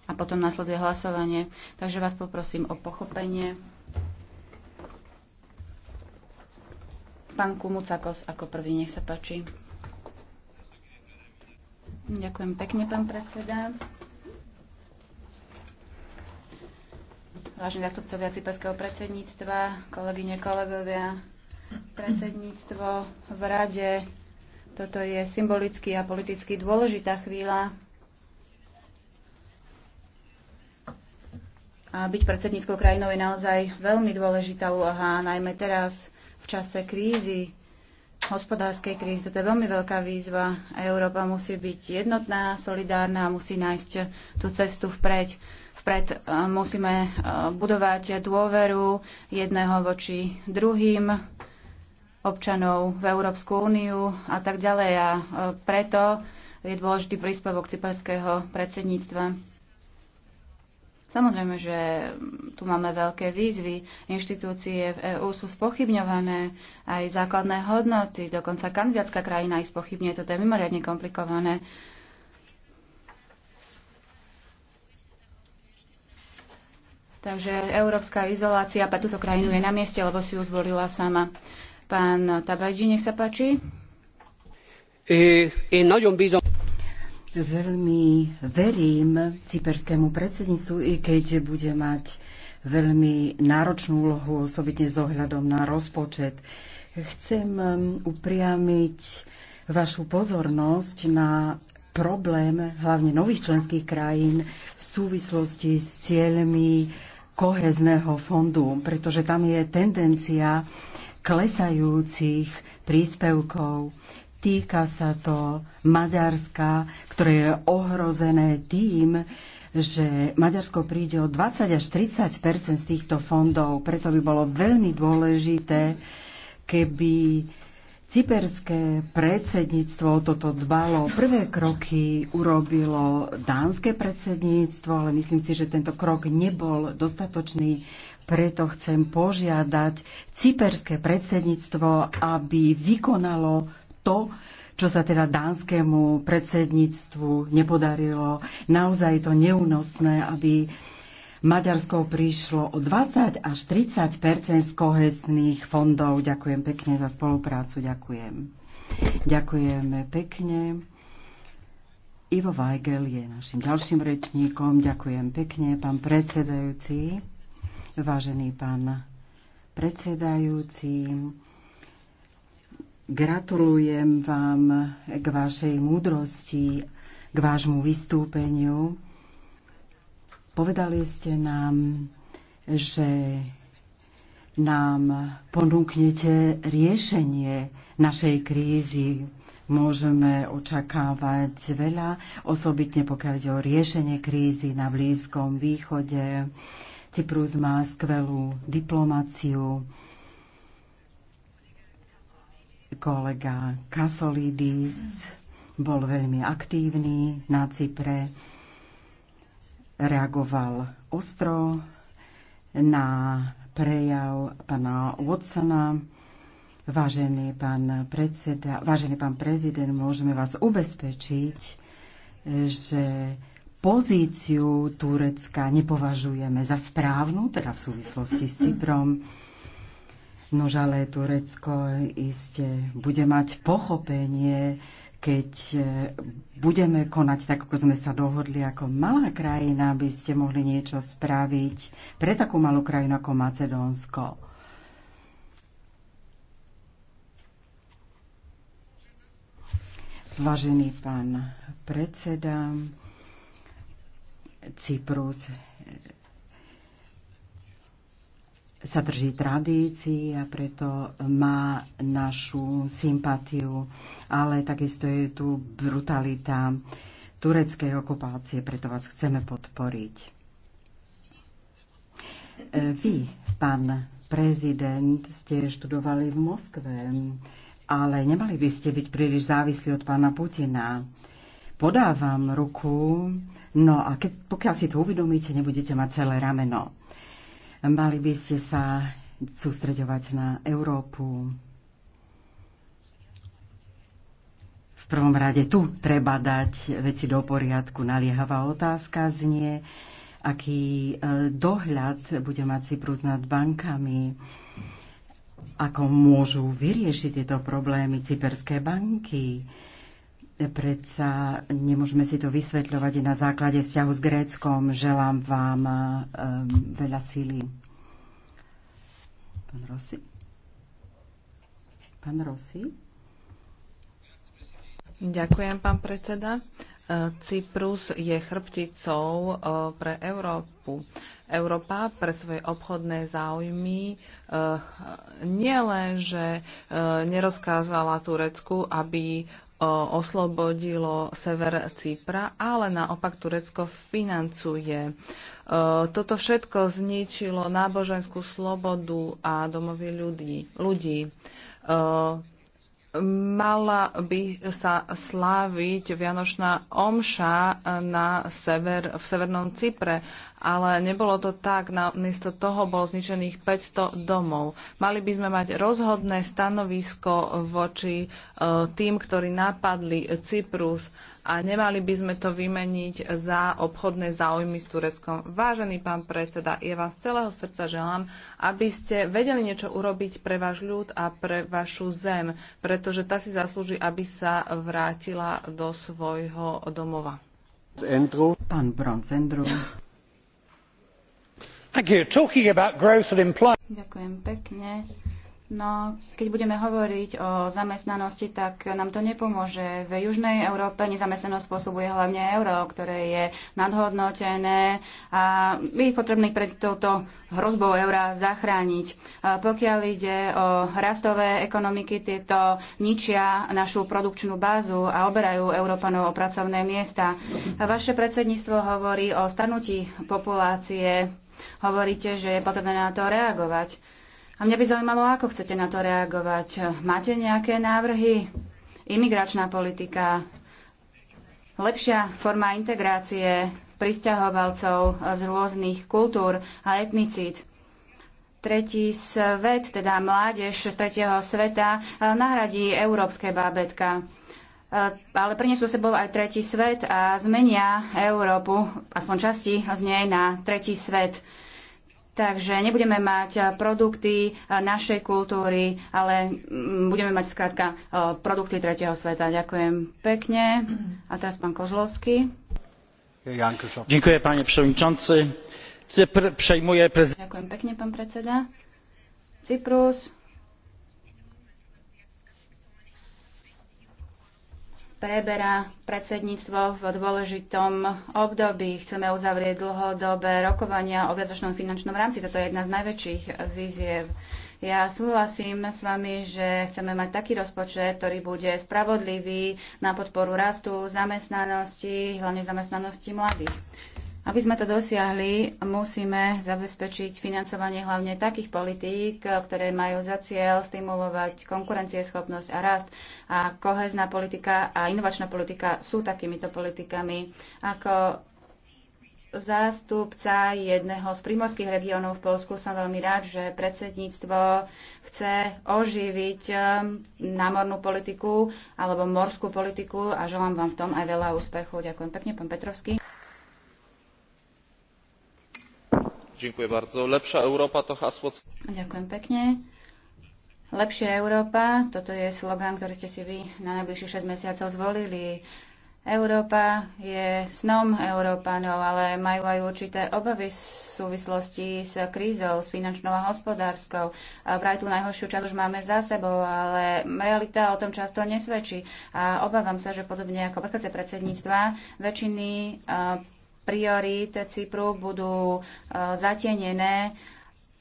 a potom následuje hlasovanie. Takže vás poprosím o pochopenie. Pán Kumucakos ako prvý, nech sa páči. Ďakujem pekne, pán predseda. vážení zastupcovia cyperského predsedníctva, kolegyne, kolegovia, predsedníctvo v rade. Toto je symbolicky a politicky dôležitá chvíľa. A byť predsedníckou krajinou je naozaj veľmi dôležitá úloha, najmä teraz v čase krízy, hospodárskej krízy. Toto je veľmi veľká výzva. Európa musí byť jednotná, solidárna a musí nájsť tú cestu vpreď vpred. E, musíme e, budovať dôveru jedného voči druhým občanov v Európsku úniu a tak ďalej. A e, preto je dôležitý príspevok cyperského predsedníctva. Samozrejme, že tu máme veľké výzvy. Inštitúcie v EÚ sú spochybňované, aj základné hodnoty, dokonca kandidátska krajina ich spochybňuje, toto je mimoriadne komplikované. Takže európska izolácia pre túto krajinu je na mieste, lebo si ju zvolila sama. Pán Tabajdi, nech sa páči. E, e, veľmi verím cyperskému predsedníctvu, i keď bude mať veľmi náročnú úlohu, osobitne s ohľadom na rozpočet. Chcem um, upriamiť vašu pozornosť na problém hlavne nových členských krajín v súvislosti s cieľmi kohezného fondu, pretože tam je tendencia klesajúcich príspevkov. Týka sa to Maďarska, ktoré je ohrozené tým, že Maďarsko príde o 20 až 30 z týchto fondov. Preto by bolo veľmi dôležité, keby Cyperské predsedníctvo toto dbalo. Prvé kroky urobilo dánske predsedníctvo, ale myslím si, že tento krok nebol dostatočný. Preto chcem požiadať cyperské predsedníctvo, aby vykonalo to, čo sa teda dánskemu predsedníctvu nepodarilo. Naozaj je to neúnosné, aby Maďarsko prišlo o 20 až 30 z kohesných fondov. Ďakujem pekne za spoluprácu. Ďakujem. Ďakujeme pekne. Ivo Weigel je našim ďalším rečníkom. Ďakujem pekne, pán predsedajúci. Vážený pán predsedajúci, gratulujem vám k vašej múdrosti, k vášmu vystúpeniu. Povedali ste nám, že nám ponúknete riešenie našej krízy. Môžeme očakávať veľa, osobitne pokiaľ ide o riešenie krízy na Blízkom východe. Cyprus má skvelú diplomáciu. Kolega Kasolidis bol veľmi aktívny na Cypre reagoval ostro na prejav pana Watsona. Vážený pán, predseda, vážený pán prezident, môžeme vás ubezpečiť, že pozíciu Turecka nepovažujeme za správnu, teda v súvislosti s Cyprom. Nož ale Turecko iste bude mať pochopenie keď e, budeme konať tak, ako sme sa dohodli ako malá krajina, by ste mohli niečo spraviť pre takú malú krajinu ako Macedónsko. Vážený pán predseda, Cyprus sa drží tradícií a preto má našu sympatiu, ale takisto je tu brutalita tureckej okupácie, preto vás chceme podporiť. E, vy, pán prezident, ste študovali v Moskve, ale nemali by ste byť príliš závislí od pána Putina. Podávam ruku, no a keď, pokiaľ si to uvedomíte, nebudete mať celé rameno. Mali by ste sa sústreďovať na Európu. V prvom rade tu treba dať veci do poriadku. Naliehavá otázka znie, aký e, dohľad bude mať Cyprus nad bankami, ako môžu vyriešiť tieto problémy cyperské banky Predsa nemôžeme si to vysvetľovať na základe vzťahu s Gréckom. Želám vám eh, veľa síly. Pán Rossi? Pán Rossi? Ďakujem, pán predseda. Eh, Cyprus je chrbticou eh, pre Európu. Európa pre svoje obchodné záujmy nielen, že nerozkázala Turecku, aby oslobodilo sever Cypra, ale naopak Turecko financuje. Toto všetko zničilo náboženskú slobodu a domovy ľudí. ľudí. Mala by sa sláviť Vianočná omša na sever, v Severnom Cypre, ale nebolo to tak. Namiesto toho bolo zničených 500 domov. Mali by sme mať rozhodné stanovisko voči e, tým, ktorí napadli Cyprus a nemali by sme to vymeniť za obchodné záujmy s Tureckom. Vážený pán predseda, ja vám z celého srdca želám, aby ste vedeli niečo urobiť pre váš ľud a pre vašu zem, pretože tá si zaslúži, aby sa vrátila do svojho domova. Pán Bronc Ďakujem pekne. No, keď budeme hovoriť o zamestnanosti, tak nám to nepomôže. V Južnej Európe nezamestnanosť spôsobuje hlavne euro, ktoré je nadhodnotené a je potrebné pred touto hrozbou eura zachrániť. Pokiaľ ide o rastové ekonomiky, tieto ničia našu produkčnú bázu a oberajú Európanov o pracovné miesta. Vaše predsedníctvo hovorí o stanutí populácie Hovoríte, že je potrebné na to reagovať. A mňa by zaujímalo, ako chcete na to reagovať. Máte nejaké návrhy? Imigračná politika, lepšia forma integrácie pristahovalcov z rôznych kultúr a etnicít. Tretí svet, teda mládež z tretieho sveta, nahradí európske bábetka. Eh, ale prinesú sebou aj tretí svet a zmenia Európu, aspoň časti z nej, na tretí svet. Takže nebudeme mať eh, produkty eh, našej kultúry, ale mm, budeme mať skrátka produkty tretieho sveta. Ďakujem pekne. A teraz pán Kozlovský. Ďakujem, pán przewodniczący. Cypr Ďakujem pekne, pán predseda. Cyprus preberá predsedníctvo v dôležitom období. Chceme uzavrieť dlhodobé rokovania o viacročnom finančnom rámci. Toto je jedna z najväčších víziev. Ja súhlasím s vami, že chceme mať taký rozpočet, ktorý bude spravodlivý na podporu rastu, zamestnanosti, hlavne zamestnanosti mladých. Aby sme to dosiahli, musíme zabezpečiť financovanie hlavne takých politík, ktoré majú za cieľ stimulovať konkurencieschopnosť a rast. A kohezná politika a inovačná politika sú takýmito politikami. Ako zástupca jedného z primorských regiónov v Polsku som veľmi rád, že predsedníctvo chce oživiť um, námornú politiku alebo morskú politiku a želám vám v tom aj veľa úspechu. Ďakujem pekne, pán Petrovský. Lepšia Európa to hasło... Ďakujem pekne. Lepšia Európa, toto je slogan, ktorý ste si vy na najbližších 6 mesiacov zvolili. Európa je snom Európanov, ale majú aj určité obavy v súvislosti s krízou, s finančnou a hospodárskou. A vraj tú najhoršiu časť už máme za sebou, ale realita o tom často nesvedčí. A obávam sa, že podobne ako predchádzajúce predsedníctva, väčšiny priorít Cypru budú e, zatienené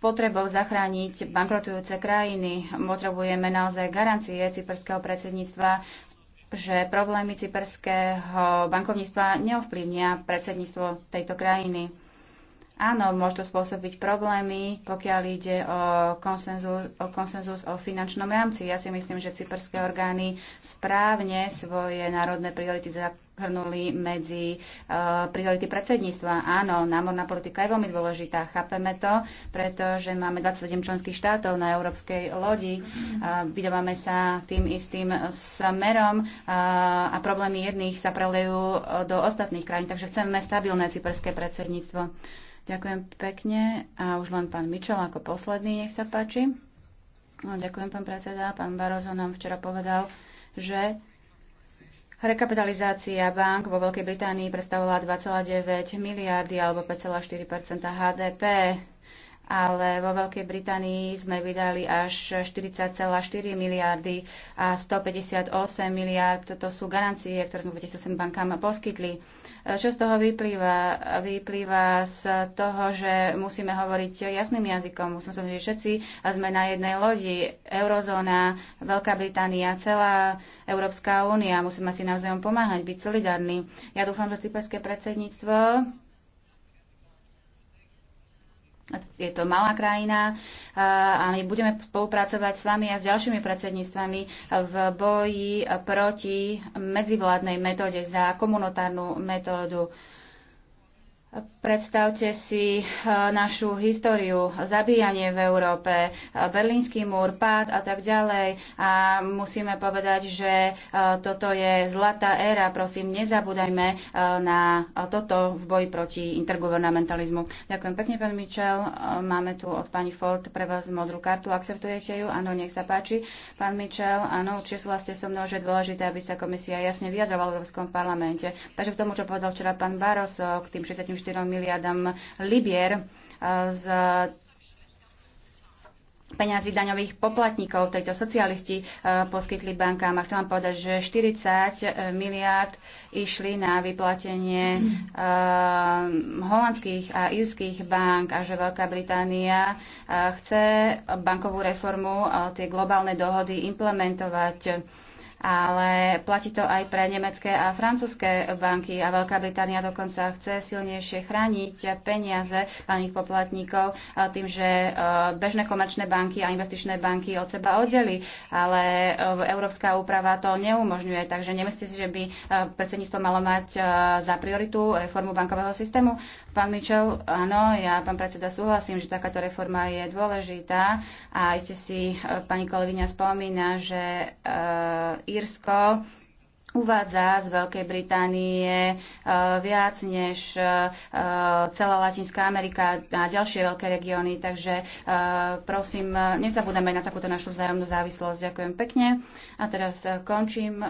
potrebou zachrániť bankrotujúce krajiny. Potrebujeme naozaj garancie cyperského predsedníctva, že problémy cyperského bankovníctva neovplyvnia predsedníctvo tejto krajiny. Áno, môže to spôsobiť problémy, pokiaľ ide o konsenzus, o konsenzus o finančnom rámci. Ja si myslím, že cyperské orgány správne svoje národné priority zahrnuli medzi uh, priority predsedníctva. Áno, námorná politika je veľmi dôležitá, chápeme to, pretože máme 27 členských štátov na európskej lodi, uh, vydávame sa tým istým smerom uh, a problémy jedných sa prelejú do ostatných krajín, takže chceme stabilné cyperské predsedníctvo. Ďakujem pekne a už len pán Mičel ako posledný, nech sa páči. No, ďakujem, pán predseda. Pán Barozo nám včera povedal, že rekapitalizácia bank vo Veľkej Británii predstavovala 2,9 miliardy alebo 5,4 HDP, ale vo Veľkej Británii sme vydali až 40,4 miliardy a 158 miliard. To sú garancie, ktoré sme 2008 bankám poskytli. Čo z toho vyplýva? Vyplýva z toho, že musíme hovoriť jasným jazykom. Musíme sa že všetci a sme na jednej lodi. Eurozóna, Veľká Británia, celá Európska únia. Musíme si navzájom pomáhať, byť solidárni. Ja dúfam, že cyperské predsedníctvo je to malá krajina eh, a my budeme spolupracovať s vami a s ďalšími predsedníctvami v boji proti medzivládnej metóde za komunitárnu metódu. Predstavte si eh, našu históriu, zabíjanie v Európe, eh, berlínsky múr, pád a tak ďalej. A musíme povedať, že eh, toto je zlatá éra. Prosím, nezabúdajme na toto v boji proti intergovernamentalizmu. Ďakujem pekne, pán Mičel. Máme tu od pani Ford pre vás modrú kartu. Akceptujete ju? Áno, nech sa páči. Pán Mičel, áno, určite súhlasíte so mnou, že je dôležité, aby sa komisia jasne vyjadrovala v Európskom parlamente. Takže k tomu, čo povedal včera pán Baros k tým 64 4 miliardám libier e, z peňazí daňových poplatníkov, tejto socialisti e, poskytli bankám. A chcem vám povedať, že 40 e, miliard išli na vyplatenie holandských a írskych bank a že Veľká Británia chce bankovú reformu, tie globálne dohody implementovať ale platí to aj pre nemecké a francúzske banky a Veľká Británia dokonca chce silnejšie chrániť peniaze daných poplatníkov eh, tým, že eh, bežné komerčné banky a investičné banky od seba oddeli, ale eh, európska úprava to neumožňuje, takže nemyslíte si, že by predsedníctvo malo mať za prioritu reformu bankového systému? Pán Mičov, áno, ja pán predseda súhlasím, že takáto reforma je dôležitá a iste si pani kolegyňa spomína, že Írsko uvádza z Veľkej Británie eh, viac než eh, celá Latinská Amerika a ďalšie veľké regióny. Takže eh, prosím, nezabudeme na takúto našu vzájomnú závislosť. Ďakujem pekne. A teraz končím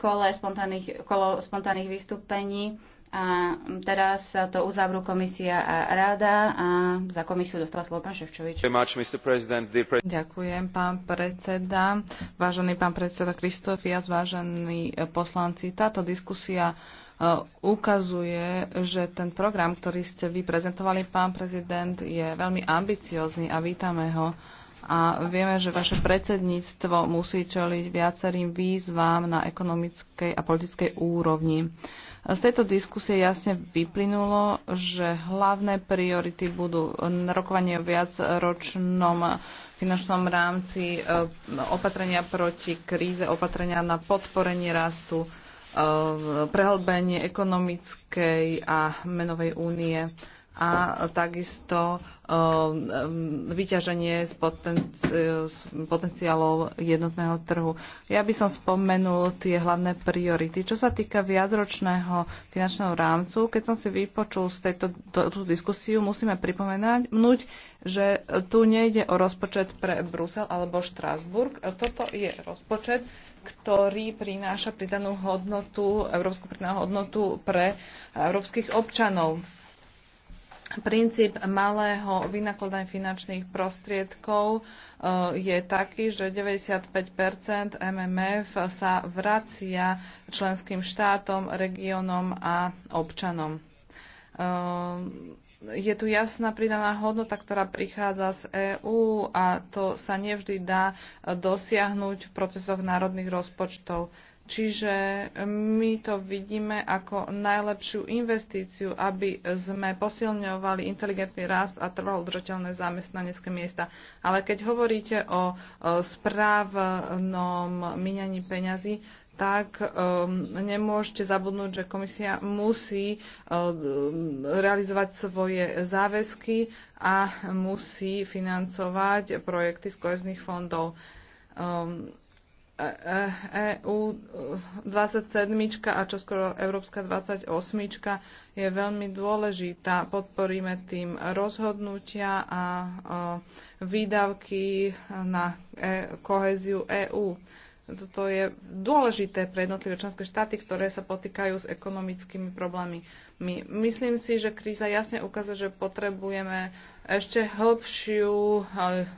kole spontánnych, kolo spontánnych vystúpení. A teraz to uzavrú komisia a rada a za komisiu dostala slovo pán Ševčovič. Ďakujem, pán predseda. Vážený pán predseda ja vážení eh, poslanci, táto diskusia eh, ukazuje, že ten program, ktorý ste vy prezentovali, pán prezident, je veľmi ambiciózny a vítame ho. A vieme, že vaše predsedníctvo musí čeliť viacerým výzvám na ekonomickej a politickej úrovni. Z tejto diskusie jasne vyplynulo, že hlavné priority budú rokovanie o viacročnom finančnom rámci, e, opatrenia proti kríze, opatrenia na podporenie rastu, e, prehlbenie ekonomickej a menovej únie a takisto vyťaženie z potenciálov jednotného trhu. Ja by som spomenul tie hlavné priority. Čo sa týka viacročného finančného rámcu, keď som si vypočul z tejto tú diskusiu, musíme pripomenúť, že tu nejde o rozpočet pre Brusel alebo Štrásburg. Toto je rozpočet, ktorý prináša pridanú hodnotu, európsku pridanú hodnotu pre európskych občanov Princíp malého vynakladania finančných prostriedkov e, je taký, že 95 MMF sa vracia členským štátom, regiónom a občanom. E, je tu jasná pridaná hodnota, ktorá prichádza z EÚ a to sa nevždy dá dosiahnuť v procesoch národných rozpočtov. Čiže my to vidíme ako najlepšiu investíciu, aby sme posilňovali inteligentný rast a trvalo udržateľné zamestnanecké miesta. Ale keď hovoríte o správnom minianí peňazí, tak um, nemôžete zabudnúť, že komisia musí um, realizovať svoje záväzky a musí financovať projekty z kohezných fondov. Um, EU e, e 27 a čoskoro Európska 28 je veľmi dôležitá. Podporíme tým rozhodnutia a e, výdavky na koheziu EÚ. Toto je dôležité pre jednotlivé členské štáty, ktoré sa potýkajú s ekonomickými problémy. My, myslím si, že kríza jasne ukazuje, že potrebujeme ešte hĺbšiu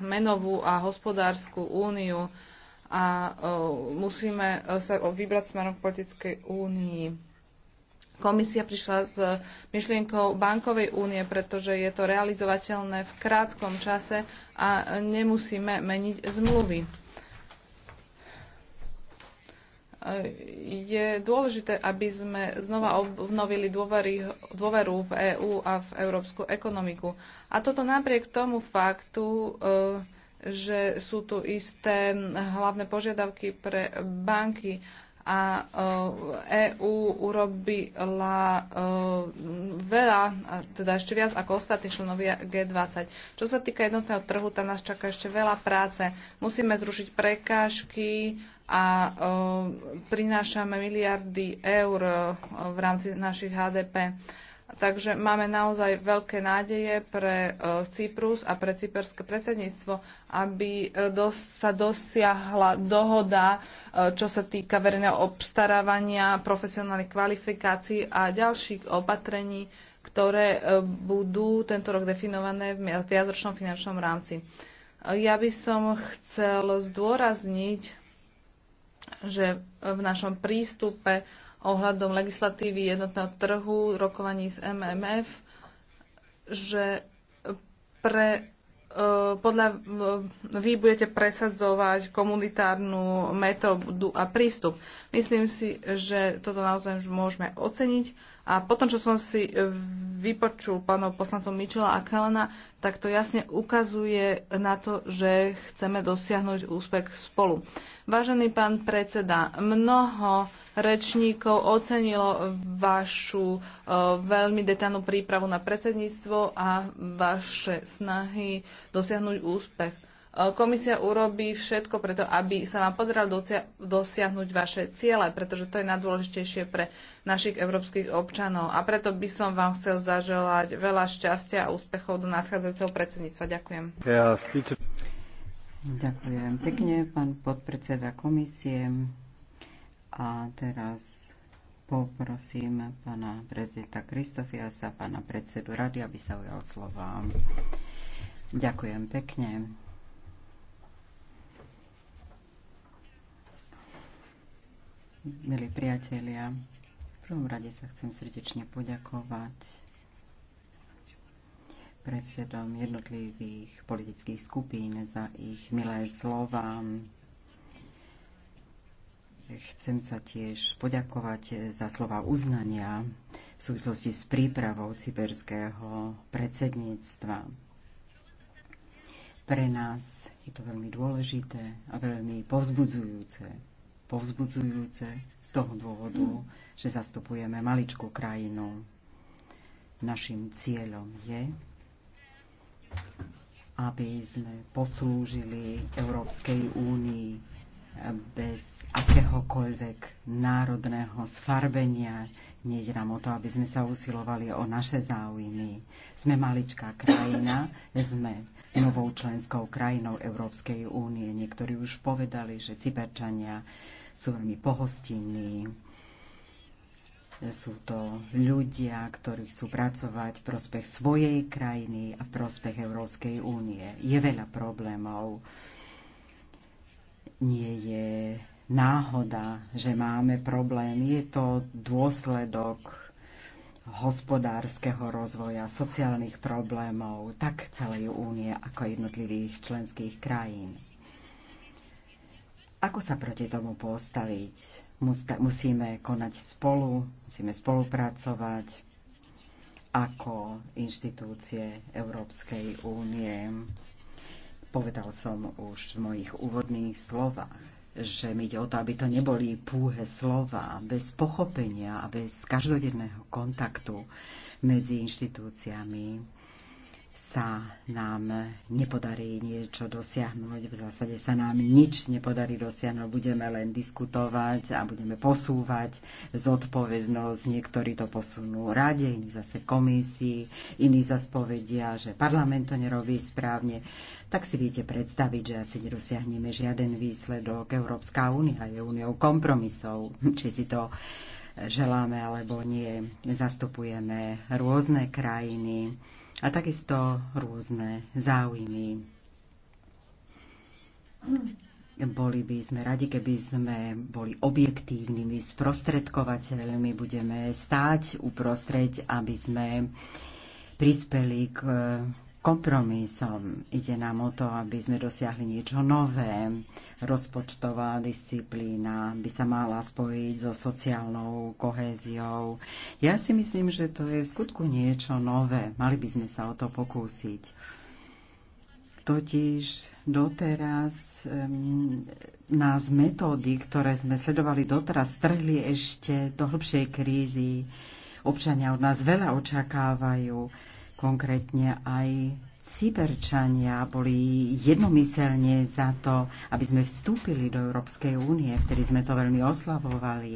menovú a hospodárskú úniu a musíme e, sa vybrať smerom k politickej únii. Komisia prišla s myšlienkou bankovej únie, pretože je to realizovateľné v krátkom čase a nemusíme meniť zmluvy. E, je dôležité, aby sme znova obnovili dôvery, dôveru v EÚ a v európsku ekonomiku. A toto napriek tomu faktu, e, že sú tu isté hlavné požiadavky pre banky a EÚ e urobila e, veľa, teda ešte viac ako ostatní členovia G20. Čo sa týka jednotného trhu, tam nás čaká ešte veľa práce. Musíme zrušiť prekážky a e, prinášame miliardy eur v rámci našich HDP. Takže máme naozaj veľké nádeje pre e, Cyprus a pre cyperské predsedníctvo, aby e, sa dosiahla dohoda, e, čo sa týka verejného obstarávania, profesionálnych kvalifikácií a ďalších opatrení, ktoré budú tento rok definované v viacročnom finančnom rámci. Ja by som chcel zdôrazniť, že v našom prístupe ohľadom legislatívy jednotného trhu, rokovaní z MMF, že pre, e, podľa e, vy budete presadzovať komunitárnu metódu a prístup. Myslím si, že toto naozaj môžeme oceniť a potom, čo som si e, vypočul pánov poslancov Mičela a Kalena, tak to jasne ukazuje na to, že chceme dosiahnuť úspech spolu. Vážený pán predseda, mnoho rečníkov ocenilo vašu e, veľmi detálnu prípravu na predsedníctvo a vaše snahy dosiahnuť úspech. E, komisia urobí všetko preto, aby sa vám podarilo dosiahnuť vaše ciele, pretože to je najdôležitejšie pre našich európskych občanov. A preto by som vám chcel zaželať veľa šťastia a úspechov do nadchádzajúceho predsedníctva. Ďakujem. Ďakujem pekne, pán podpredseda komisie. A teraz poprosím pána prezidenta Kristofiasa, pána predsedu rady, aby sa ujal slova. Ďakujem pekne. milí priatelia. V prvom rade sa chcem srdečne poďakovať predsedom jednotlivých politických skupín za ich milé slova. Chcem sa tiež poďakovať za slova uznania v súvislosti s prípravou cyberského predsedníctva. Pre nás je to veľmi dôležité a veľmi povzbudzujúce povzbudzujúce z toho dôvodu, že zastupujeme maličkú krajinu. Našim cieľom je, aby sme poslúžili Európskej únii bez akéhokoľvek národného sfarbenia. Nejde nám o to, aby sme sa usilovali o naše záujmy. Sme maličká krajina, sme novou členskou krajinou Európskej únie. Niektorí už povedali, že Cyperčania sú veľmi pohostinní, sú to ľudia, ktorí chcú pracovať v prospech svojej krajiny a v prospech Európskej únie. Je veľa problémov. Nie je náhoda, že máme problém. Je to dôsledok hospodárskeho rozvoja, sociálnych problémov, tak celej únie ako jednotlivých členských krajín. Ako sa proti tomu postaviť? Musíme konať spolu, musíme spolupracovať ako inštitúcie Európskej únie. Povedal som už v mojich úvodných slovách, že mi ide o to, aby to neboli púhe slova, bez pochopenia a bez každodenného kontaktu medzi inštitúciami sa nám nepodarí niečo dosiahnuť, v zásade sa nám nič nepodarí dosiahnuť, budeme len diskutovať a budeme posúvať zodpovednosť. Niektorí to posunú rade, iní zase komisii, iní zase povedia, že parlament to nerobí správne. Tak si viete predstaviť, že asi nedosiahneme žiaden výsledok. Európska únia je úniou kompromisov, či si to želáme alebo nie. Zastupujeme rôzne krajiny, a takisto rôzne záujmy. Boli by sme radi, keby sme boli objektívnymi sprostredkovateľmi, budeme stáť uprostred, aby sme prispeli k kompromisom. Ide nám o to, aby sme dosiahli niečo nové. Rozpočtová disciplína by sa mala spojiť so sociálnou kohéziou. Ja si myslím, že to je v skutku niečo nové. Mali by sme sa o to pokúsiť. Totiž doteraz um, nás metódy, ktoré sme sledovali doteraz, strhli ešte do hĺbšej krízy. Občania od nás veľa očakávajú konkrétne aj Cyberčania boli jednomyselne za to, aby sme vstúpili do Európskej únie. Vtedy sme to veľmi oslavovali.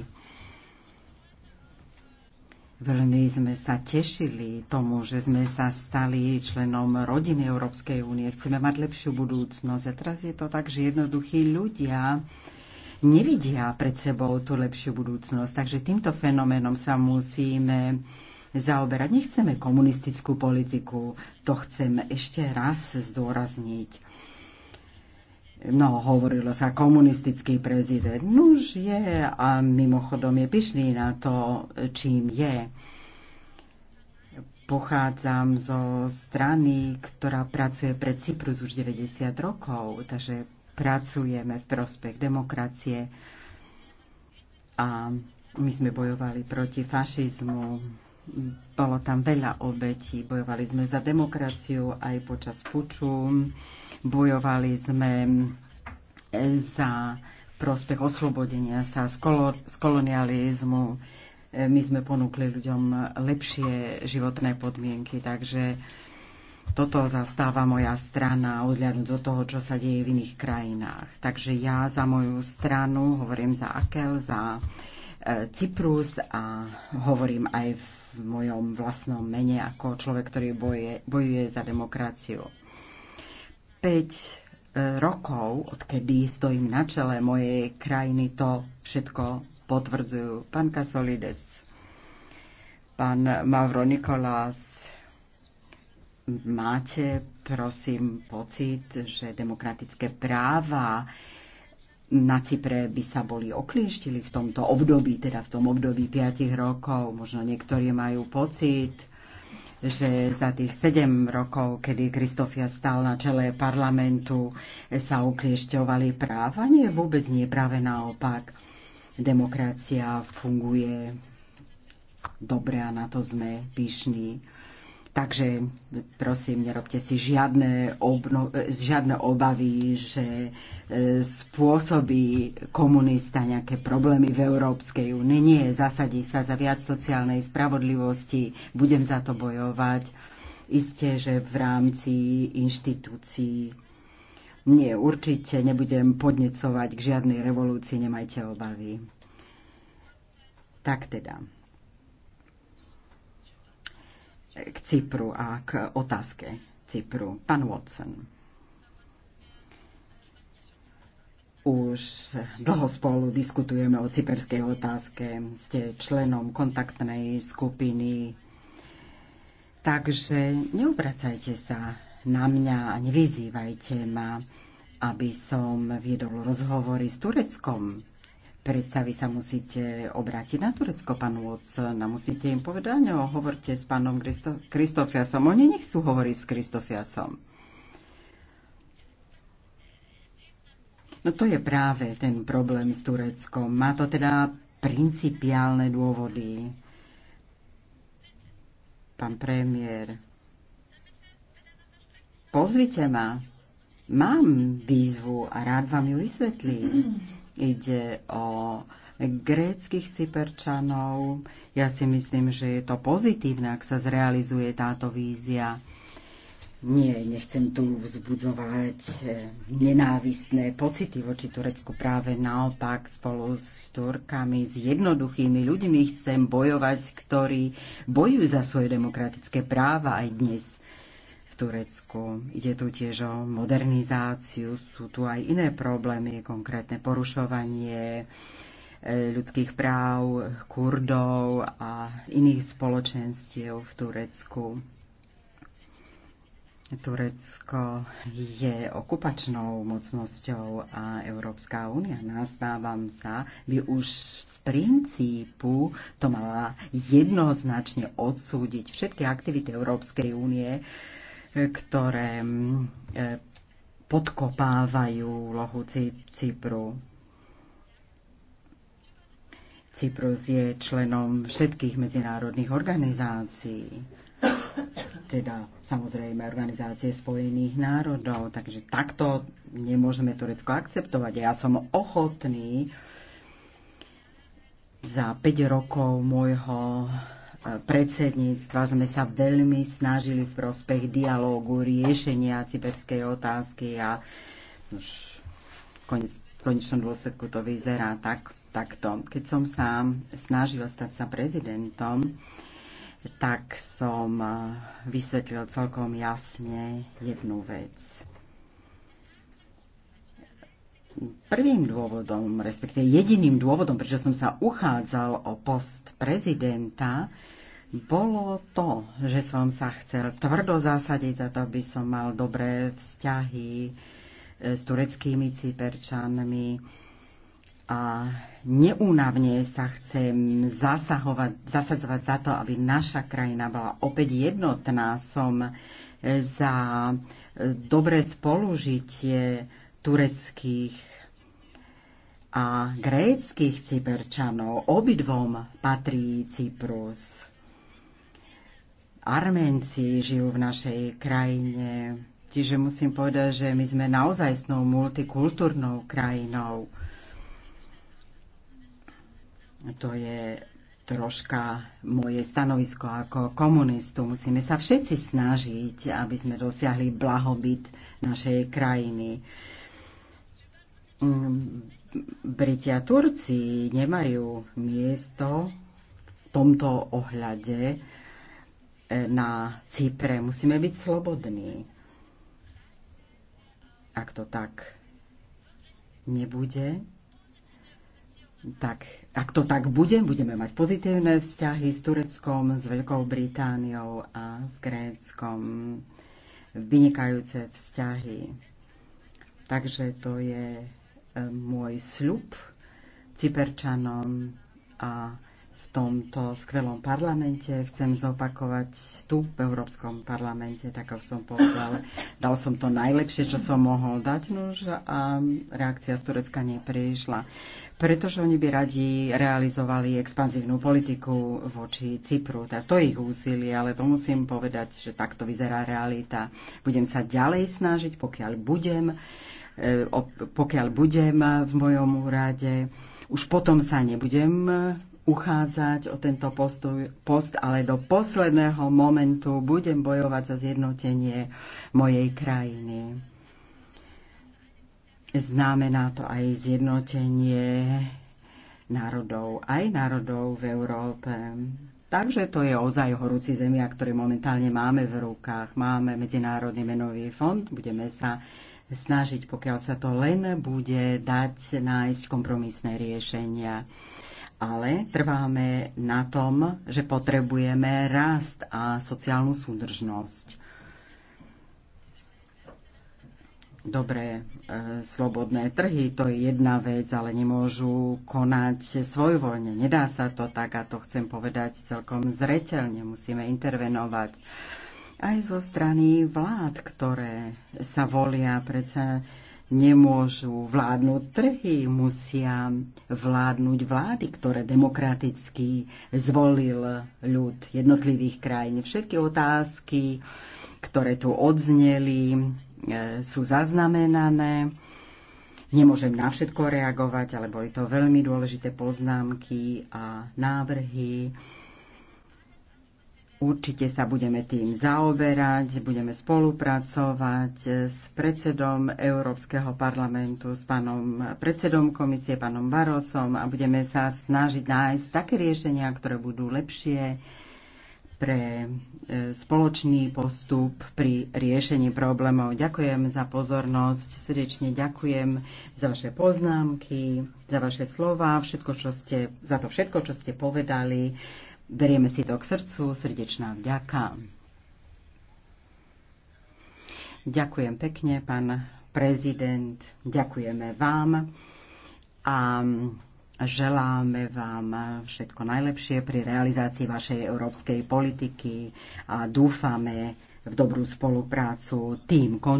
Veľmi sme sa tešili tomu, že sme sa stali členom rodiny Európskej únie. Chceme mať lepšiu budúcnosť. A teraz je to tak, že jednoduchí ľudia nevidia pred sebou tú lepšiu budúcnosť. Takže týmto fenoménom sa musíme zaoberať. Nechceme komunistickú politiku, to chcem ešte raz zdôrazniť. No, hovorilo sa komunistický prezident. Nuž no je a mimochodom je pyšný na to, čím je. Pochádzam zo strany, ktorá pracuje pre Cyprus už 90 rokov, takže pracujeme v prospech demokracie a my sme bojovali proti fašizmu, bolo tam veľa obetí. Bojovali sme za demokraciu aj počas puču. Bojovali sme e, za prospech oslobodenia sa z, kolor, z kolonializmu. E, my sme ponúkli ľuďom lepšie životné podmienky, takže toto zastáva moja strana, odhľadnúť do toho, čo sa deje v iných krajinách. Takže ja za moju stranu hovorím za Akel, za e, Cyprus a hovorím aj v v mojom vlastnom mene ako človek, ktorý boje, bojuje za demokraciu. 5 e, rokov, odkedy stojím na čele mojej krajiny, to všetko potvrdzujú pán Kasolides, pán Mavro Nikolás. Máte, prosím, pocit, že demokratické práva na Cypre by sa boli oklieštili v tomto období, teda v tom období 5 rokov. Možno niektorí majú pocit, že za tých 7 rokov, kedy Kristofia stál na čele parlamentu, sa okliešťovali práva. Nie, vôbec nie, práve naopak. Demokracia funguje dobre a na to sme pyšní Takže prosím, nerobte si žiadne, obno, žiadne obavy, že e, spôsobí komunista nejaké problémy v Európskej únii. Nie, zasadí sa za viac sociálnej spravodlivosti, budem za to bojovať. Isté, že v rámci inštitúcií nie, určite nebudem podnecovať k žiadnej revolúcii, nemajte obavy. Tak teda k Cypru a k otázke Cypru. Pán Watson. Už dlho spolu diskutujeme o cyperskej otázke. Ste členom kontaktnej skupiny. Takže neobracajte sa na mňa a nevyzývajte ma, aby som viedol rozhovory s Tureckom. Predsa vy sa musíte obrátiť na Turecko, pán Watson, no, a musíte im povedať, no, hovorte s pánom Christo- Kristofiasom. Oni nechcú hovoriť s Kristofiasom. No to je práve ten problém s Tureckom. Má to teda principiálne dôvody. Pán premiér, pozvite ma. Mám výzvu a rád vám ju vysvetlím ide o gréckých cyperčanov. Ja si myslím, že je to pozitívne, ak sa zrealizuje táto vízia. Nie, nechcem tu vzbudzovať eh, nenávisné pocity voči Turecku. Práve naopak spolu s Turkami, s jednoduchými ľuďmi chcem bojovať, ktorí bojujú za svoje demokratické práva aj dnes v Turecku. Ide tu tiež o modernizáciu, sú tu aj iné problémy, konkrétne porušovanie e, ľudských práv, kurdov a iných spoločenstiev v Turecku. Turecko je okupačnou mocnosťou a Európska únia, nastávam sa, by už z princípu to mala jednoznačne odsúdiť všetky aktivity Európskej únie, ktoré mm, e, podkopávajú lohu Cypru. Cyprus je členom všetkých medzinárodných organizácií, teda samozrejme organizácie Spojených národov, takže takto nemôžeme Turecko akceptovať. Ja som ochotný za 5 rokov môjho predsedníctva sme sa veľmi snažili v prospech dialógu, riešenia cyberskej otázky a už konec, v konečnom dôsledku to vyzerá tak, takto. Keď som sa snažil stať sa prezidentom, tak som eh, vysvetlil celkom jasne jednu vec Prvým dôvodom, respektíve jediným dôvodom, prečo som sa uchádzal o post prezidenta, bolo to, že som sa chcel tvrdo zasadiť za to, aby som mal dobré vzťahy eh, s tureckými cyperčanmi a neúnavne sa chcem zasahovať, zasadzovať za to, aby naša krajina bola opäť jednotná. Som eh, za eh, dobré spolužitie tureckých a gréckých cyperčanov. Obidvom patrí Cyprus. Arménci žijú v našej krajine. Čiže musím povedať, že my sme naozaj snou multikultúrnou krajinou. To je troška moje stanovisko ako komunistu. Musíme sa všetci snažiť, aby sme dosiahli blahobyt našej krajiny. Briti a Turci nemajú miesto v tomto ohľade na Cypre. Musíme byť slobodní. Ak to tak nebude, tak ak to tak bude, budeme mať pozitívne vzťahy s Tureckom, s Veľkou Britániou a s Gréckom. Vynikajúce vzťahy. Takže to je E, môj sľub Ciperčanom, a v tomto skvelom parlamente. Chcem zopakovať tu v Európskom parlamente, tak ako som povedal. Dal som to najlepšie, čo som mohol dať, nož a reakcia z Turecka neprišla. Pretože oni by radi realizovali expanzívnu politiku voči Cypru. Tak to je ich úsilie, ale to musím povedať, že takto vyzerá realita. Budem sa ďalej snažiť, pokiaľ budem E, pokiaľ budem v mojom úrade, už potom sa nebudem uchádzať o tento postoj, post, ale do posledného momentu budem bojovať za zjednotenie mojej krajiny. Znamená to aj zjednotenie národov, aj národov v Európe. Takže to je ozaj horúci zemia, ktorý momentálne máme v rukách. Máme Medzinárodný menový fond, budeme sa snažiť, pokiaľ sa to len bude dať nájsť kompromisné riešenia. Ale trváme na tom, že potrebujeme rast a sociálnu súdržnosť. Dobré e, slobodné trhy, to je jedna vec, ale nemôžu konať svojvoľne. Nedá sa to tak, a to chcem povedať celkom zreteľne, musíme intervenovať aj zo strany vlád, ktoré sa volia, predsa nemôžu vládnuť trhy, musia vládnuť vlády, ktoré demokraticky zvolil ľud jednotlivých krajín. Všetky otázky, ktoré tu odzneli, e, sú zaznamenané. Nemôžem na všetko reagovať, ale boli to veľmi dôležité poznámky a návrhy. Určite sa budeme tým zaoberať, budeme spolupracovať s predsedom Európskeho parlamentu, s pánom predsedom komisie, pánom Barosom a budeme sa snažiť nájsť také riešenia, ktoré budú lepšie pre e, spoločný postup pri riešení problémov. Ďakujem za pozornosť, srdečne ďakujem za vaše poznámky, za vaše slova, všetko, čo ste, za to všetko, čo ste povedali. Berieme si to k srdcu, srdečná vďaka. Ďakujem pekne, pán prezident, ďakujeme vám a želáme vám všetko najlepšie pri realizácii vašej európskej politiky a dúfame v dobrú spoluprácu tým kontinent.